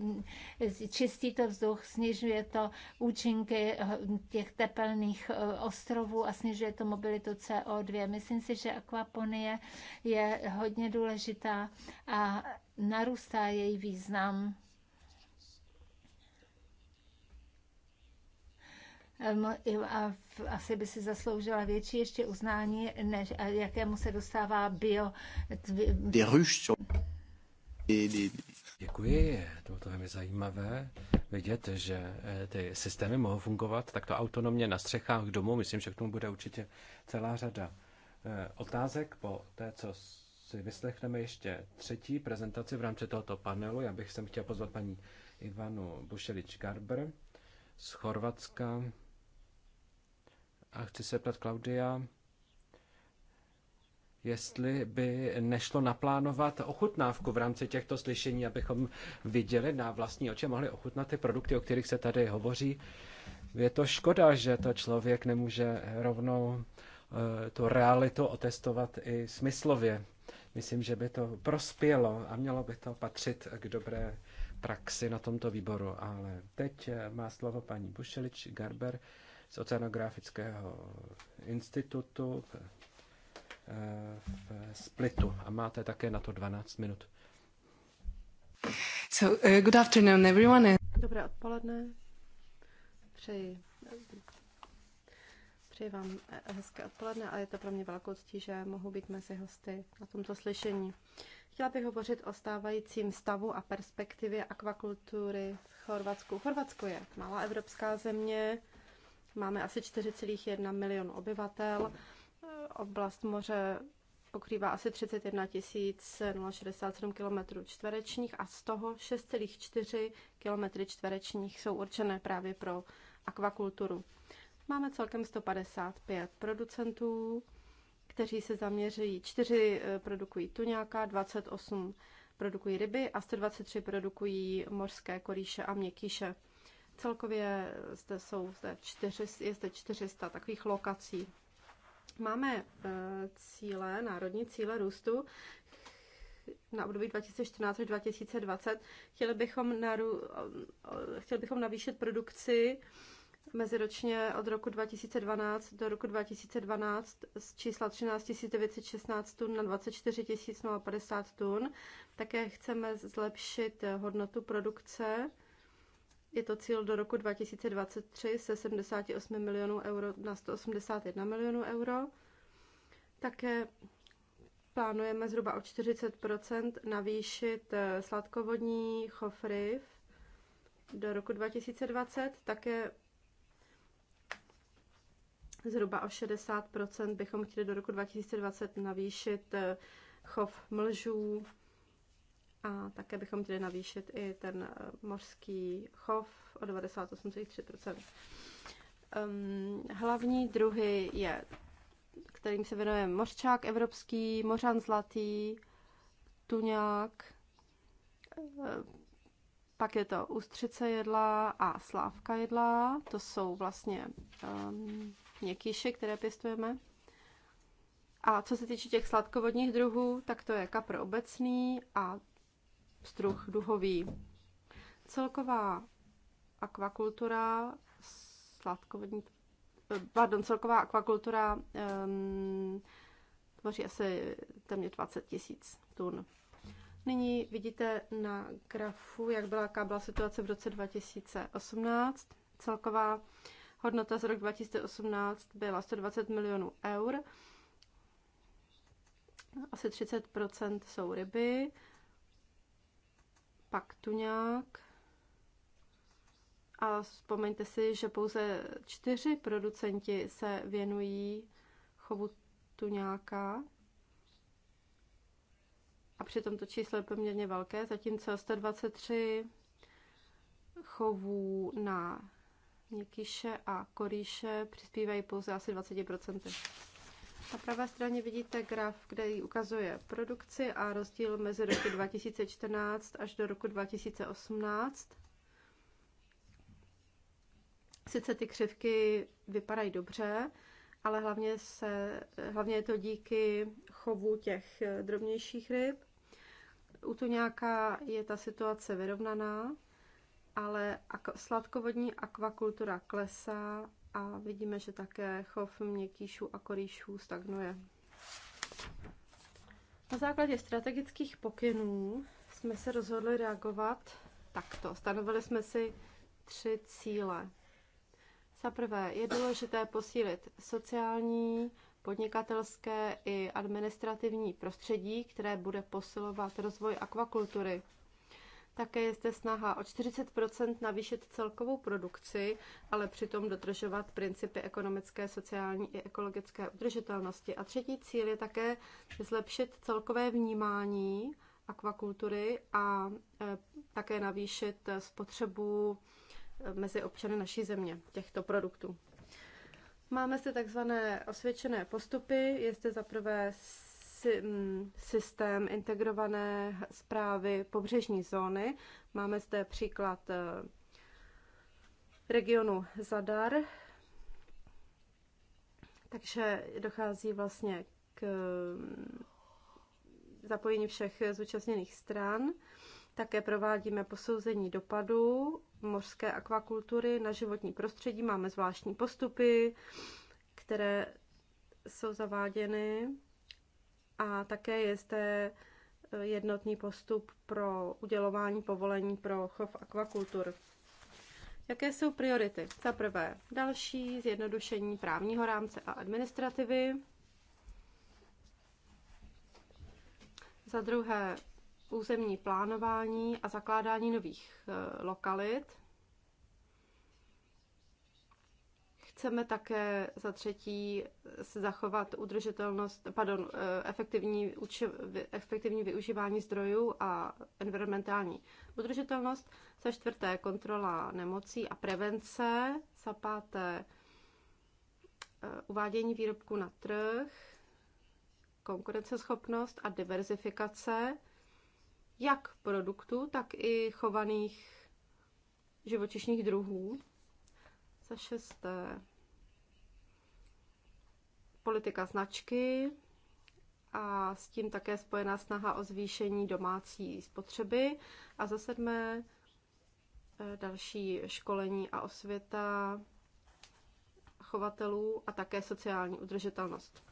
eh, čistí to vzduch, snižuje to účinky těch tepelných eh, ostrovů a snižuje to mobilitu CO2. Myslím si, že akvaponie je hodně důležitá a narůstá její význam. a asi by si zasloužila větší ještě uznání, než jakému se dostává bio. Des Děkuji, to je velmi zajímavé vidět, že eh, ty systémy mohou fungovat takto autonomně na střechách domů. Myslím, že k tomu bude určitě celá řada eh, otázek po té, co si vyslechneme ještě třetí prezentaci v rámci tohoto panelu. Já bych sem chtěl pozvat paní Ivanu Bušelič-Garber z Chorvatska. A chci se ptat Klaudia, jestli by nešlo naplánovat ochutnávku v rámci těchto slyšení, abychom viděli na vlastní oči, mohli ochutnat ty produkty, o kterých se tady hovoří. Je to škoda, že to člověk nemůže rovnou eh, tu realitu otestovat i smyslově. Myslím, že by to prospělo a mělo by to patřit k dobré praxi na tomto výboru. Ale teď eh, má slovo paní Bušelič Garber z Oceanografického institutu v Splitu a máte také na to 12 minut. So, uh, good afternoon, everyone. Dobré odpoledne. Přeji. Přeji vám hezké odpoledne a je to pro mě velkou ctí, že mohu být mezi hosty na tomto slyšení. Chtěla bych hovořit o stávajícím stavu a perspektivě akvakultury v Chorvatsku. Chorvatsko je malá evropská země, máme asi 4,1 milion obyvatel Oblast moře pokrývá asi 31 067 km čtverečních a z toho 6,4 km čtverečních jsou určené právě pro akvakulturu. Máme celkem 155 producentů, kteří se zaměřují. 4 eh, produkují tuňáka, 28 produkují ryby a 123 produkují mořské koríše a měkkýše. Celkově zde jsou zde je zde 400 takových lokací Máme eh, cíle, národní cíle růstu na období 2014 až 2020. Chtěli bychom, naru, eh, chtěli bychom navýšit produkci meziročně od roku 2012 do roku 2012 z čísla 13 916 tun na 24 050 tun. Také chceme zlepšit eh, hodnotu produkce je to cíl do roku 2023 se 78 milionů euro na 181 milionů euro. Také plánujeme zhruba o 40 navýšit eh, sladkovodní chov ryb do roku 2020. Také zhruba o 60 bychom chtěli do roku 2020 navýšit eh, chov mlžů a také bychom chtěli navýšit i ten eh, mořský chov o 98,3 um, ehm, Hlavní druhy je, kterým se věnuje mořčák evropský, mořan zlatý, tuňák, eh, pak je to ústřice jedla a slávka jedla. To jsou vlastně um, které pěstujeme. A co se týče těch sladkovodních druhů, tak to je kapr obecný a struh duhový. Celková akvakultura, sladkovodní, pardon, celková akvakultura um, tvoří asi téměř 20 tisíc tun. Nyní vidíte na grafu, jak byla, jaká byla situace v roce 2018. Celková hodnota z roku 2018 byla 120 milionů eur. Asi 30 jsou ryby, pak nějak A vzpomeňte si, že pouze čtyři producenti se věnují chovu tu nějaká A přitom to číslo je poměrně velké, zatímco 123 chovů na měkýše a koríše přispívají pouze asi 20%. Na pravé straně vidíte graf, kde ukazuje produkci a rozdíl mezi roky 2014 až do roku 2018. Sice ty křivky vypadají dobře, ale hlavně, se, hlavně je to díky chovu těch drobnějších ryb. U tuňáka je ta situace vyrovnaná, ale sladkovodní akvakultura klesá a vidíme, že také chov měkkýšů a korýšů stagnuje. Na základě strategických pokynů jsme se rozhodli reagovat takto. Stanovili jsme si tři cíle. Za prvé je důležité posílit sociální, podnikatelské i administrativní prostředí, které bude posilovat rozvoj akvakultury. Také je zde snaha o 40 navýšit celkovou produkci, ale přitom dodržovat principy ekonomické, sociální i ekologické udržitelnosti. A třetí cíl je také zlepšit celkové vnímání akvakultury a e, také navýšit spotřebu e, mezi občany naší země těchto produktů. Máme zde takzvané osvědčené postupy. Je zde zaprvé Mm, systém integrované zprávy pobřežní zóny. Máme zde příklad eh, regionu Zadar. Takže dochází vlastně k mm, zapojení všech zúčastněných stran. Také provádíme posouzení dopadů mořské akvakultury na životní prostředí. Máme zvláštní postupy, které jsou zaváděny a také je zde eh, jednotný postup pro udělování povolení pro chov akvakultur. Jaké jsou priority? Za prvé, další zjednodušení právního rámce a administrativy. Za druhé, územní plánování a zakládání nových eh, lokalit. Chceme také za třetí se zachovat udržitelnost, pardon, eh, efektivní, efektivní využívání zdrojů a environmentální udržitelnost. Za čtvrté kontrola nemocí a prevence. Za páté eh, uvádění výrobku na trh, konkurenceschopnost a diverzifikace jak produktů, tak i chovaných živočišních druhů. Za šesté, politika značky a s tím také spojená snaha o zvýšení domácí spotřeby. A za sedmé, eh, další školení a osvěta chovatelů a také sociální udržitelnost.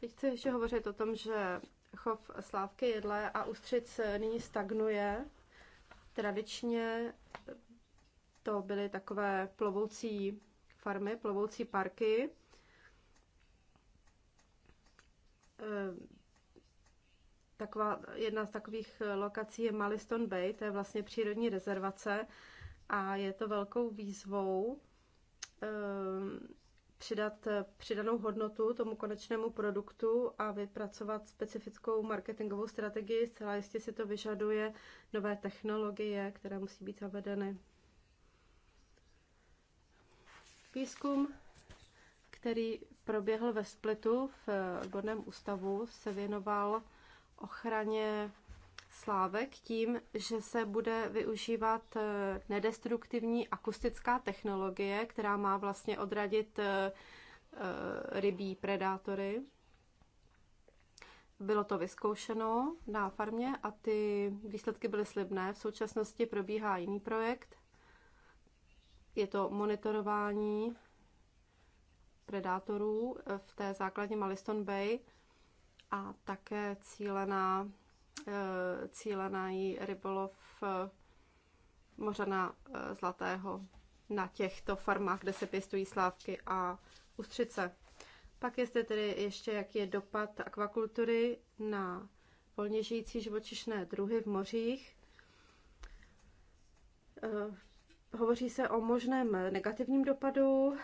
Teď chci ještě hovořit o tom, že chov slávky jedle a ústřic nyní stagnuje. Tradičně to byly takové plovoucí farmy, plovoucí parky. Eh, taková, jedna z takových lokací je Maliston Bay, to je vlastně přírodní rezervace a je to velkou výzvou eh, přidat přidanou hodnotu tomu konečnému produktu a vypracovat specifickou marketingovou strategii. Zcela jistě si to vyžaduje nové technologie, které musí být zavedeny. Výzkum, který proběhl ve Splitu v odborném ústavu, se věnoval ochraně slávek tím, že se bude využívat eh, nedestruktivní akustická technologie, která má vlastně odradit eh, eh, rybí predátory. Bylo to vyzkoušeno na farmě a ty výsledky byly slibné. V současnosti probíhá jiný projekt, je to monitorování predátorů v té základně Maliston Bay a také cílená, eh, cílená jí rybolov eh, mořana eh, zlatého na těchto farmách, kde se pěstují slávky a ustřice. Pak je zde tedy ještě, jaký je dopad akvakultury na volně žijící živočišné druhy v mořích. Hovoří se o možném negativním dopadu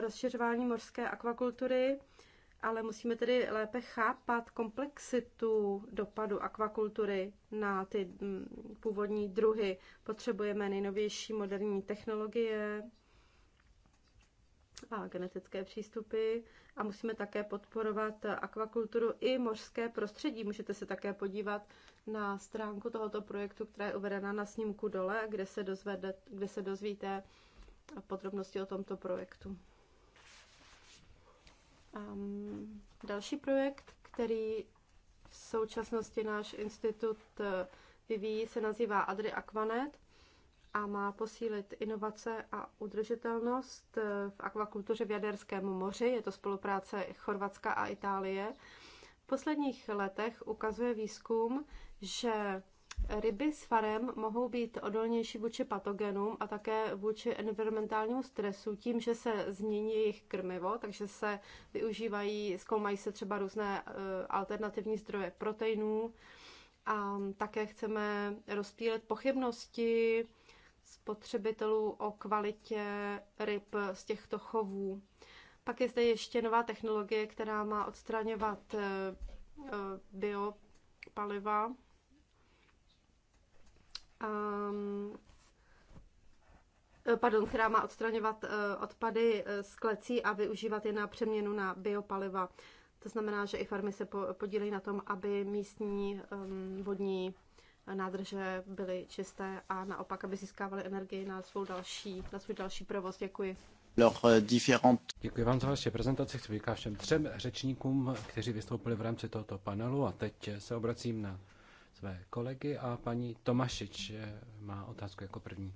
rozšiřování mořské akvakultury, ale musíme tedy lépe chápat komplexitu dopadu akvakultury na ty mm, původní druhy. Potřebujeme nejnovější moderní technologie a genetické přístupy a musíme také podporovat akvakulturu i mořské prostředí. Můžete se také podívat na stránku tohoto projektu, která je uvedena na snímku dole, kde se, dozvede, kde se dozvíte podrobnosti o tomto projektu. Um, další projekt, který v současnosti náš institut eh, vyvíjí, se nazývá Adri Aquanet a má posílit inovace a udržitelnost eh, v akvakultuře v Jaderském moři. Je to spolupráce Chorvatska a Itálie. V posledních letech ukazuje výzkum, že ryby s farem mohou být odolnější vůči patogenům a také vůči environmentálnímu stresu tím, že se změní jejich krmivo, takže se využívají, zkoumají se třeba různé eh, alternativní zdroje proteinů a také chceme rozpílet pochybnosti spotřebitelů o kvalitě ryb z těchto chovů. Pak je zde ještě nová technologie, která má odstraňovat eh, eh, biopaliva, um, pardon, která má odstraňovat eh, odpady eh, z klecí a využívat je na přeměnu na biopaliva. To znamená, že i farmy se podílejí na tom, aby místní vodní nádrže byly čisté a naopak, aby získávaly energii na, svou další, na svůj další provoz. Děkuji. Euh, Děkuji vám za vaše prezentaci. Chci všem třem řečníkům, kteří vystoupili v rámci tohoto panelu a teď se obracím na své kolegy a paní Tomašič eh, má otázku jako první.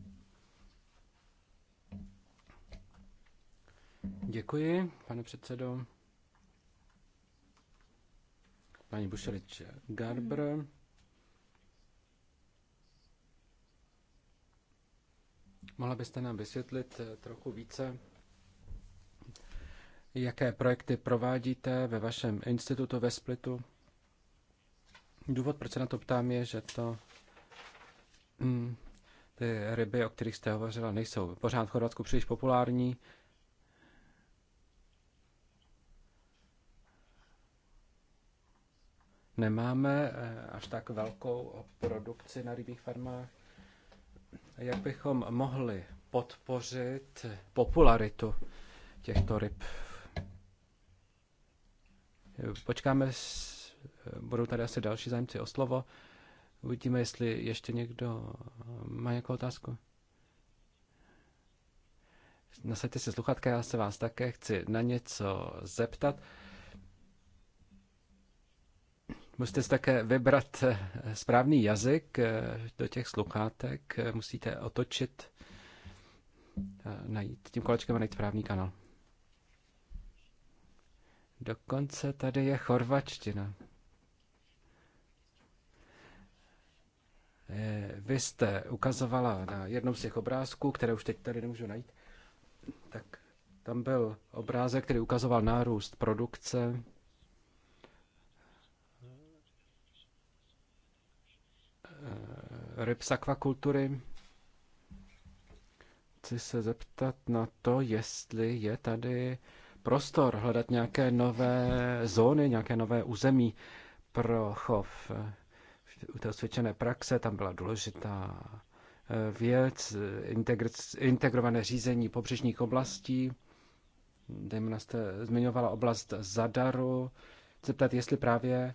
Děkuji, pane předsedo. Paní Bušelič Garber. Mohla byste nám vysvětlit eh, trochu více, jaké projekty provádíte ve vašem institutu ve Splitu? Důvod, proč se na to ptám, je, že to mm, ty ryby, o kterých jste hovořila, nejsou pořád v Chorvatsku příliš populární. Nemáme eh, až tak velkou produkci na rybích farmách. Jak bychom mohli podpořit popularitu těchto ryb? Počkáme s budou tady asi další zájemci o slovo. Uvidíme, jestli ještě někdo má nějakou otázku. Nasaďte si sluchátka, já se vás také chci na něco zeptat. Musíte si také vybrat eh, správný jazyk eh, do těch sluchátek, eh, musíte otočit, najít tím kolečkem najít správný kanál. Dokonce tady je chorvačtina. Eh, vy jste ukazovala na jednom z těch obrázků, které už teď tady nemůžu najít, tak tam byl obrázek, který ukazoval nárůst produkce. Eh, ryb z akvakultury. Chci se zeptat na to, jestli je tady prostor hledat nějaké nové zóny, nějaké nové území pro chov u té osvědčené praxe, tam byla důležitá eh, věc, integrované řízení pobřežních oblastí. Dejmona jste zmiňovala oblast Zadaru. Zeptat, jestli právě eh,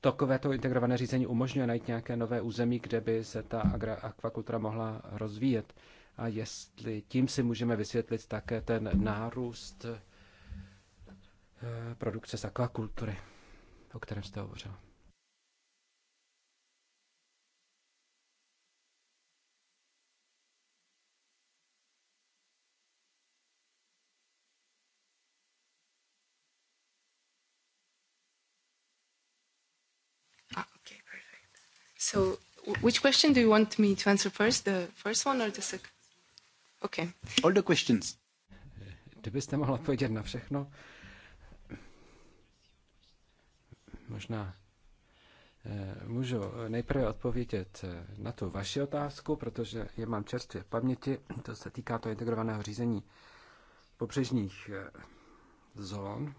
takovéto integrované řízení umožňuje najít nějaké nové území, kde by se ta akvakultura mohla rozvíjet. A jestli tím si můžeme vysvětlit také ten nárůst eh, produkce z akvakultury, o kterém jste hovořila. So which question do you want me to answer first? The first one or the second? Okay. All the questions. Kdybyste mohla odpovědět na všechno, možná eh, můžu nejprve odpovědět eh, na tu vaši otázku, protože je mám čerstvě v paměti. To se týká toho integrovaného řízení pobřežních eh, zón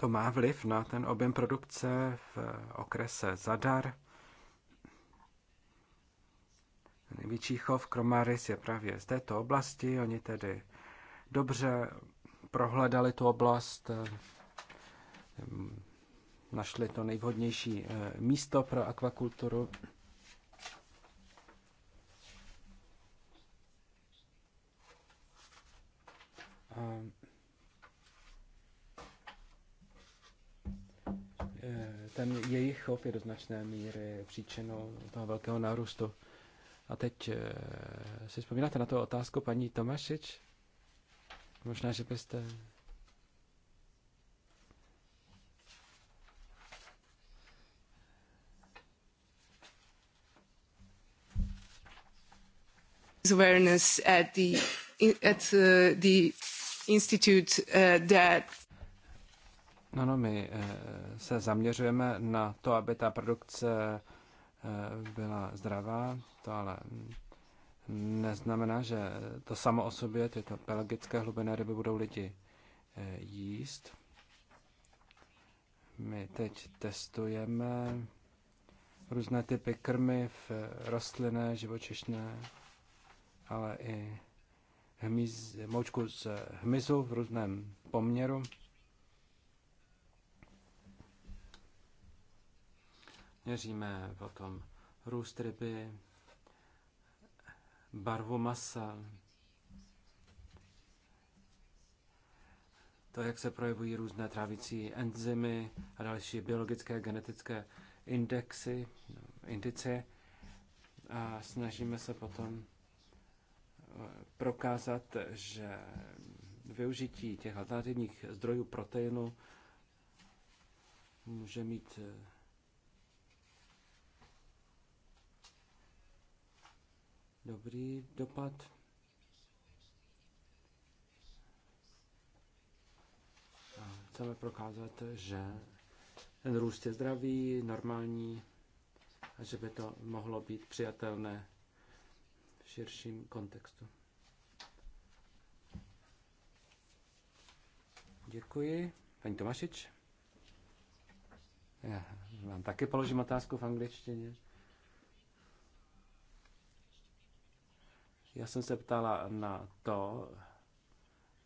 to má vliv na ten objem produkce v okrese Zadar. Největší chov Kromaris je právě z této oblasti. Oni tedy dobře prohledali tu oblast, eh, našli to nejvhodnější eh, místo pro akvakulturu. Um, ten jejich chov je do značné míry příčinou toho velkého nárůstu. A teď eh, si vzpomínáte na tu otázku paní Tomašič? Možná, že byste awareness at the at uh, the institute uh, that No, no, my eh, se zaměřujeme na to, aby ta produkce eh, byla zdravá, to ale neznamená, že to samo o sobě tyto pelagické hlubené ryby budou lidi eh, jíst. My teď testujeme různé typy krmiv, rostlinné, živočišné, ale i hmyz, moučku z hmyzu v různém poměru. Měříme potom růst ryby, barvu masa, to, jak se projevují různé trávicí enzymy a další biologické genetické indexy, indice. A snažíme se potom eh, prokázat, že využití těch alternativních zdrojů proteinu může mít eh, dobrý dopad. A chceme prokázat, že ten růst je zdravý, normální a že by to mohlo být přijatelné v širším kontextu. Děkuji. Paní Tomašič? Já vám taky položím otázku v angličtině. Já jsem se ptala na to,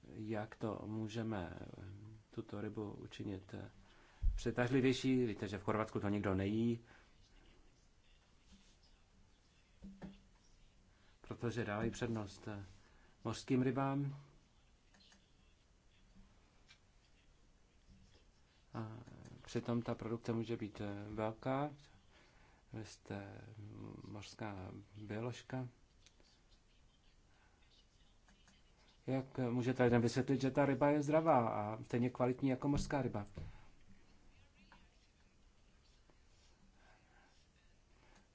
jak to můžeme tuto rybu učinit přitažlivější. Víte, že v Chorvatsku to nikdo nejí, protože dávají přednost mořským rybám. A přitom ta produkce může být velká. Vy jste mořská bioložka. Jak můžete lidem vysvětlit, že ta ryba je zdravá a stejně kvalitní jako mořská ryba?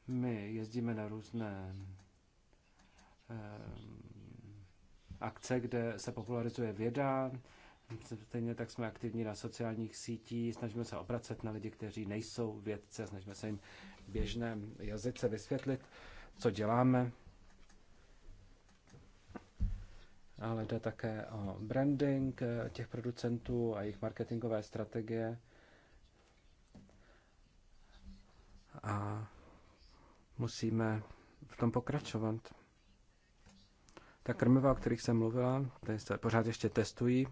My jezdíme na různé eh, akce, kde se popularizuje věda. Stejně tak jsme aktivní na sociálních sítích, snažíme se obracet na lidi, kteří nejsou vědce, snažíme se jim v běžném jazyce vysvětlit, co děláme. ale jde také o branding eh, těch producentů a jejich marketingové strategie. A musíme v tom pokračovat. Ta krmiva, o kterých jsem mluvila, ty se pořád ještě testují.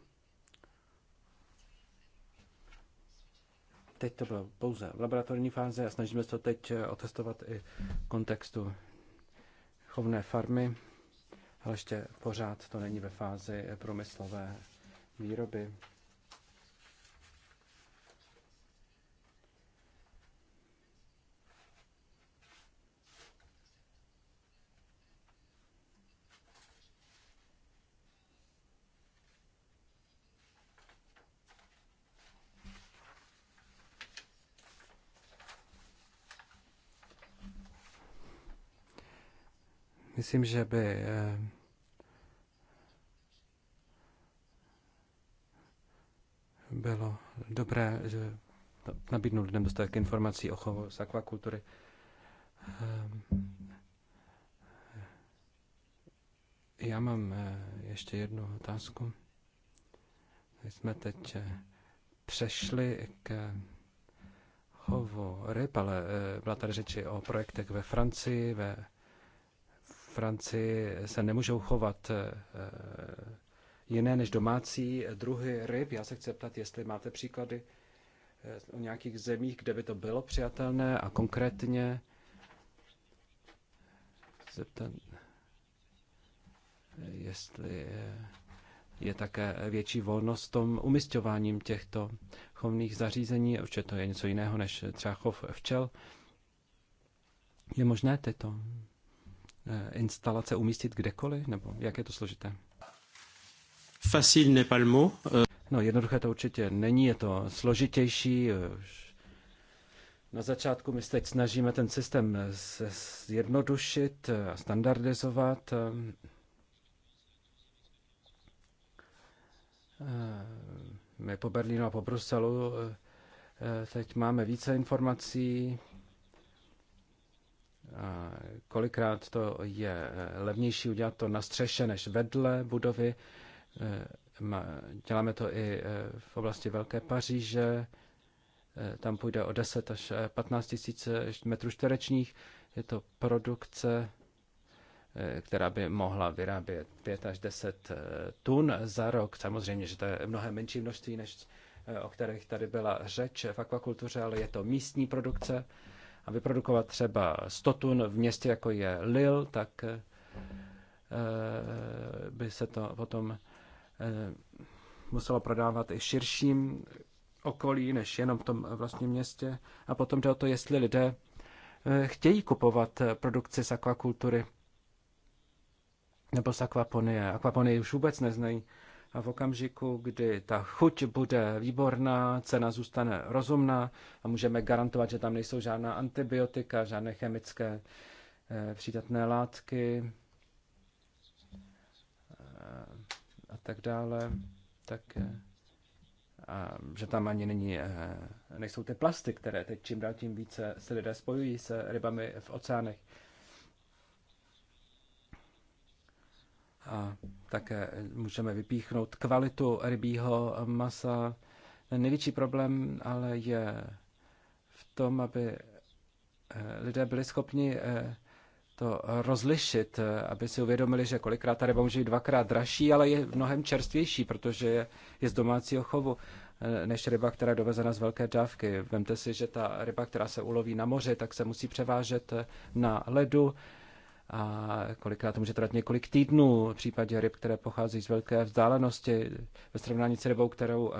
Teď to bylo pouze v laboratorní fázi a snažíme se to teď eh, otestovat i v kontextu chovné farmy ale ještě pořád to není ve fázi eh, průmyslové výroby. Myslím, že by eh, bylo dobré, že nabídnu lidem dostatek informací o chovu z akvakultury. Ehm, já mám eh, ještě jednu otázku. My jsme teď eh, přešli k chovu ryb, ale eh, byla tady řeči o projektech ve Francii. Ve Francii se nemůžou chovat jiné než domácí druhy ryb. Já se chci ptat, jestli máte příklady eh, o nějakých zemích, kde by to bylo přijatelné a konkrétně zeptat, jestli je také větší volnost v tom umistováním těchto chovných zařízení, určitě to je něco jiného než třeba chov včel. Je možné tyto eh, instalace umístit kdekoliv, nebo jak je to složité? Facile n'est pas le mot. Euh. No, jednoduché to určitě není, je to složitější. Na začátku my se teď snažíme ten systém zjednodušit a standardizovat. My po Berlínu a po Bruselu eh, teď máme více informací, kolikrát to je levnější udělat to na střeše než vedle budovy. Eh, děláme to i eh, v oblasti Velké Paříže, eh, tam půjde o 10 až 15 tisíc metrů čtverečních. Je to produkce, která by mohla vyrábět 5 až 10 tun za rok. Samozřejmě, že to je mnohem menší množství, než o kterých tady byla řeč v akvakultuře, ale je to místní produkce. A vyprodukovat třeba 100 tun v městě, jako je Lille, tak by se to potom Eh, muselo prodávat i širším okolí, než jenom v tom vlastním městě. A potom jde o to, jestli lidé eh, chtějí kupovat eh, produkci z akvakultury nebo z akvaponie. Akvaponie už vůbec neznají. A v okamžiku, kdy ta chuť bude výborná, cena zůstane rozumná a můžeme garantovat, že tam nejsou žádná antibiotika, žádné chemické přídatné látky, a tak dále, tak eh, a že tam ani není, eh, nejsou ty plasty, které teď čím dál tím více se lidé spojují se rybami v oceánech. A také eh, můžeme vypíchnout kvalitu rybího masa. Největší problém ale je v tom, aby lidé byli schopni to eh, rozlišit, eh, aby si uvědomili, že kolikrát ta ryba může být dvakrát dražší, ale je mnohem čerstvější, protože je, je z domácího chovu eh, než ryba, která je dovezena z velké dávky. Vemte si, že ta ryba, která se uloví na moři, tak se musí převážet na ledu a kolikrát to může trvat několik týdnů v případě ryb, které pochází z velké vzdálenosti. Ve srovnání s rybou, kterou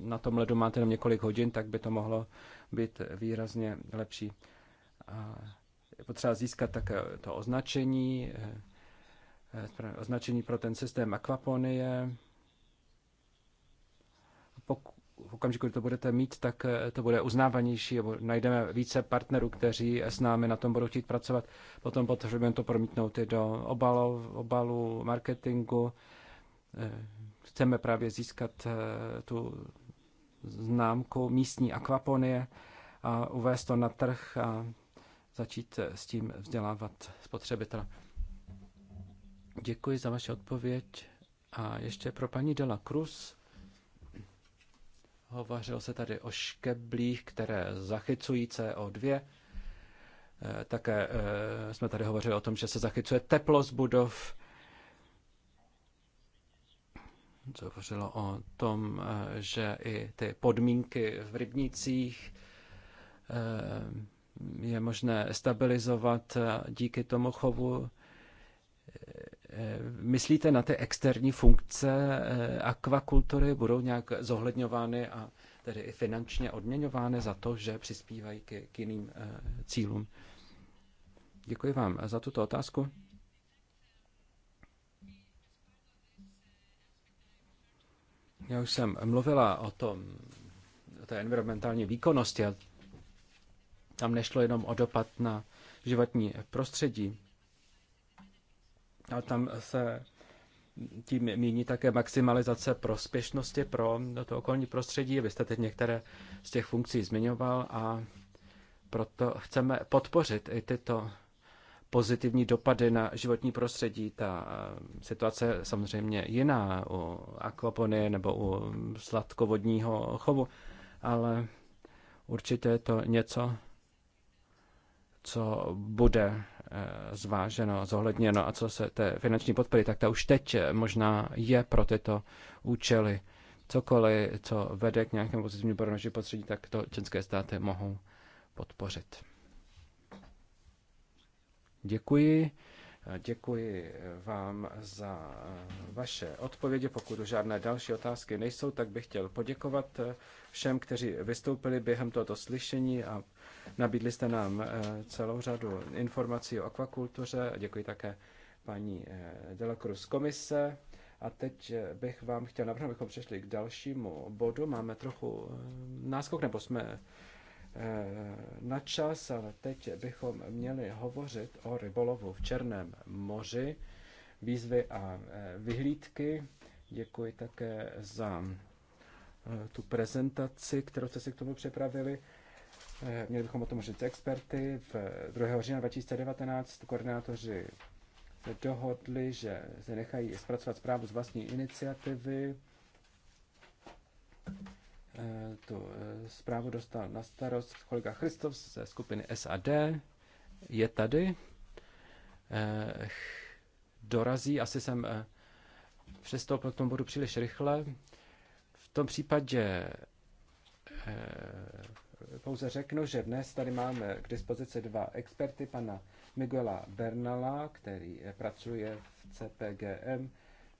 na tom ledu máte jenom několik hodin, tak by to mohlo být výrazně lepší je potřeba získat také to označení, eh, eh, označení pro ten systém akvaponie. Pokud v okamžiku, kdy to budete mít, tak eh, to bude uznávanější, najdeme více partnerů, kteří s námi na tom budou chtít pracovat. Potom potřebujeme to promítnout i do obalu, obalu marketingu. Chceme právě získat tu známku místní akvaponie a uvést to na trh a začít eh, s tím vzdělávat spotřebitele. Děkuji za vaši odpověď. A ještě pro paní Dela Cruz. Hovořilo se tady o škeblích, které zachycují CO2. Eh, také eh, jsme tady hovořili o tom, že se zachycuje teplo z budov. Hovořilo o tom, že i ty podmínky v rybnicích je možné stabilizovat díky tomu chovu. E, e, myslíte na ty externí funkce e, akvakultury? Budou nějak zohledňovány a tedy i finančně odměňovány za to, že přispívají k, k jiným cílům? Děkuji vám za tuto otázku. Já už jsem mluvila o tom, o té environmentální výkonnosti a tam nešlo jenom o dopad na životní prostředí, ale tam se tím míní také maximalizace prospěšnosti pro to okolní prostředí. Vy jste teď některé z těch funkcí zmiňoval a proto chceme podpořit i tyto pozitivní dopady na životní prostředí. Ta eh, situace je samozřejmě jiná u akvapony nebo u sladkovodního chovu, ale určitě je to něco, co bude eh, zváženo, zohledněno a co se té finanční podpory, tak ta už teď eh, možná je pro tyto účely. Cokoliv, co vede k nějakému pozitivnímu pro naše prostředí, tak to české státy mohou podpořit. Děkuji. Eh, děkuji vám za vaše odpovědi. Pokud žádné další otázky nejsou, tak bych chtěl poděkovat všem, kteří vystoupili během tohoto slyšení a Nabídli jste nám eh, celou řadu informací o akvakultuře. Děkuji také paní eh, Delacruz komise. A teď eh, bych vám chtěl navrhnout, abychom přešli k dalšímu bodu. Máme trochu náskok, nebo jsme na čas, ale teď bychom měli hovořit o rybolovu v Černém moři, výzvy a vyhlídky. Děkuji také za tu prezentaci, kterou jste si k tomu připravili. Eh, měli bychom o tom říct experty. V 2. Eh, října 2019 koordinátoři dohodli, že se nechají zpracovat zprávu z vlastní iniciativy. Eh, tu zprávu dostal na starost kolega Christoph ze skupiny SAD. Je tady. Dorazí, asi jsem přestoupil k tomu bodu příliš rychle. V tom případě pouze řeknu, že dnes tady máme k dispozici dva experty, pana Miguela Bernala, který pracuje v CPGM,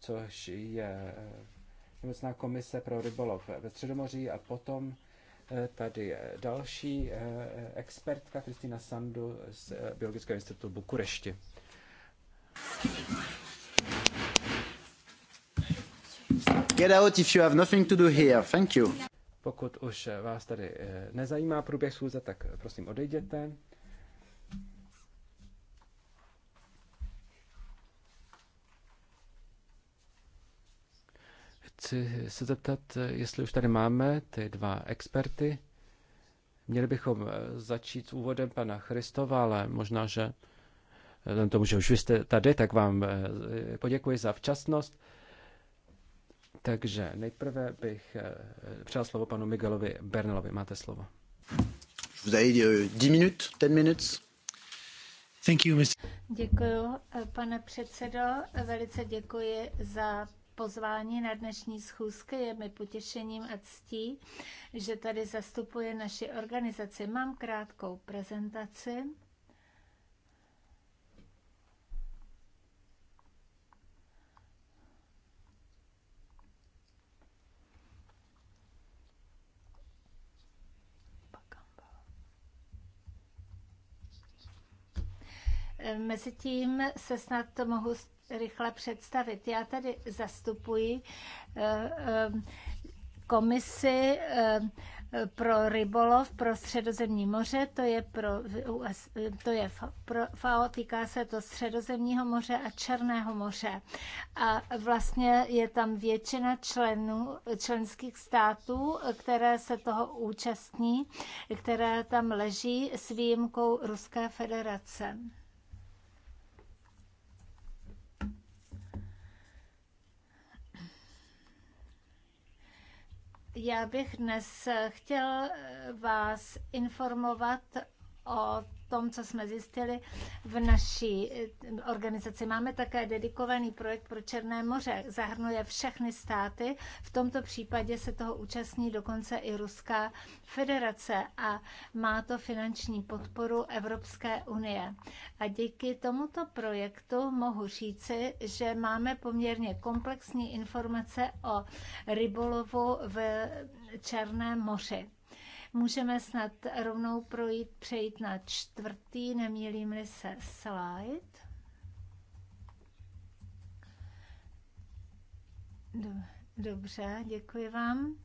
což je eh, Nemocná komise pro rybolov ve Středomoří a potom eh, tady další eh, expertka Kristýna Sandu z Biologického institutu Bukurešti. Get out if you have nothing to do here. Thank you. Pokud už eh, vás tady eh, nezajímá průběh schůze, tak eh, prosím odejděte. Chci se zeptat, jestli už tady máme ty dva experty. Měli bychom začít s úvodem pana Christova, ale možná, že tomu, že už jste tady, tak vám poděkuji za včasnost. Takže nejprve bych eh, přál slovo panu Miguelovi Bernalovi. Máte slovo. 10 minut, 10 Thank you, Mr. Děkuji, eh, pane předsedo. Velice děkuji za pozvání na dnešní schůzky. Je mi potěšením a ctí, že tady zastupuje naši organizaci. Mám krátkou prezentaci. Mezitím se snad to mohu rychle představit. Já tady zastupuji eh, eh, komisi eh, pro rybolov pro středozemní moře, to je, pro, to je pro FAO, týká se to středozemního moře a Černého moře. A vlastně je tam většina členů, členských států, které se toho účastní, které tam leží s výjimkou Ruské federace. Já bych dnes chtěl vás informovat o tom, co jsme zjistili v naší eh, organizaci. Máme také dedikovaný projekt pro Černé moře. Zahrnuje všechny státy. V tomto případě se toho účastní dokonce i Ruská federace a má to finanční podporu Evropské unie. A díky tomuto projektu mohu říci, že máme poměrně komplexní informace o rybolovu v Černém moři. Můžeme snad rovnou projít, přejít na čtvrtý, nemělím li se slide. Dobře, děkuji vám.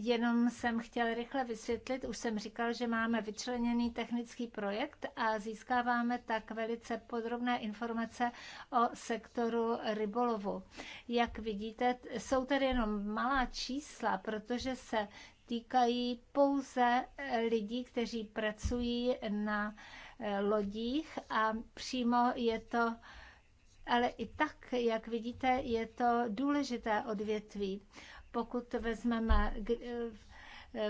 Jenom jsem chtěl rychle vysvětlit, už jsem říkal, že máme vyčleněný technický projekt a získáváme tak velice podrobné informace o sektoru rybolovu. Jak vidíte, jsou tady jenom malá čísla, protože se týkají pouze lidí, kteří pracují na eh, lodích a přímo je to ale i tak, jak vidíte, je to důležité odvětví pokud vezmeme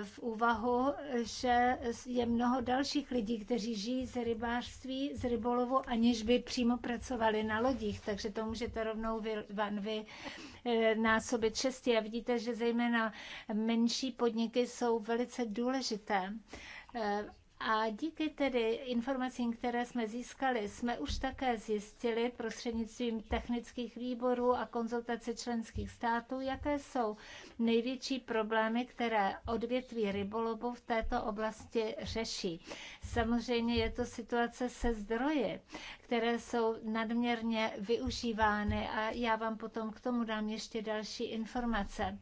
v úvahu, že je mnoho dalších lidí, kteří žijí z rybářství, z rybolovu, aniž by přímo pracovali na lodích, takže to můžete rovnou vy, van vy násobit šesti. A vidíte, že zejména menší podniky jsou velice důležité a díky tedy informacím, které jsme získali, jsme už také zjistili prostřednictvím technických výborů a konzultace členských států, jaké jsou největší problémy, které odvětví rybolovu v této oblasti řeší. Samozřejmě je to situace se zdroji které jsou nadměrně využívány a já vám potom k tomu dám ještě další informace.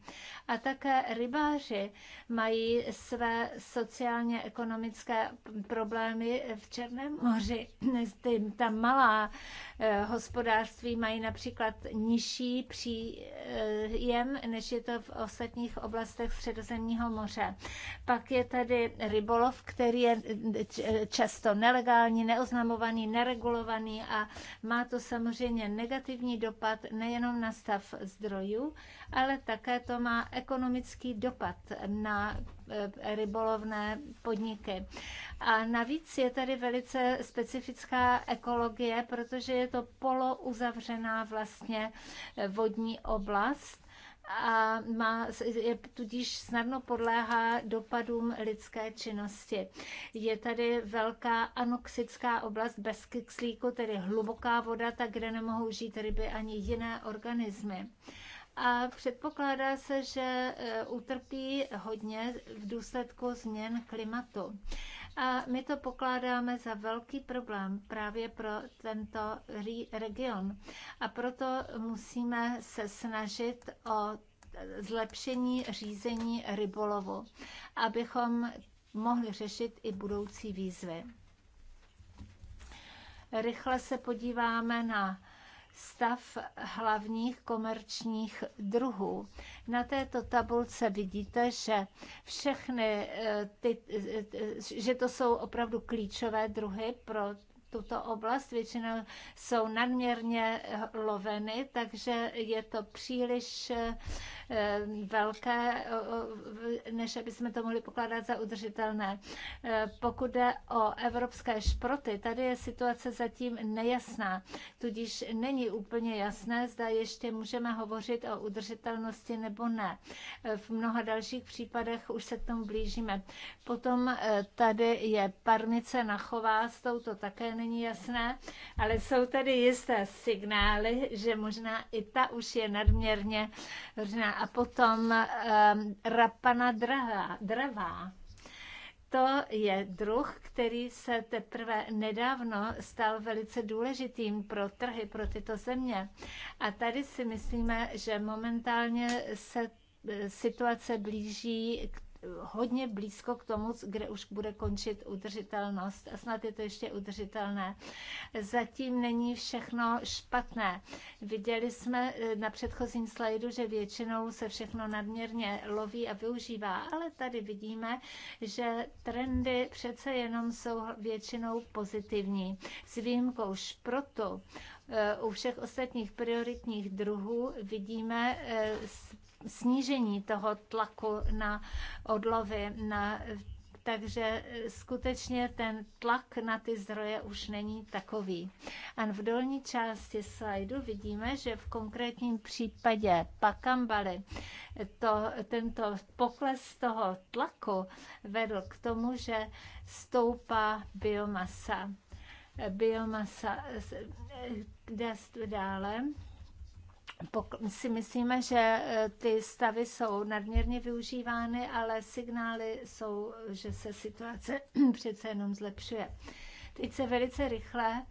A také rybáři mají své sociálně-ekonomické problémy v Černém moři. Ty, ta malá Eh, hospodářství mají například nižší příjem, než je to v ostatních oblastech Středozemního moře. Pak je tady rybolov, který je eh, eh, často nelegální, neoznamovaný, neregulovaný a má to samozřejmě negativní dopad nejenom na stav zdrojů, ale také to má ekonomický dopad na Eh, rybolovné podniky. A navíc je tady velice specifická ekologie, protože je to polouzavřená vlastně eh, vodní oblast a má, je, tudíž snadno podléhá dopadům lidské činnosti. Je tady velká anoxická oblast bez kyslíku, tedy hluboká voda, tak kde nemohou žít ryby ani jiné organismy a předpokládá se, že eh, utrpí hodně v důsledku změn klimatu. A my to pokládáme za velký problém právě pro tento region. A proto musíme se snažit o zlepšení řízení rybolovu, abychom mohli řešit i budoucí výzvy. Rychle se podíváme na stav hlavních komerčních druhů. Na této tabulce vidíte, že všechny eh, ty, eh, eh, že to jsou opravdu klíčové druhy pro tuto oblast, většinou jsou nadměrně loveny, takže je to příliš eh, velké, eh, eh, než aby jsme to mohli pokládat za udržitelné. Pokud jde o evropské šproty, tady je situace zatím nejasná, tudíž není úplně jasné, zda ještě můžeme hovořit o udržitelnosti nebo ne. V mnoha dalších případech už se k tomu blížíme. Potom tady je parnice na chová, s touto také není není jasné, ale jsou tady jisté signály, že možná i ta už je nadměrně hořná. A potom um, rapana drahá, dravá. To je druh, který se teprve nedávno stal velice důležitým pro trhy, pro tyto země. A tady si myslíme, že momentálně se e, situace blíží k hodně blízko k tomu, kde už bude končit udržitelnost. A snad je to ještě udržitelné. Zatím není všechno špatné. Viděli jsme eh, na předchozím slajdu, že většinou se všechno nadměrně loví a využívá, ale tady vidíme, že trendy přece jenom jsou většinou pozitivní. S výjimkou šprotu eh, u všech ostatních prioritních druhů vidíme eh, snížení toho tlaku na odlovy, na takže skutečně ten tlak na ty zdroje už není takový. A v dolní části slajdu vidíme, že v konkrétním případě Pakambaly to, tento pokles toho tlaku vedl k tomu, že stoupá biomasa. Biomasa jde dále si myslíme, že eh, ty stavy jsou nadměrně využívány, ale signály jsou, že se situace přece jenom zlepšuje. Teď se velice rychle,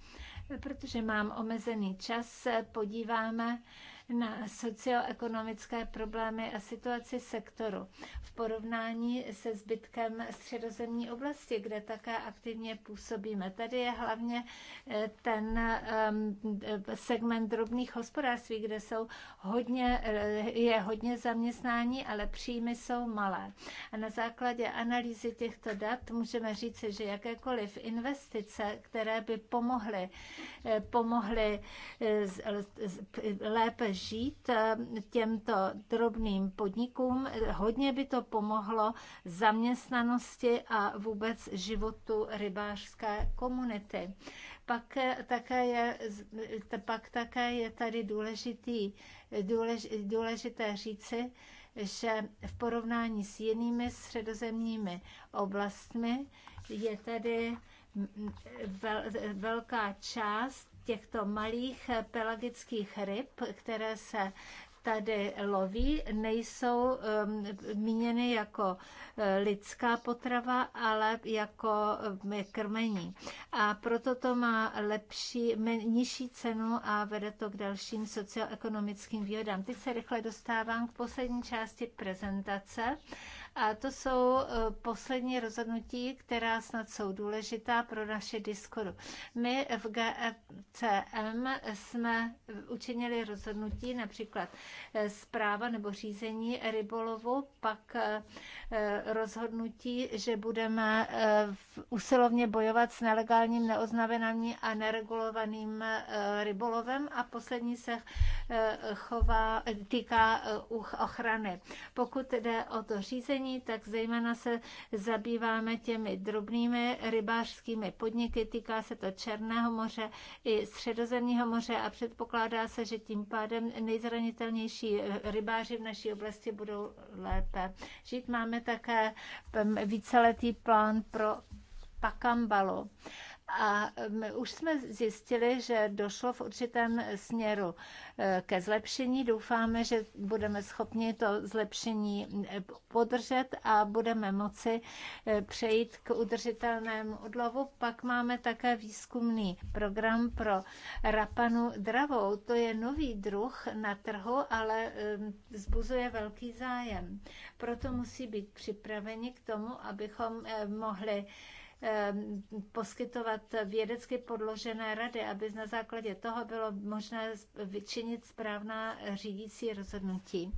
protože mám omezený čas, podíváme na socioekonomické problémy a situaci sektoru v porovnání se zbytkem středozemní oblasti, kde také aktivně působíme. Tady je hlavně eh, ten ehm, eh, segment drobných hospodářství, kde jsou hodně, eh, je hodně zaměstnání, ale příjmy jsou malé. A na základě analýzy těchto dat můžeme říci, že jakékoliv investice, které by pomohly, pomohly lépe žít eh, těmto drobným podnikům. Hodně by to pomohlo zaměstnanosti a vůbec životu rybářské komunity. Pak eh, také je, pak také je tady důležitý, důlež, důležité říci, že v porovnání s jinými středozemními oblastmi je tady velká část těchto malých pelagických ryb, které se tady loví, nejsou um, míněny jako eh, lidská potrava, ale jako eh, krmení. A proto to má lepší, nižší cenu a vede to k dalším socioekonomickým výhodám. Teď se rychle dostávám k poslední části prezentace a to jsou e, poslední rozhodnutí, která snad jsou důležitá pro naše diskuru. My v GFCM jsme učinili rozhodnutí, například e, zpráva nebo řízení rybolovu, pak e, rozhodnutí, že budeme usilovně bojovat s nelegálním, neoznaveným a neregulovaným rybolovem a poslední se chová, týká ochrany. Pokud jde o to řízení, nařízení, tak zejména se zabýváme těmi drobnými rybářskými podniky. Týká se to Černého moře i Středozemního moře a předpokládá se, že tím pádem nejzranitelnější rybáři v naší oblasti budou lépe žít. Máme také víceletý plán pro Pakambalu. A my už jsme zjistili, že došlo v určitém směru e, ke zlepšení. Doufáme, že budeme schopni to zlepšení e, podržet a budeme moci e, přejít k udržitelnému odlovu. Pak máme také výzkumný program pro rapanu dravou. To je nový druh na trhu, ale zbuzuje velký zájem. Proto musí být připraveni k tomu, abychom mohli Eh, poskytovat vědecky podložené rady, aby na základě toho bylo možné vyčinit správná řídící rozhodnutí.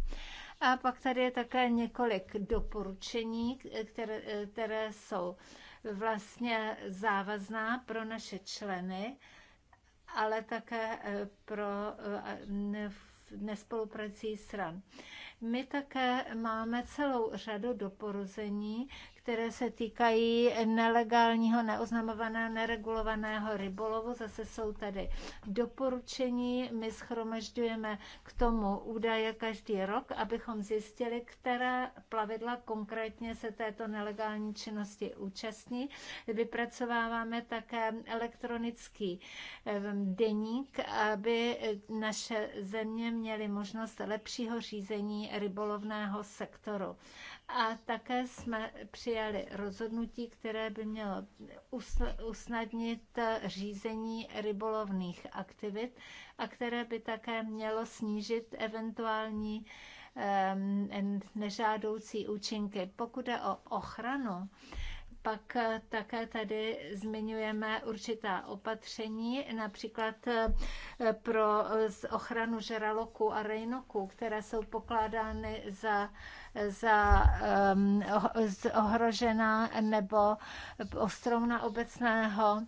A pak tady je také několik doporučení, které, které jsou vlastně závazná pro naše členy, ale také eh, pro eh, nespoluprací stran. My také máme celou řadu doporučení, které se týkají nelegálního, neoznamovaného, neregulovaného rybolovu. Zase jsou tady doporučení. My schromažďujeme k tomu údaje každý rok, abychom zjistili, která plavidla konkrétně se této nelegální činnosti účastní. Vypracováváme také elektronický eh, deník, aby naše země měly možnost lepšího řízení rybolovného sektoru a také jsme přijali rozhodnutí, které by mělo usnadnit eh, řízení rybolovných aktivit a které by také mělo snížit eventuální ehm, nežádoucí účinky. Pokud je o ochranu, pak eh, také tady zmiňujeme určitá opatření, například eh, pro eh, ochranu žraloků a rejnoků, které jsou pokládány za za um, ehm, oh, ohrožená nebo ostrovna obecného.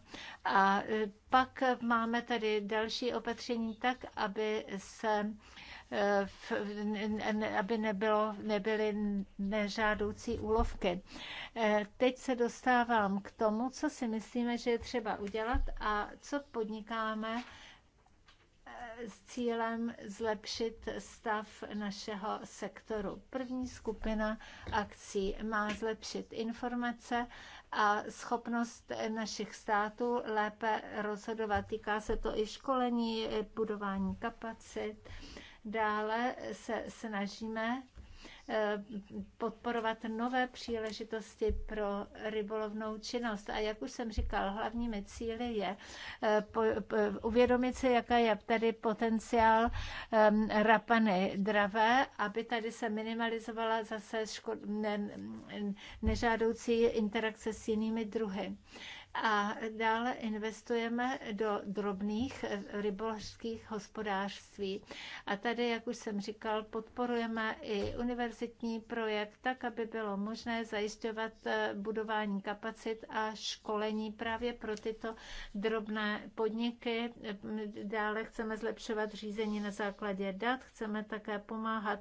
A pak máme tady další opatření tak, aby se uh, Eh, aby nebylo, nebyly nežádoucí úlovky. Eh, teď se dostávám k tomu, co si myslíme, že je třeba udělat a co podnikáme eh, s cílem zlepšit stav našeho sektoru. První skupina akcí má zlepšit informace a schopnost našich států lépe rozhodovat. Týká se to i školení, budování kapacit Dále se snažíme eh, podporovat nové příležitosti pro rybolovnou činnost. A jak už jsem říkal, hlavními cíly je eh, eh, uvědomit si, jaká je tady potenciál ehm, rapany dravé, aby tady se minimalizovala zase škod, nežádoucí interakce s jinými druhy. A dále investujeme do drobných ryboložských hospodářství. A tady, jak už jsem říkal, podporujeme i univerzitní projekt, tak, aby bylo možné zajišťovat eh, budování kapacit a školení právě pro tyto drobné podniky. Eh, dále chceme zlepšovat řízení na základě dat, chceme také pomáhat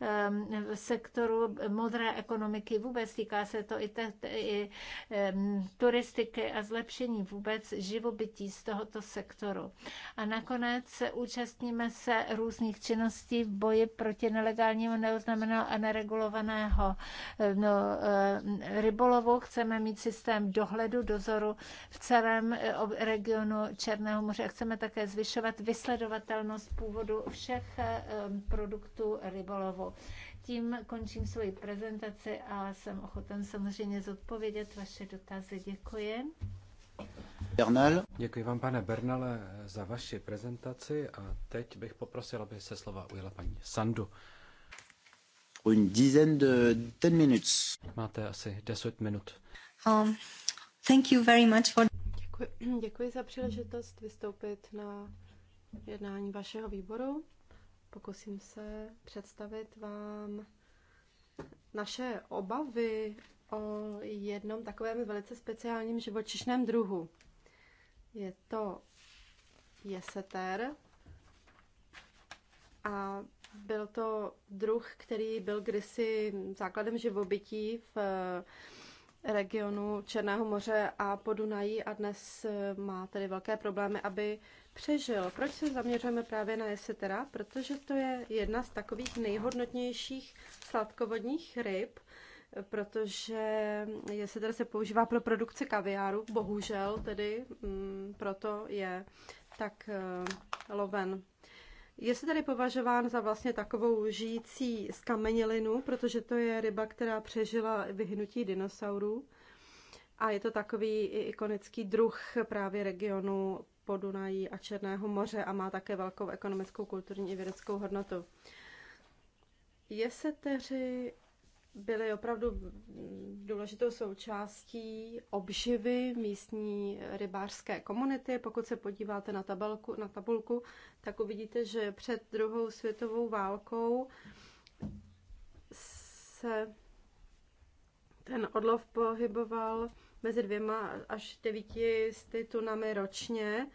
ehm, sektoru modré ekonomiky vůbec, týká se to i, te, i ehm, turistiky, a zlepšení vůbec živobytí z tohoto sektoru. A nakonec se účastníme se různých činností v boji proti nelegálnímu, neoznamenaného a neregulovaného no, eh, rybolovu. Chceme mít systém dohledu, dozoru v celém eh, regionu Černého moře a chceme také zvyšovat vysledovatelnost původu všech eh, produktů rybolovu tím končím svoji prezentaci a jsem ochoten samozřejmě zodpovědět vaše dotazy. Děkuji. Bernal. Děkuji vám, pane Bernale, za vaši prezentaci a teď bych poprosil, aby se slova ujela paní Sandu. Une dizaine de ten minutes. Máte asi 10 minut. Um, thank you very much for... Děkuji, děkuji za příležitost vystoupit na jednání vašeho výboru. Pokusím se představit vám naše obavy o jednom takovém velice speciálním živočišném druhu. Je to jeseter a byl to druh, který byl kdysi základem živobytí v eh, regionu Černého moře a Podunají a dnes eh, má tedy velké problémy, aby přežil. Proč se zaměřujeme právě na jesetera? Protože to je jedna z takových nejhodnotnějších sladkovodních ryb, protože jeseter se používá pro produkci kaviáru, bohužel tedy m, mm, proto je tak uh, loven. Je se tady považován za vlastně takovou žijící skamenilinu, protože to je ryba, která přežila vyhnutí dinosaurů. A je to takový ikonický druh právě regionu Podunají a Černého moře a má také velkou ekonomickou, kulturní i vědeckou hodnotu. Jeseteři byly opravdu důležitou součástí obživy místní rybářské komunity. Pokud se podíváte na, tabelku, na tabulku, tak uvidíte, že před druhou světovou válkou se ten odlov pohyboval mezi dvěma až devíti tunami ročně.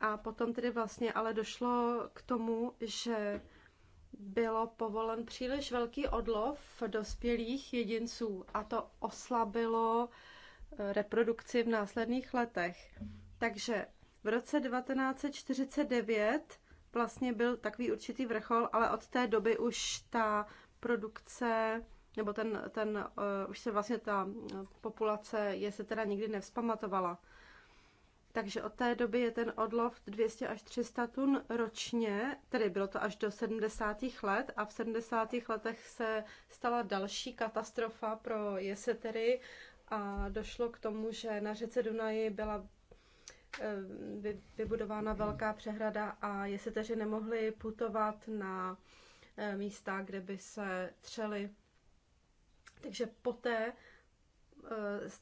A potom tedy vlastně ale došlo k tomu, že bylo povolen příliš velký odlov dospělých jedinců a to oslabilo eh, reprodukci v následných letech. Takže v roce 1949 vlastně byl takový určitý vrchol, ale od té doby už ta produkce nebo ten, ten uh, už se vlastně ta eh, populace je se teda nikdy nevzpamatovala. Takže od té doby je ten odlov 200 až 300 tun ročně, tedy bylo to až do 70. let a v 70. letech se stala další katastrofa pro jesetery a došlo k tomu, že na řece Dunaji byla eh, vybudována velká přehrada a jeseteři nemohli putovat na místa, kde by se třeli takže poté eh,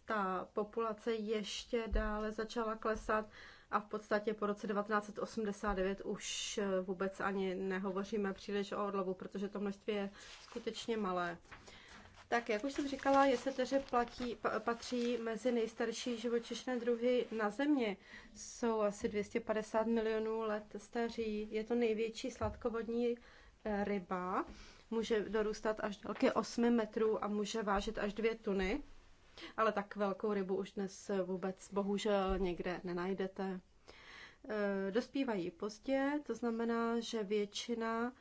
ta populace ještě dále začala klesat a v podstatě po roce 1989 už eh, vůbec ani nehovoříme příliš o odlovu, protože to množství je skutečně malé. Tak, jak už jsem říkala, jeseteře platí, patří mezi nejstarší živočišné druhy na Země. Jsou asi 250 milionů let staří. Je to největší sladkovodní eh, ryba může dorůstat až délky 8 metrů a může vážit až 2 tuny. Ale tak velkou rybu už dnes vůbec bohužel někde nenajdete. E, dospívají pozdě, to znamená, že většina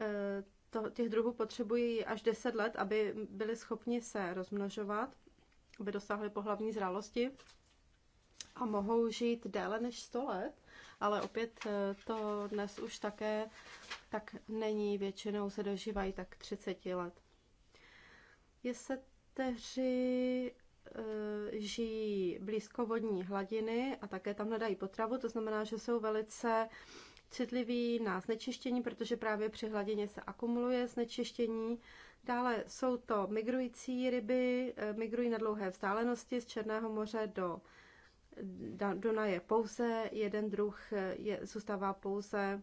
e, to, těch druhů potřebují až 10 let, aby byli schopni se rozmnožovat, aby dosáhli pohlavní zralosti a mohou žít déle než 100 let ale opět eh, to dnes už také tak není. Většinou se dožívají tak 30 let. Jeseteři eh, žijí blízko vodní hladiny a také tam hledají potravu, to znamená, že jsou velice citliví na znečištění, protože právě při hladině se akumuluje znečištění. Dále jsou to migrující ryby, eh, migrují na dlouhé vzdálenosti z Černého moře do Duna je pouze jeden druh, je, zůstává pouze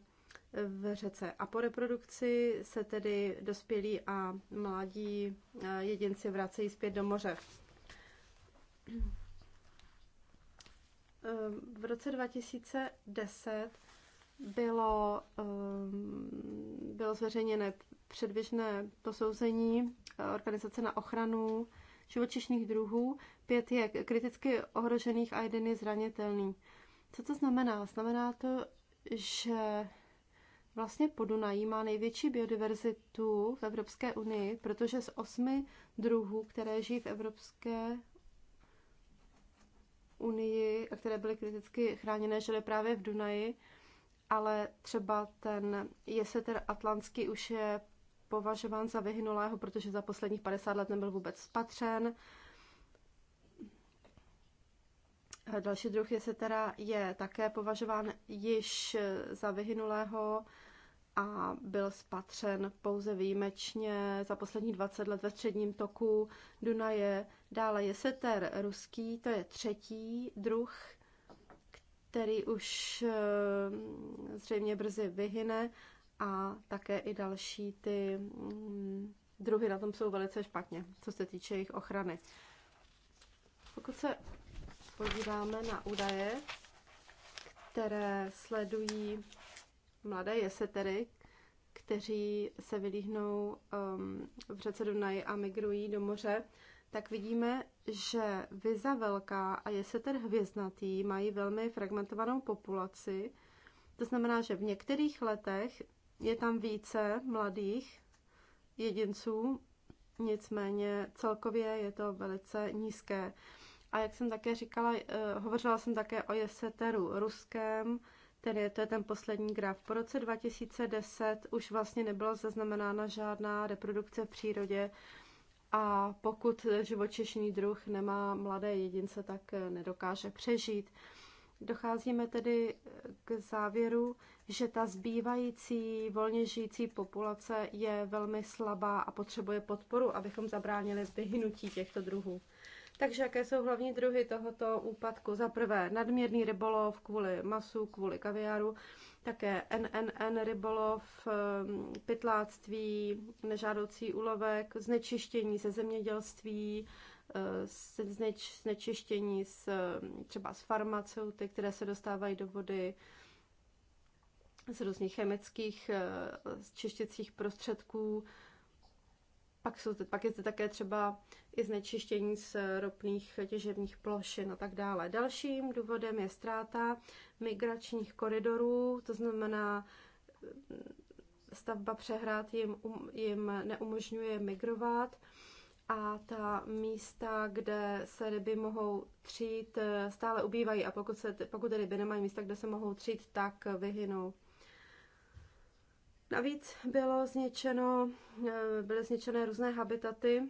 v řece. A po reprodukci se tedy dospělí a mladí eh, jedinci vracejí zpět do moře. Eh, v roce 2010 bylo, eh, bylo zveřejněné předběžné posouzení organizace na ochranu živočišných druhů, pět je kriticky ohrožených a jeden je zranitelný. Co to znamená? Znamená to, že vlastně Podunají má největší biodiverzitu v Evropské unii, protože z osmi druhů, které žijí v Evropské unii a které byly kriticky chráněné, žily právě v Dunaji, ale třeba ten jeseter atlantský už je považován za vyhnulého, protože za posledních 50 let nebyl vůbec spatřen. A další druh je setera je také považován již za vyhynulého a byl spatřen pouze výjimečně za poslední 20 let ve středním toku Dunaje. Dále je seter ruský, to je třetí druh, který už eh, zřejmě brzy vyhyne a také i další ty mm, druhy na tom jsou velice špatně, co se týče jejich ochrany. Pokud se podíváme na údaje, které sledují mladé jesetery, kteří se vylíhnou um, v řece Dunaji a migrují do moře, tak vidíme, že viza velká a jeseter hvězdnatý mají velmi fragmentovanou populaci. To znamená, že v některých letech je tam více mladých jedinců, nicméně celkově je to velice nízké. A jak jsem také říkala, eh, hovořila jsem také o jeseteru ruském, je, to je ten poslední graf. Po roce 2010 už vlastně nebyla zaznamenána žádná reprodukce v přírodě a pokud živočišný druh nemá mladé jedince, tak eh, nedokáže přežít. Docházíme tedy eh, k závěru, že ta zbývající volně žijící populace je velmi slabá a potřebuje podporu, abychom zabránili vyhynutí těchto druhů. Takže jaké jsou hlavní druhy tohoto úpadku? Za prvé nadměrný rybolov kvůli masu, kvůli kaviáru, také NNN rybolov, eh, pytláctví, nežádoucí úlovek, znečištění ze zemědělství, se zneč, znečištění s, třeba z farmaceuty, které se dostávají do vody, z různých chemických eh, čištěcích prostředků. Pak, jsou, pak je zde také třeba i znečištění z ropných těžebních plošin a tak dále. Dalším důvodem je ztráta migračních koridorů, to znamená stavba přehrad jim, um, jim neumožňuje migrovat a ta místa, kde se ryby mohou třít, eh, stále ubývají a pokud, se, pokud ryby nemají místa, kde se mohou třít, tak vyhynou. Navíc bylo zničeno, eh, byly zničené různé habitaty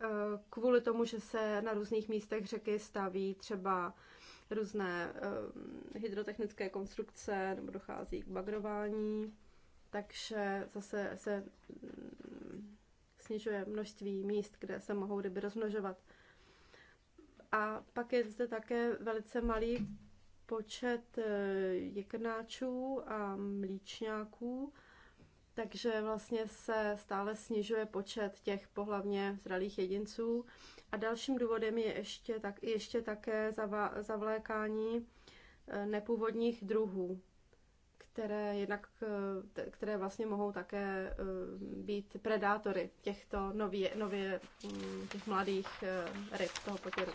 eh, kvůli tomu, že se na různých místech řeky staví třeba různé hydrotechnické konstrukce nebo dochází k bagrování, takže zase se mm, snižuje množství míst, kde se mohou ryby rozmnožovat. A pak je zde také velice malý počet eh, jeknáčů a mlíčňáků, takže vlastně se stále snižuje počet těch pohlavně zralých jedinců. A dalším důvodem je ještě, tak, ještě také zavlékání eh, nepůvodních druhů které, jednak, eh, které vlastně mohou také eh, být predátory těchto nově, nově hm, těch mladých eh, ryb, toho potěru.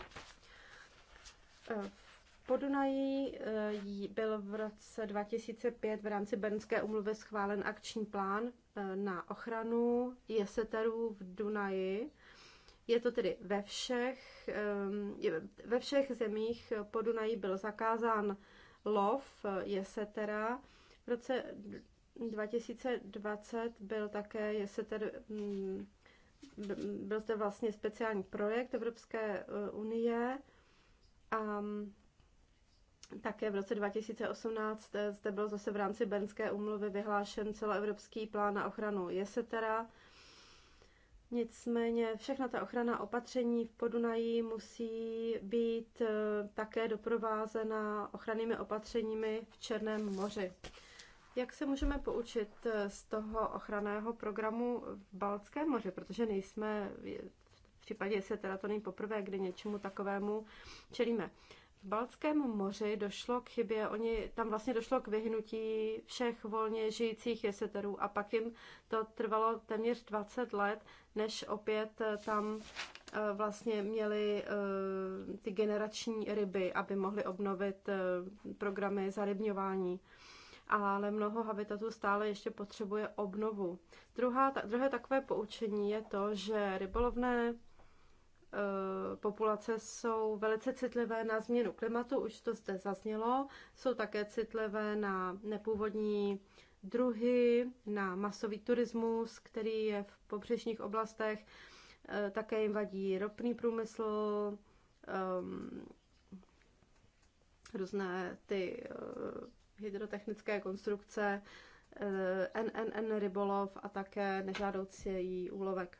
V Podunají byl v roce 2005 v rámci Bernské umluvy schválen akční plán na ochranu jeseterů v Dunaji. Je to tedy ve všech, ve všech zemích Podunají byl zakázán lov jesetera, v roce 2020 byl také, je se tedy, mm, byl to vlastně speciální projekt Evropské eh, unie a mm, také v roce 2018 eh, zde byl zase v rámci Bernské umluvy vyhlášen celoevropský plán na ochranu jesetera. Nicméně všechna ta ochrana opatření v Podunají musí být eh, také doprovázena ochrannými opatřeními v Černém moři. Jak se můžeme poučit eh, z toho ochranného programu v Balckém moři, protože nejsme v případě, se teda to není poprvé, kdy něčemu takovému čelíme. V Balckém moři došlo k chybě, oni, tam vlastně došlo k vyhnutí všech volně žijících jeseterů a pak jim to trvalo téměř 20 let, než opět eh, tam eh, vlastně měli ty generační ryby, aby mohli obnovit programy zarybňování ale mnoho habitatů stále ještě potřebuje obnovu. Druhá, ta, druhé takové poučení je to, že rybolovné e, populace jsou velice citlivé na změnu klimatu, už to zde zaznělo, jsou také citlivé na nepůvodní druhy, na masový turismus, který je v pobřežních oblastech, e, také jim vadí ropný průmysl, e, různé ty e, hydrotechnické konstrukce, NNN eh, rybolov a také nežádoucí úlovek.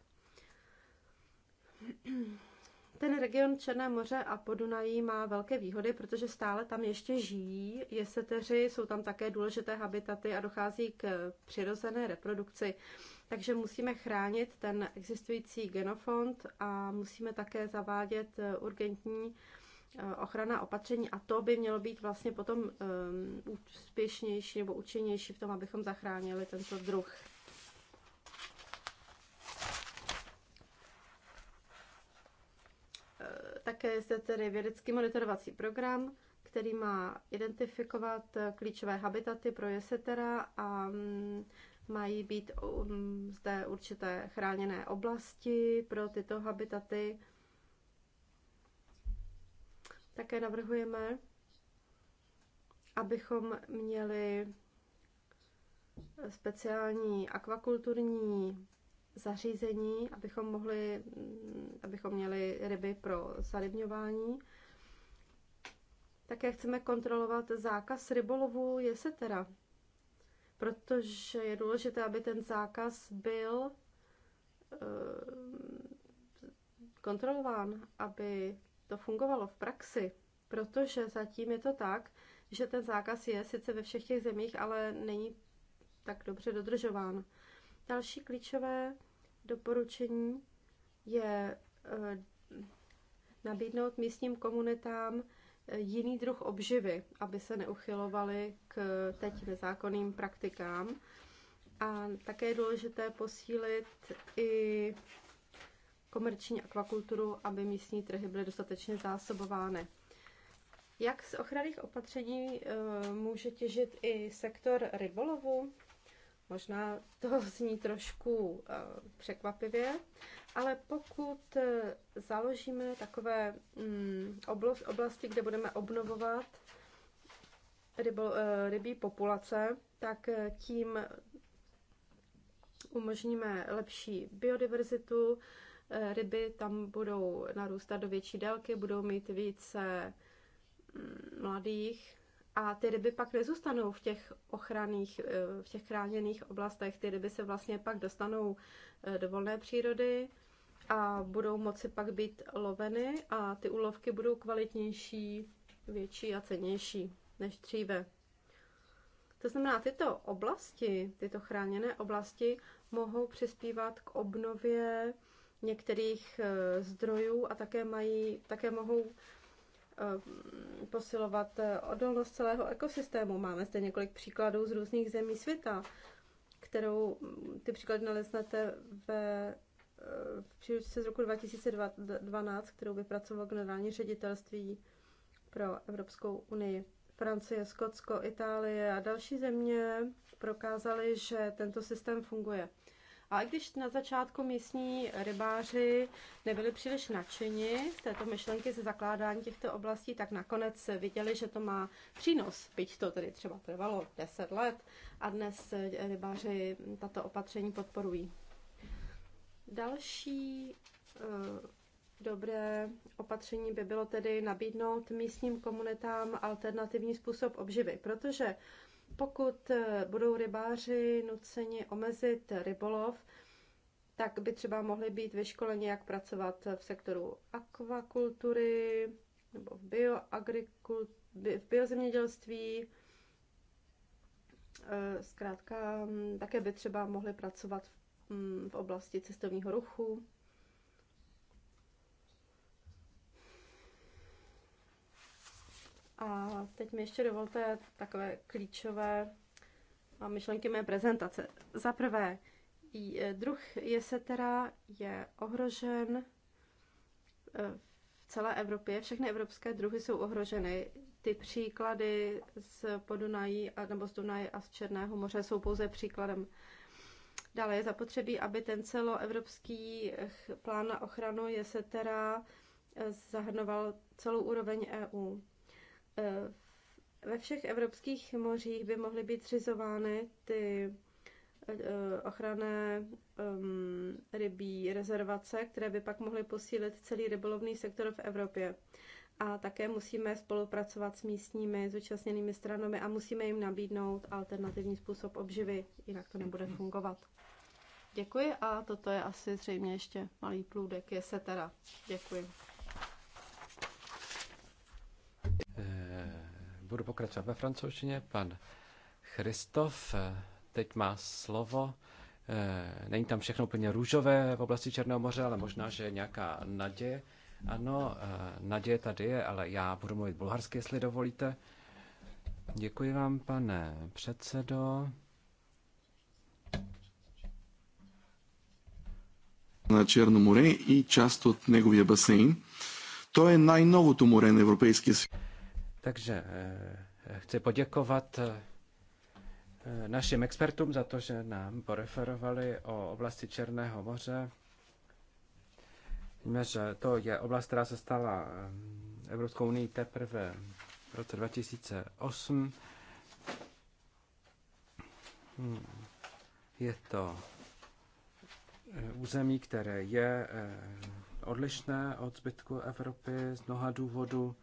Ten region Černé moře a Podunají má velké výhody, protože stále tam ještě žijí jeseteři, jsou tam také důležité habitaty a dochází k přirozené reprodukci. Takže musíme chránit ten existující genofond a musíme také zavádět urgentní Eh, ochrana opatření a to by mělo být vlastně potom ehm, úspěšnější nebo účinnější v tom, abychom zachránili tento druh. Eh, také je zde tedy vědecký monitorovací program, který má identifikovat eh, klíčové habitaty pro jesetera a mm, mají být mm, zde určité chráněné oblasti pro tyto habitaty také navrhujeme, abychom měli speciální akvakulturní zařízení, abychom, mohli, abychom měli ryby pro zarybňování. Také chceme kontrolovat zákaz rybolovu jesetera, protože je důležité, aby ten zákaz byl eh, kontrolován, aby to fungovalo v praxi, protože zatím je to tak, že ten zákaz je sice ve všech těch zemích, ale není tak dobře dodržován. Další klíčové doporučení je eh, nabídnout místním komunitám eh, jiný druh obživy, aby se neuchylovali k teď nezákonným praktikám. A také je důležité posílit i komerční akvakulturu, aby místní trhy byly dostatečně zásobovány. Jak z ochranných opatření eh, může těžit i sektor rybolovu? Možná to zní trošku eh, překvapivě, ale pokud eh, založíme takové mm, oblasti, kde budeme obnovovat rybo, rybí populace, tak tím umožníme lepší biodiverzitu, Eh, ryby tam budou narůstat do větší délky, budou mít více mm, mladých a ty ryby pak nezůstanou v těch ochranných, eh, v těch chráněných oblastech. Ty ryby se vlastně pak dostanou eh, do volné přírody a budou moci pak být loveny a ty úlovky budou kvalitnější, větší a cenější než dříve. To znamená, tyto oblasti, tyto chráněné oblasti mohou přispívat k obnově některých eh, zdrojů a také, mají, také mohou eh, posilovat eh, odolnost celého ekosystému. Máme zde několik příkladů z různých zemí světa, kterou mm, ty příklady naleznete ve v příručce z roku 2012, kterou vypracoval generální ředitelství pro Evropskou unii. Francie, Skotsko, Itálie a další země prokázaly, že tento systém funguje. A i když na začátku místní rybáři nebyli příliš nadšeni z této myšlenky ze zakládání těchto oblastí, tak nakonec viděli, že to má přínos, byť to tedy třeba trvalo 10 let a dnes rybáři tato opatření podporují. Další eh, dobré opatření by bylo tedy nabídnout místním komunitám alternativní způsob obživy, protože pokud eh, budou rybáři nuceni omezit rybolov, tak by třeba mohli být vyškoleni, jak pracovat v sektoru akvakultury nebo v, bioagrikul, v biozemědělství. Eh, zkrátka, mm, také by třeba mohli pracovat v, mm, v oblasti cestovního ruchu. A teď mi ještě dovolte takové klíčové myšlenky mé prezentace. Za prvé, druh jesetera je ohrožen eh, v celé Evropě. Všechny evropské druhy jsou ohroženy. Ty příklady z Podunají nebo z Dunaje a z Černého moře jsou pouze příkladem. Dále je zapotřebí, aby ten celoevropský eh, plán na ochranu jesetera eh, zahrnoval celou úroveň EU. Eh, ve všech evropských mořích by mohly být zřizovány ty eh, eh, ochranné um, rybí rezervace, které by pak mohly posílit celý rybolovný sektor v Evropě. A také musíme spolupracovat s místními zúčastněnými stranami a musíme jim nabídnout alternativní způsob obživy, jinak to nebude fungovat. Děkuji a toto je asi zřejmě ještě malý plůdek, je se teda. Děkuji. budu pokračovat ve francouzštině. Pan Christof eh, teď má slovo. Eh, není tam všechno úplně růžové v oblasti Černého moře, ale možná, že je nějaká naděje. Ano, eh, naděje tady je, ale já budu mluvit bulharsky, jestli dovolíte. Děkuji vám, pane předsedo. на Черно море и част от неговия басейн. То е най-новото море на Европейския съюз. Takže eh, eh, chci poděkovat eh, našim expertům za to, že nám poreferovali o oblasti Černého moře. Víme, že to je oblast, která se stala Evropskou unii teprve v roce 2008. Hmm. Je to území, které je odlišné od zbytku Evropy z mnoha důvodů.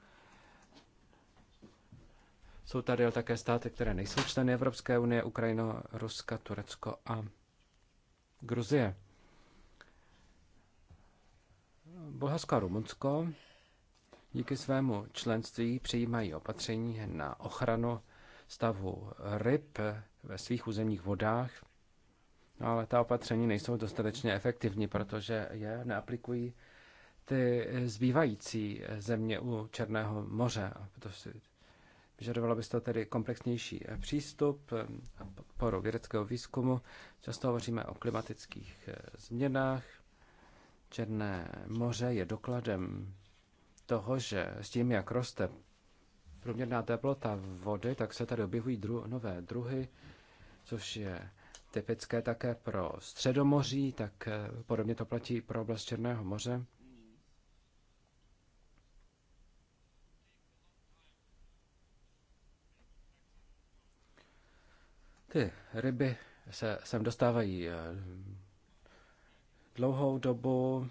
Jsou tady ale také státy, které nejsou členy Evropské unie, Ukrajina, Ruska, Turecko a Gruzie. Bulharsko a Rumunsko díky svému členství přijímají opatření na ochranu stavu ryb ve svých územních vodách, no ale ta opatření nejsou dostatečně efektivní, protože je neaplikují ty zbývající země u Černého moře, a to si Vyžadovalo by to tedy komplexnější eh, přístup eh, a podporu vědeckého výzkumu. Často hovoříme o klimatických eh, změnách. Černé moře je dokladem toho, že s tím, jak roste průměrná teplota vody, tak se tady objevují dru- nové druhy, což je typické také pro Středomoří, tak podobně to platí pro oblast Černého moře. Ty ryby se sem dostávají eh, dlouhou dobu,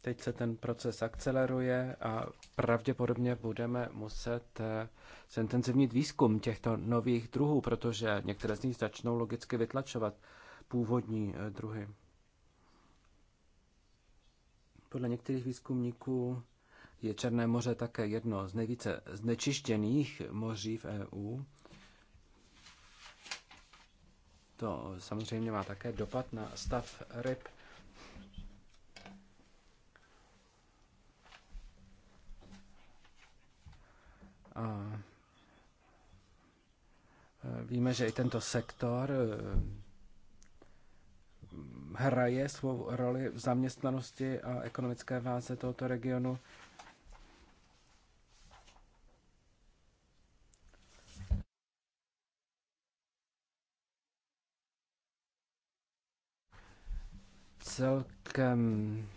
teď se ten proces akceleruje a pravděpodobně budeme muset eh, zintenzivnit výzkum těchto nových druhů, protože některé z nich začnou logicky vytlačovat původní eh, druhy. Podle některých výzkumníků je Černé moře také jedno z nejvíce znečištěných moří v EU to samozřejmě má také dopad na stav ryb. A e, víme, že i tento sektor e, hraje svou roli v zaměstnanosti a ekonomické váze tohoto regionu. Celkem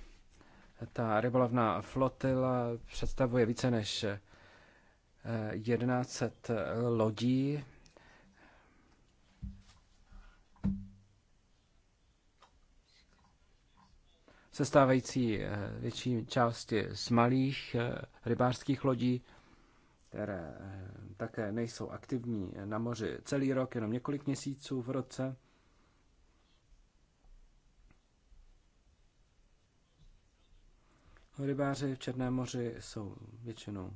ta rybolovná flotila představuje více než 11 eh, lodí. Sestávající eh, větší části z malých eh, rybářských lodí, které také nejsou aktivní na moři celý rok, jenom několik měsíců v roce. Rybáři v Černém moři jsou většinou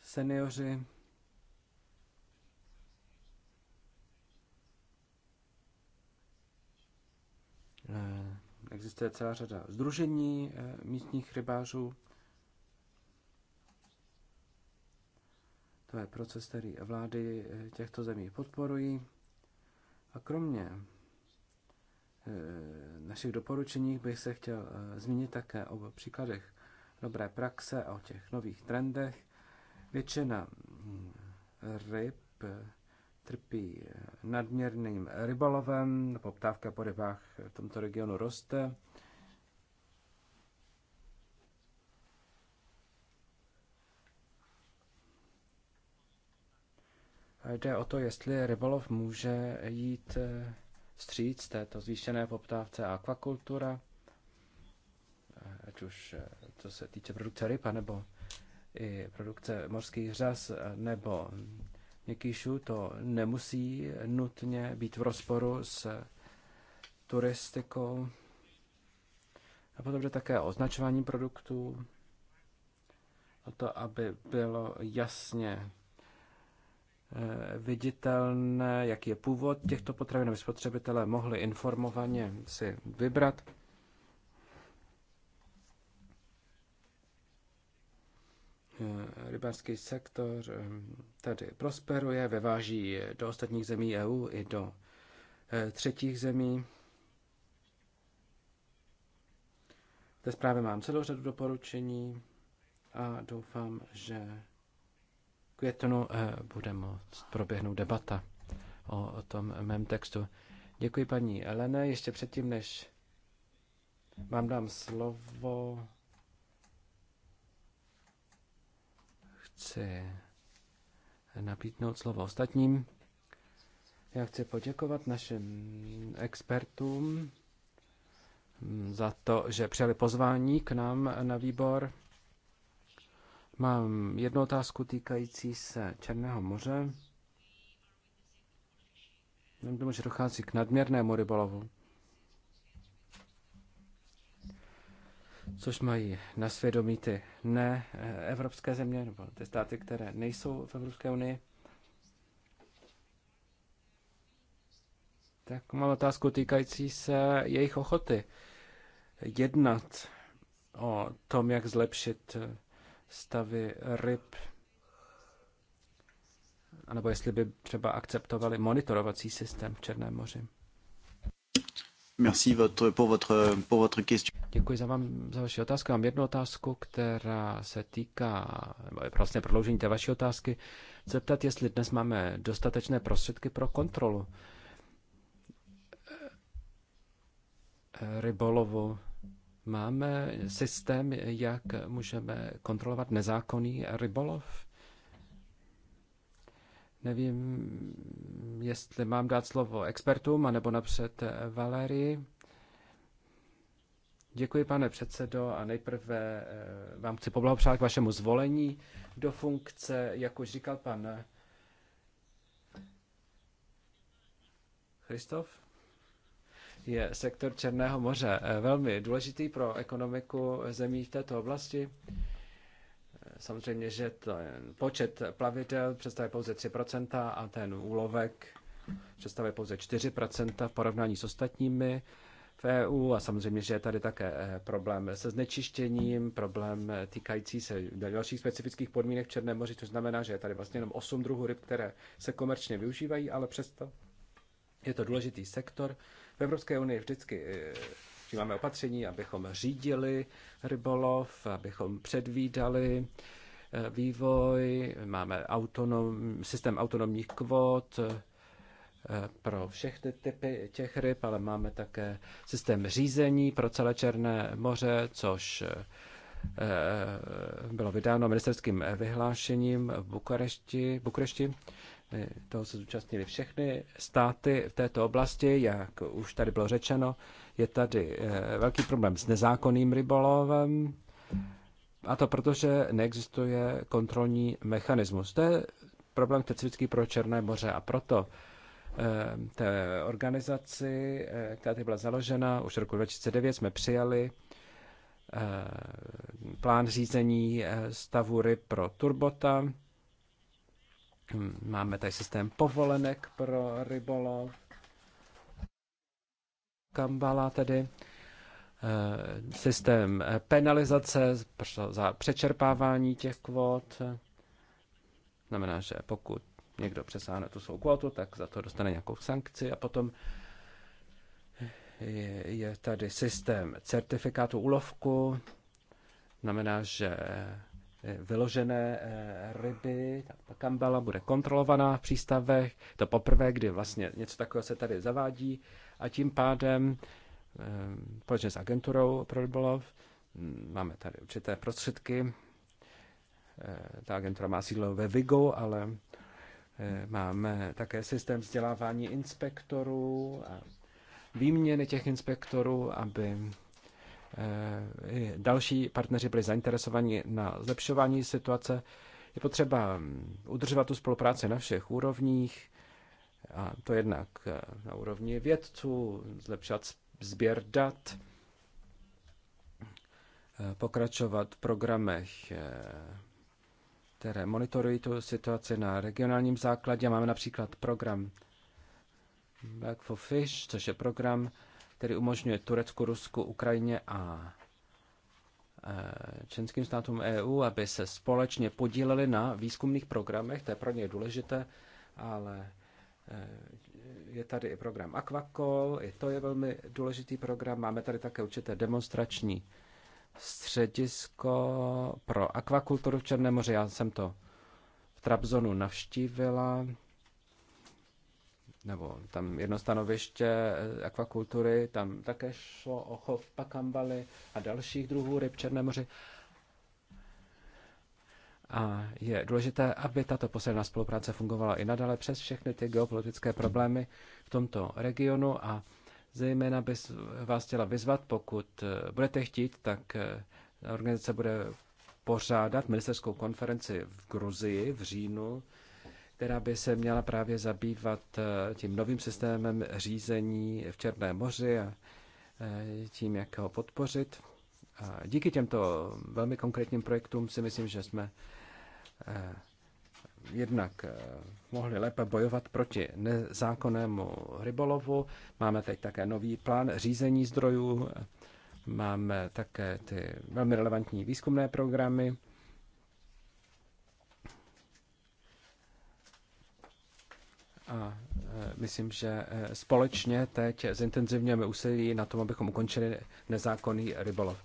seniori. Eh, existuje celá řada združení eh, místních rybářů. To je proces, který vlády eh, těchto zemí podporují. A kromě našich doporučeních bych se chtěl zmínit také o příkladech dobré praxe a o těch nových trendech. Většina ryb trpí nadměrným rybolovem, poptávka po rybách v tomto regionu roste. Jde o to, jestli rybolov může jít stříc této zvýšené poptávce akvakultura ať už eh, co se týče produkce ryb, nebo i produkce mořských řas eh, nebo měkýšů, to nemusí nutně být v rozporu s turistikou. A potom také označování produktů, a to, aby bylo jasně eh, viditelné, jaký je původ těchto potravin, aby spotřebitelé mohli informovaně si vybrat. Eh, rybářský sektor eh, tady prosperuje, vyváží do ostatních zemí EU i do eh, třetích zemí. V té zprávě mám celou řadu doporučení a doufám, že v květnu bude moc proběhnout debata o tom mém textu. Děkuji paní Elene. Ještě předtím, než vám dám slovo, chci nabídnout slovo ostatním. Já chci poděkovat našim expertům za to, že přijali pozvání k nám na výbor. Mám jednu otázku týkající se Černého moře. Nevím, že dochází k nadměrnému rybolovu. což mají na svědomí ty neevropské eh, země nebo ty státy, které nejsou v Evropské unii. Tak mám otázku týkající se jejich ochoty jednat o tom, jak zlepšit eh, stavy ryb, anebo jestli by třeba akceptovali monitorovací systém v Černém moři. Merci votre, pour, votre, pour votre question. Děkuji za, vám, za vaši otázku. Mám jednu otázku, která se týká, nebo je vlastně prodloužení té vaší otázky. Zeptat, jestli dnes máme dostatečné prostředky pro kontrolu eh, rybolovu. Máme systém, jak můžeme kontrolovat nezákonný rybolov? Nevím, jestli mám dát slovo expertům, anebo napřed Valerii. Děkuji, pane předsedo, a nejprve eh, vám chci poblahopřát k vašemu zvolení do funkce. Jak už říkal pan Christof, je sektor Černého moře eh, velmi důležitý pro ekonomiku zemí v této oblasti. Eh, samozřejmě, že ten počet plavidel představuje pouze 3% a ten úlovek představuje pouze 4% v porovnání s ostatními v EU a samozřejmě, že je tady také eh, problém se znečištěním, problém eh, týkající se dalších specifických podmínek v Černém moři, což znamená, že je tady vlastně jenom 8 druhů ryb, které se komerčně využívají, ale přesto je to důležitý sektor. V Evropské unii vždycky eh, máme opatření, abychom řídili rybolov, abychom předvídali vývoj, máme autonom, systém autonomních kvot, Eh, pro všechny typy těch ryb, ale máme také systém řízení pro celé Černé moře, což eh, bylo vydáno ministerským vyhlášením v Bukurešti. Bukurešti. Eh, Toho se zúčastnili všechny státy v této oblasti, jak už tady bylo řečeno. Je tady velký problém s nezákonným rybolovem, a to protože neexistuje kontrolní mechanismus. To je problém specifický pro Černé moře a proto Ehm, té organizaci, eh, která byla založena. Už roku 2009 jsme přijali ehm, plán řízení eh, stavu ryb pro turbota. Hm, máme tady systém povolenek pro rybolov. Kambala tedy ehm, systém eh, penalizace za přečerpávání těch kvot, Znamená, že pokud někdo přesáhne tu svou kvotu, tak za to dostane nějakou sankci a potom je, je tady systém certifikátu ulovku, znamená, že e, vyložené e, ryby, ta kambala bude kontrolovaná v přístavech. To poprvé, kdy vlastně něco takového se tady zavádí a tím pádem e, společně s agenturou pro rybolov máme tady určité prostředky. Ta agentura má sídlo ve Vigo, ale Eh, máme také systém vzdělávání inspektorů a výměny těch inspektorů, aby eh, další partneři byli zainteresovaní na zlepšování situace. Je potřeba hm, udržovat tu spolupráci na všech úrovních, a to jednak eh, na úrovni vědců, zlepšovat sběr dat, pokračovat v programech které monitorují tu situaci na regionálním základě. Máme například program Back for Fish, což je program, který umožňuje Turecku, Rusku, Ukrajině a e, členským státům EU, aby se společně podíleli na výzkumných programech, to je pro ně důležité, ale e, je tady i program Aquacol, i to je velmi důležitý program, máme tady také určité demonstrační středisko pro akvakulturu v Černém moři. Já jsem to v Trabzonu navštívila, nebo tam jedno stanoviště eh, akvakultury, tam také šlo o chov pakambaly a dalších druhů ryb v Černém moři. A je důležité, aby tato posledná spolupráce fungovala i nadále přes všechny ty geopolitické problémy v tomto regionu a Zejména bych vás chtěla vyzvat, pokud eh, budete chtít, tak eh, organizace bude pořádat ministerskou konferenci v Gruzii v říjnu, která by se měla právě zabývat eh, tím novým systémem řízení v Černém moři a tím, jak ho podpořit. A díky těmto velmi konkrétním projektům si myslím, že jsme jednak eh, mohli lépe bojovat proti nezákonnému rybolovu. Máme teď také nový plán řízení zdrojů, máme také ty velmi relevantní výzkumné programy. A eh, myslím, že eh, společně teď zintenzivněme úsilí na tom, abychom ukončili nezákonný rybolov.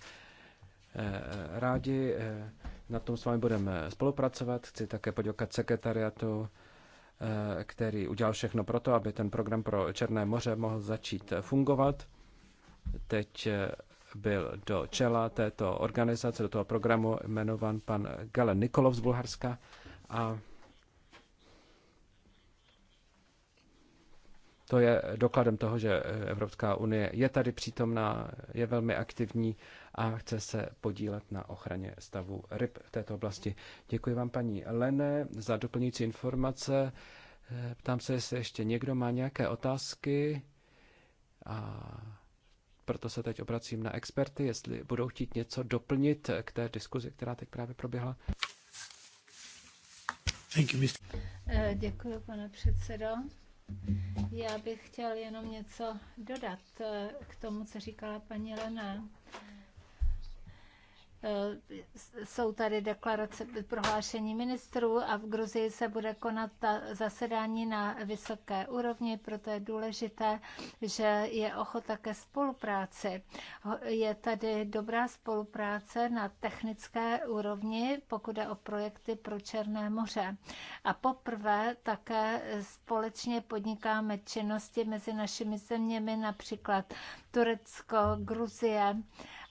Eh, eh, rádi eh, na tom s vámi budeme spolupracovat. Chci také poděkovat sekretariatu, který udělal všechno pro to, aby ten program pro Černé moře mohl začít fungovat. Teď byl do čela této organizace, do toho programu jmenovan pan Galen Nikolov z Bulharska a to je dokladem toho, že Evropská unie je tady přítomná, je velmi aktivní a chce se podílet na ochraně stavu ryb v této oblasti. Děkuji vám, paní Lene, za doplňující informace. Eh, ptám se, jestli ještě někdo má nějaké otázky. A proto se teď obracím na experty, jestli budou chtít něco doplnit k té diskuzi, která teď právě proběhla. Eh, děkuji, pane předsedo. Já bych chtěl jenom něco dodat eh, k tomu, co říkala paní Lena. Eh, jsou tady deklarace, prohlášení ministrů a v Gruzii se bude konat ta zasedání na vysoké úrovni, proto je důležité, že je ochota ke spolupráci. Je tady dobrá spolupráce na technické úrovni, pokud jde o projekty pro Černé moře. A poprvé také společně podnikáme činnosti mezi našimi zeměmi, například Turecko, Gruzie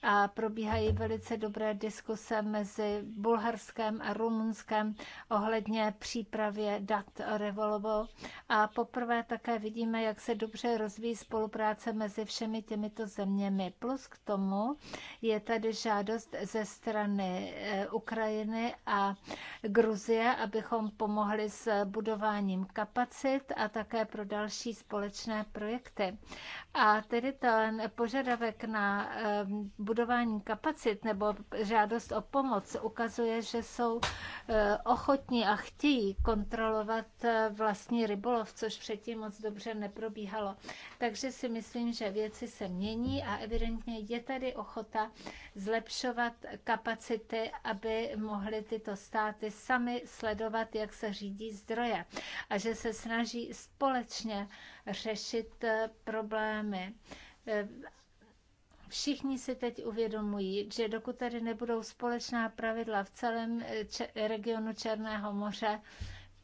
a probíhají velice dobré diskuse mezi Bulharskem a Rumunskem ohledně přípravě dat Revolovo a poprvé také vidíme, jak se dobře rozvíjí spolupráce mezi všemi těmito zeměmi. Plus k tomu je tady žádost ze strany eh, Ukrajiny a Gruzie, abychom pomohli s budováním kapacit a také pro další společné projekty. A tedy ten požadavek na budování eh, budování kapacit nebo žádost o pomoc ukazuje, že jsou e, ochotní a chtějí kontrolovat e, vlastní rybolov, což předtím moc dobře neprobíhalo. Takže si myslím, že věci se mění a evidentně je tady ochota zlepšovat kapacity, aby mohly tyto státy sami sledovat, jak se řídí zdroje a že se snaží společně řešit e, problémy Všichni si teď uvědomují, že dokud tady nebudou společná pravidla v celém eh, regionu Černého moře,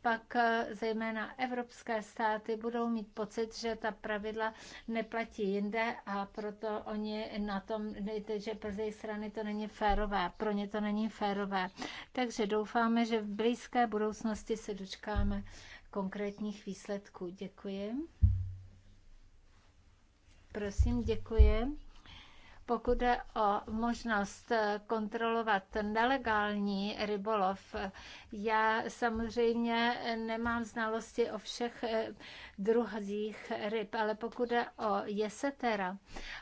pak eh, zejména evropské státy budou mít pocit, že ta pravidla neplatí jinde a proto oni na tom, že pro jejich strany to není férové, pro ně to není férové. Takže doufáme, že v blízké budoucnosti se dočkáme konkrétních výsledků. Děkuji. Prosím, děkuji. Pokud jde o možnost eh, kontrolovat nelegální rybolov, já samozřejmě eh, nemám znalosti o všech eh, druhých ryb, ale pokud jde o jesetera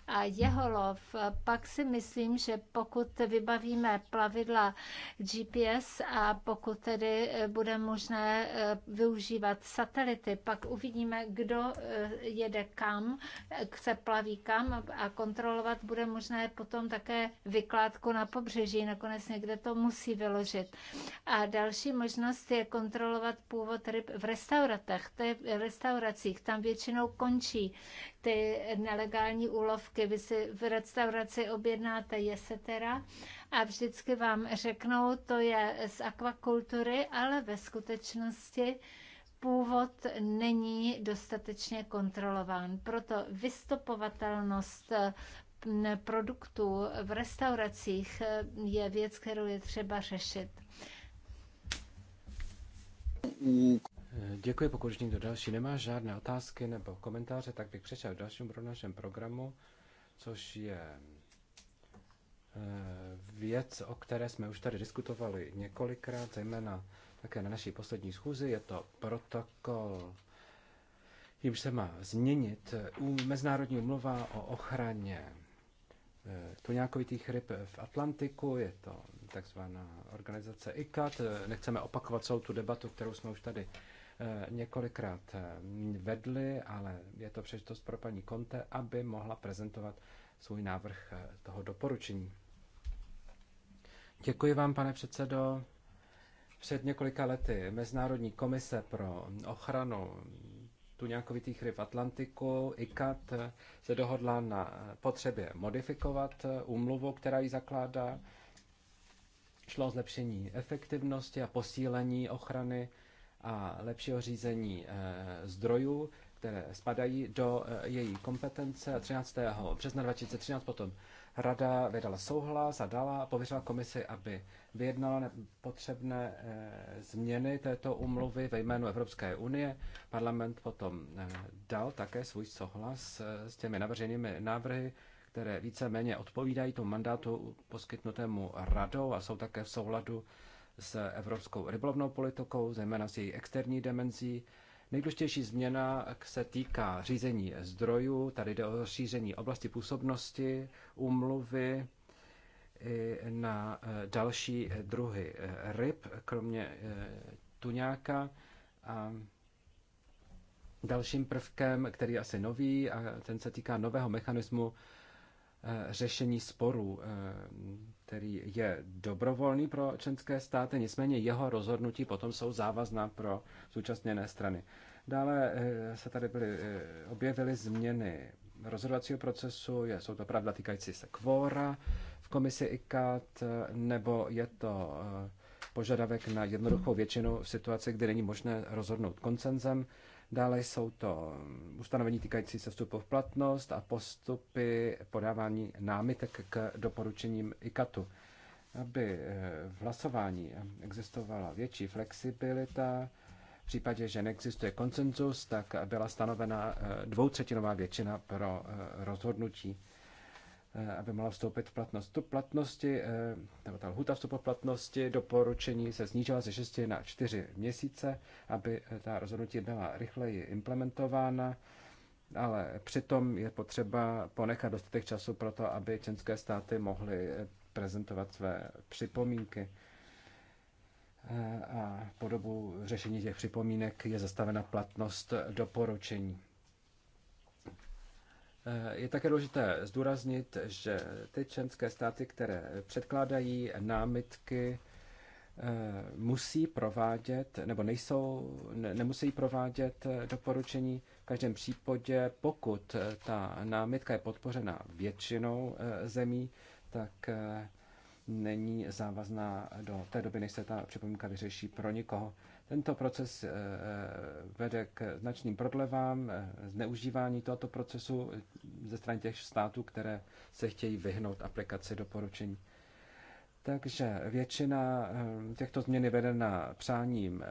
a jeho lov, pak si myslím, že pokud vybavíme plavidla GPS a pokud tedy bude možné využívat satelity, pak uvidíme, kdo jede kam, se plaví kam a kontrolovat bude možné potom také vykládku na pobřeží, nakonec někde to musí vyložit. A další možnost je kontrolovat původ ryb v restauratech, v restauracích, tam většinou končí ty nelegální úlovky. Vy si v restauraci objednáte jesetera a vždycky vám řeknou, to je z akvakultury, ale ve skutečnosti původ není dostatečně kontrolován. Proto vystopovatelnost produktů v restauracích eh, je věc, kterou je třeba řešit. Děkuji, pokud někdo další nemá žádné otázky nebo komentáře, tak bych přešel k dalšímu pro našem programu, což je eh, věc, o které jsme už tady diskutovali několikrát, zejména také na naší poslední schůzi. Je to protokol, jimž se má změnit eh, mezinárodní umluva o ochraně tuňákovitých eh, ryb v Atlantiku, je to takzvaná organizace ICAT. Eh, Nechceme opakovat celou tu debatu, kterou jsme už tady eh, několikrát vedli, ale je to přečtost pro paní Konte, aby mohla prezentovat svůj návrh toho doporučení. Děkuji vám, pane předsedo. Před několika lety Mezinárodní komise pro ochranu tuňákovitých ryb v Atlantiku, ICAT se dohodla na potřebě modifikovat úmluvu, která ji zakládá. Šlo o zlepšení efektivnosti a posílení ochrany a lepšího řízení eh, zdrojů, které spadají do eh, její kompetence. 13. března 2013 potom Rada vydala souhlas a dala a pověřila komisi, aby vyjednala potřebné eh, změny této umluvy ve jménu Evropské unie. Parlament potom eh, dal také svůj souhlas eh, s těmi navrženými návrhy, které víceméně odpovídají tomu mandátu poskytnutému radou a jsou také v souladu s evropskou rybolovnou politikou, zejména s její externí dimenzí Nejdůležitější změna se týká řízení zdrojů, tady jde o šíření oblasti působnosti, i na eh, další eh, druhy eh, ryb, kromě tuňáka. A dalším prvkem, který je asi nový, a ten se týká nového mechanismu řešení sporů který je dobrovolný pro členské státy, nicméně jeho rozhodnutí potom jsou závazná pro zúčastněné strany. Dále eh, se tady byly, eh, objevily změny rozhodovacího procesu, je, jsou to pravda týkající se kvóra v komisi ICAT, eh, nebo je to požadavek na jednoduchou většinu v situaci, kdy není možné rozhodnout koncenzem. Dále jsou to ustanovení týkající se vstupu v platnost a postupy podávání námitek k doporučením ICATu. Aby eh, v hlasování existovala větší flexibilita, v případě, že neexistuje koncenzus, tak byla stanovena eh, dvoutřetinová většina pro eh, rozhodnutí. Eh, aby mohla vstoupit v platnost. Tu platnosti, eh, nebo ta lhuta vstupu v platnosti doporučení se snížila ze 6 na 4 měsíce, aby eh, ta rozhodnutí byla rychleji implementována, ale přitom je potřeba ponechat dostatek času pro to, aby členské státy mohly prezentovat své připomínky a po dobu řešení těch připomínek je zastavena platnost doporučení. Je také důležité zdůraznit, že ty členské státy, které předkládají námitky, eh, musí provádět, nebo nejsou, ne, nemusí provádět doporučení. V každém případě, pokud ta námitka je podpořena většinou eh, zemí, tak eh, není závazná do té doby, než se ta připomínka vyřeší pro nikoho. Tento proces eh, eh, vede k značným prodlevám, eh, zneužívání tohoto procesu ze strany těch států, které se chtějí vyhnout aplikaci doporučení. Takže většina těchto změn je vedena přáním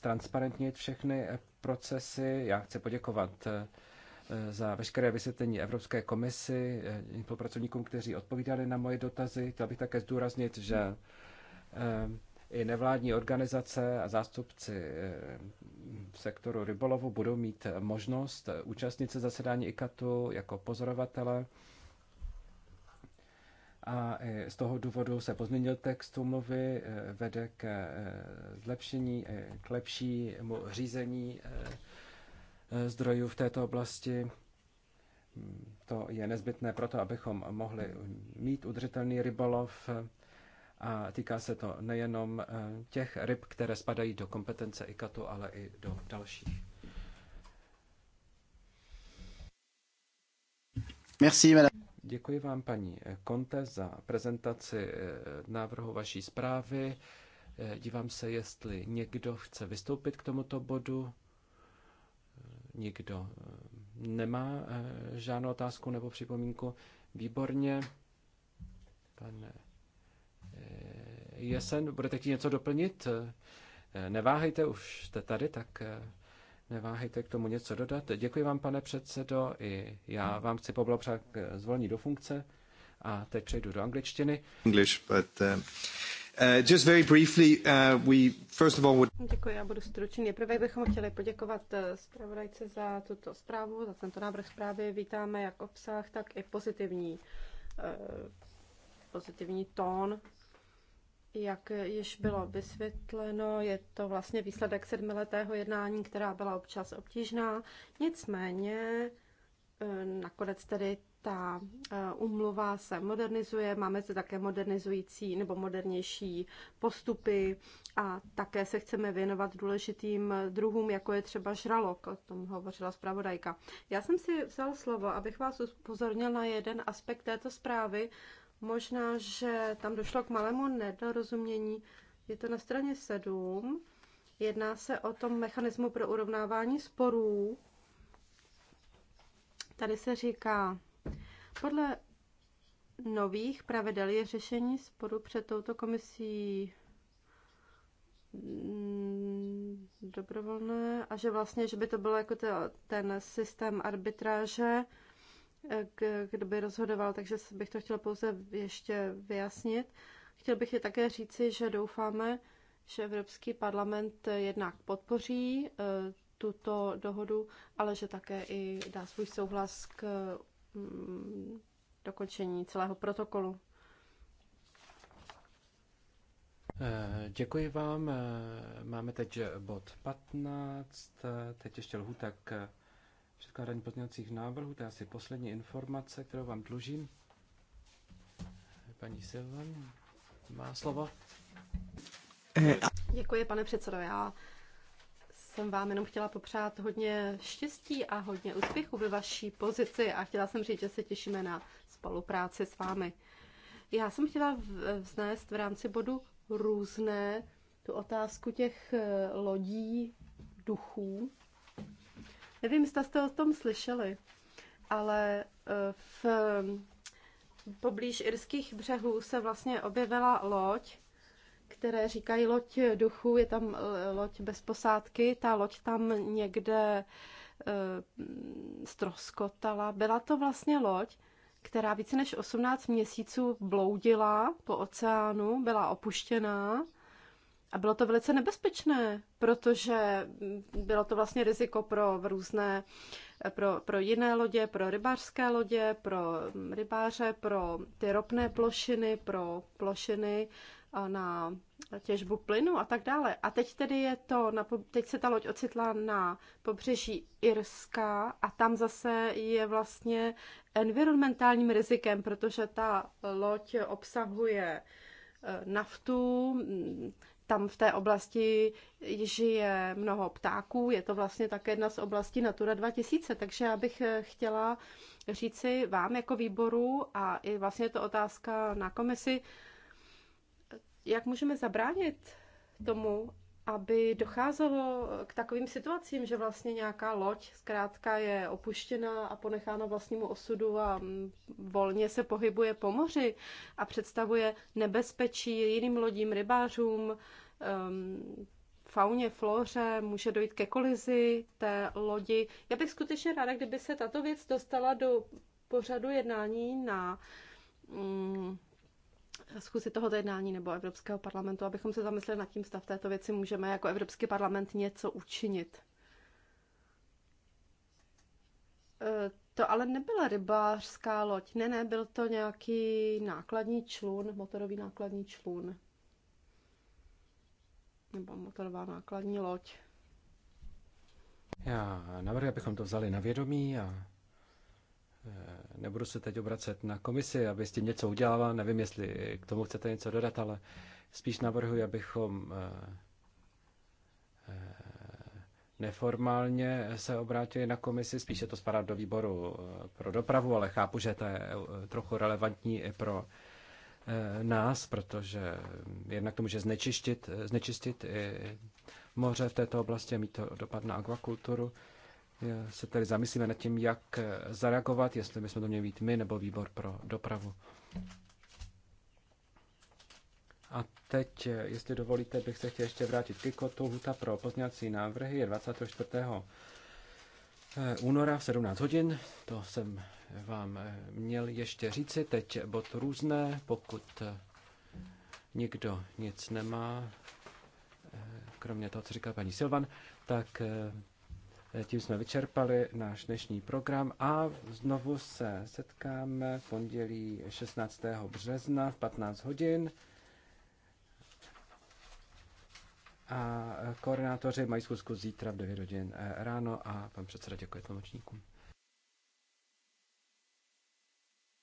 transparentnit všechny procesy. Já chci poděkovat za veškeré vysvětlení Evropské komisi, spolupracovníkům, kteří odpovídali na moje dotazy. Chtěl bych také zdůraznit, že i nevládní organizace a zástupci eh, sektoru rybolovu budou mít možnost účastnit se zasedání IKATu jako pozorovatele. A z toho důvodu se pozměnil text umluvy, eh, vede k eh, zlepšení, k lepšímu řízení zdrojů v této oblasti. Hmm, to je nezbytné proto, abychom mohli mít udržitelný rybolov a týká se to nejenom eh, těch ryb, které spadají do kompetence IKATu, ale i do dalších. Merci, madame. Děkuji vám, paní Conte, za prezentaci eh, návrhu vaší zprávy. Eh, dívám se, jestli někdo chce vystoupit k tomuto bodu. Nikdo nemá žádnou otázku nebo připomínku. Výborně. pane Eh, jesen. Budete chtít něco doplnit? Eh, neváhejte, už jste tady, tak eh, neváhejte k tomu něco dodat. Děkuji vám, pane předsedo, i já vám chci poblahopřát k zvolení do funkce a teď přejdu do angličtiny. English, but, uh... Uh, just very briefly, uh, we first of all would... Děkuji, já budu stručný. Nejprve bychom chtěli poděkovat zpravodajce za tuto zprávu, za tento návrh zprávy. Vítáme jak obsah, tak i pozitivní, uh, pozitivní tón jak již bylo vysvětleno, je to vlastně výsledek sedmiletého jednání, která byla občas obtížná. Nicméně eh, nakonec tedy ta umluva eh, se modernizuje, máme zde také modernizující nebo modernější postupy a také se chceme věnovat důležitým druhům, jako je třeba žralok, o tom hovořila zpravodajka. Já jsem si vzal slovo, abych vás upozornil na jeden aspekt této zprávy, Možná, že tam došlo k malému nedorozumění. Je to na straně 7. Jedná se o tom mechanismu pro urovnávání sporů. Tady se říká, podle nových pravidel je řešení sporu před touto komisí mm, dobrovolné a že vlastně, že by to bylo jako ten systém arbitráže, kdo by rozhodoval, takže bych to chtěla pouze ještě vyjasnit. Chtěl bych je také říci, že doufáme, že Evropský parlament jednak podpoří eh, tuto dohodu, ale že také i dá svůj souhlas k mm, dokončení celého protokolu. Eh, děkuji vám. Eh, máme teď bod 15, teď ještě lhůta k předkládání pozměňovacích návrhů. To je asi poslední informace, kterou vám dlužím. Paní Silvan má slovo. Děkuji, pane předsedo. Já jsem vám jenom chtěla popřát hodně štěstí a hodně úspěchu ve vaší pozici a chtěla jsem říct, že se těšíme na spolupráci s vámi. Já jsem chtěla vznést v rámci bodu různé tu otázku těch eh, lodí duchů. Nevím, jestli jste o tom slyšeli, ale eh, v eh, poblíž irských břehů se vlastně objevila loď, které říkají loď duchů, je tam eh, loď bez posádky, ta loď tam někde stroskotala. Byla to vlastně loď, která více než 18 měsíců bloudila po oceánu, byla opuštěná a bylo to velice nebezpečné, protože bylo to vlastně riziko pro různé, pro, pro jiné lodě, pro rybářské lodě, pro rybáře, pro ty ropné plošiny, pro plošiny na těžbu plynu a tak dále. A teď tedy je to, na, teď se ta loď ocitla na pobřeží Irska a tam zase je vlastně environmentálním rizikem, protože ta loď obsahuje eh, naftu, tam v té oblasti žije mnoho ptáků, je to vlastně také jedna z oblastí Natura 2000, takže já bych eh, chtěla říci vám jako výboru a i vlastně je to otázka na komisi, jak můžeme zabránit tomu, aby docházelo k takovým situacím, že vlastně nějaká loď zkrátka je opuštěna a ponechána vlastnímu osudu a volně se pohybuje po moři a představuje nebezpečí jiným lodím, rybářům, um, fauně, flóře, může dojít ke kolizi té lodi. Já bych skutečně ráda, kdyby se tato věc dostala do pořadu jednání na mm, schůzi tohoto jednání nebo Evropského parlamentu, abychom se zamysleli nad tím, zda v této věci můžeme jako Evropský parlament něco učinit. E, to ale nebyla rybářská loď, ne, ne, byl to nějaký nákladní člun, motorový nákladní člun. Nebo motorová nákladní loď. Já navrhuji, abychom to vzali na vědomí a Eh, nebudu se teď obracet na komisi, aby s tím něco udělala, nevím, jestli k tomu chcete něco dodat, ale spíš navrhuji, abychom eh, eh, neformálně se obrátili na komisi, spíše to spadá do výboru pro dopravu, ale chápu, že to je trochu relevantní i pro nás, protože jednak to může znečistit, znečistit i moře v této oblasti a mít to dopad na akvakulturu se tedy zamyslíme nad tím, jak eh, zareagovat, jestli bychom to měli být my nebo výbor pro dopravu. A teď, eh, jestli dovolíte, bych se chtěl ještě vrátit k kotu. Huta pro pozněvací návrhy je 24. Eh, února v 17 hodin. To jsem vám měl ještě říci. Teď bod různé, pokud nikdo nic nemá, kromě toho, co říká paní Silvan, tak tím jsme vyčerpali náš dnešní program a znovu se setkáme v pondělí 16. března v 15 hodin. A koordinátoři mají zkusku zítra v 9 hodin eh, ráno a pan předseda děkuje tlumočníkům.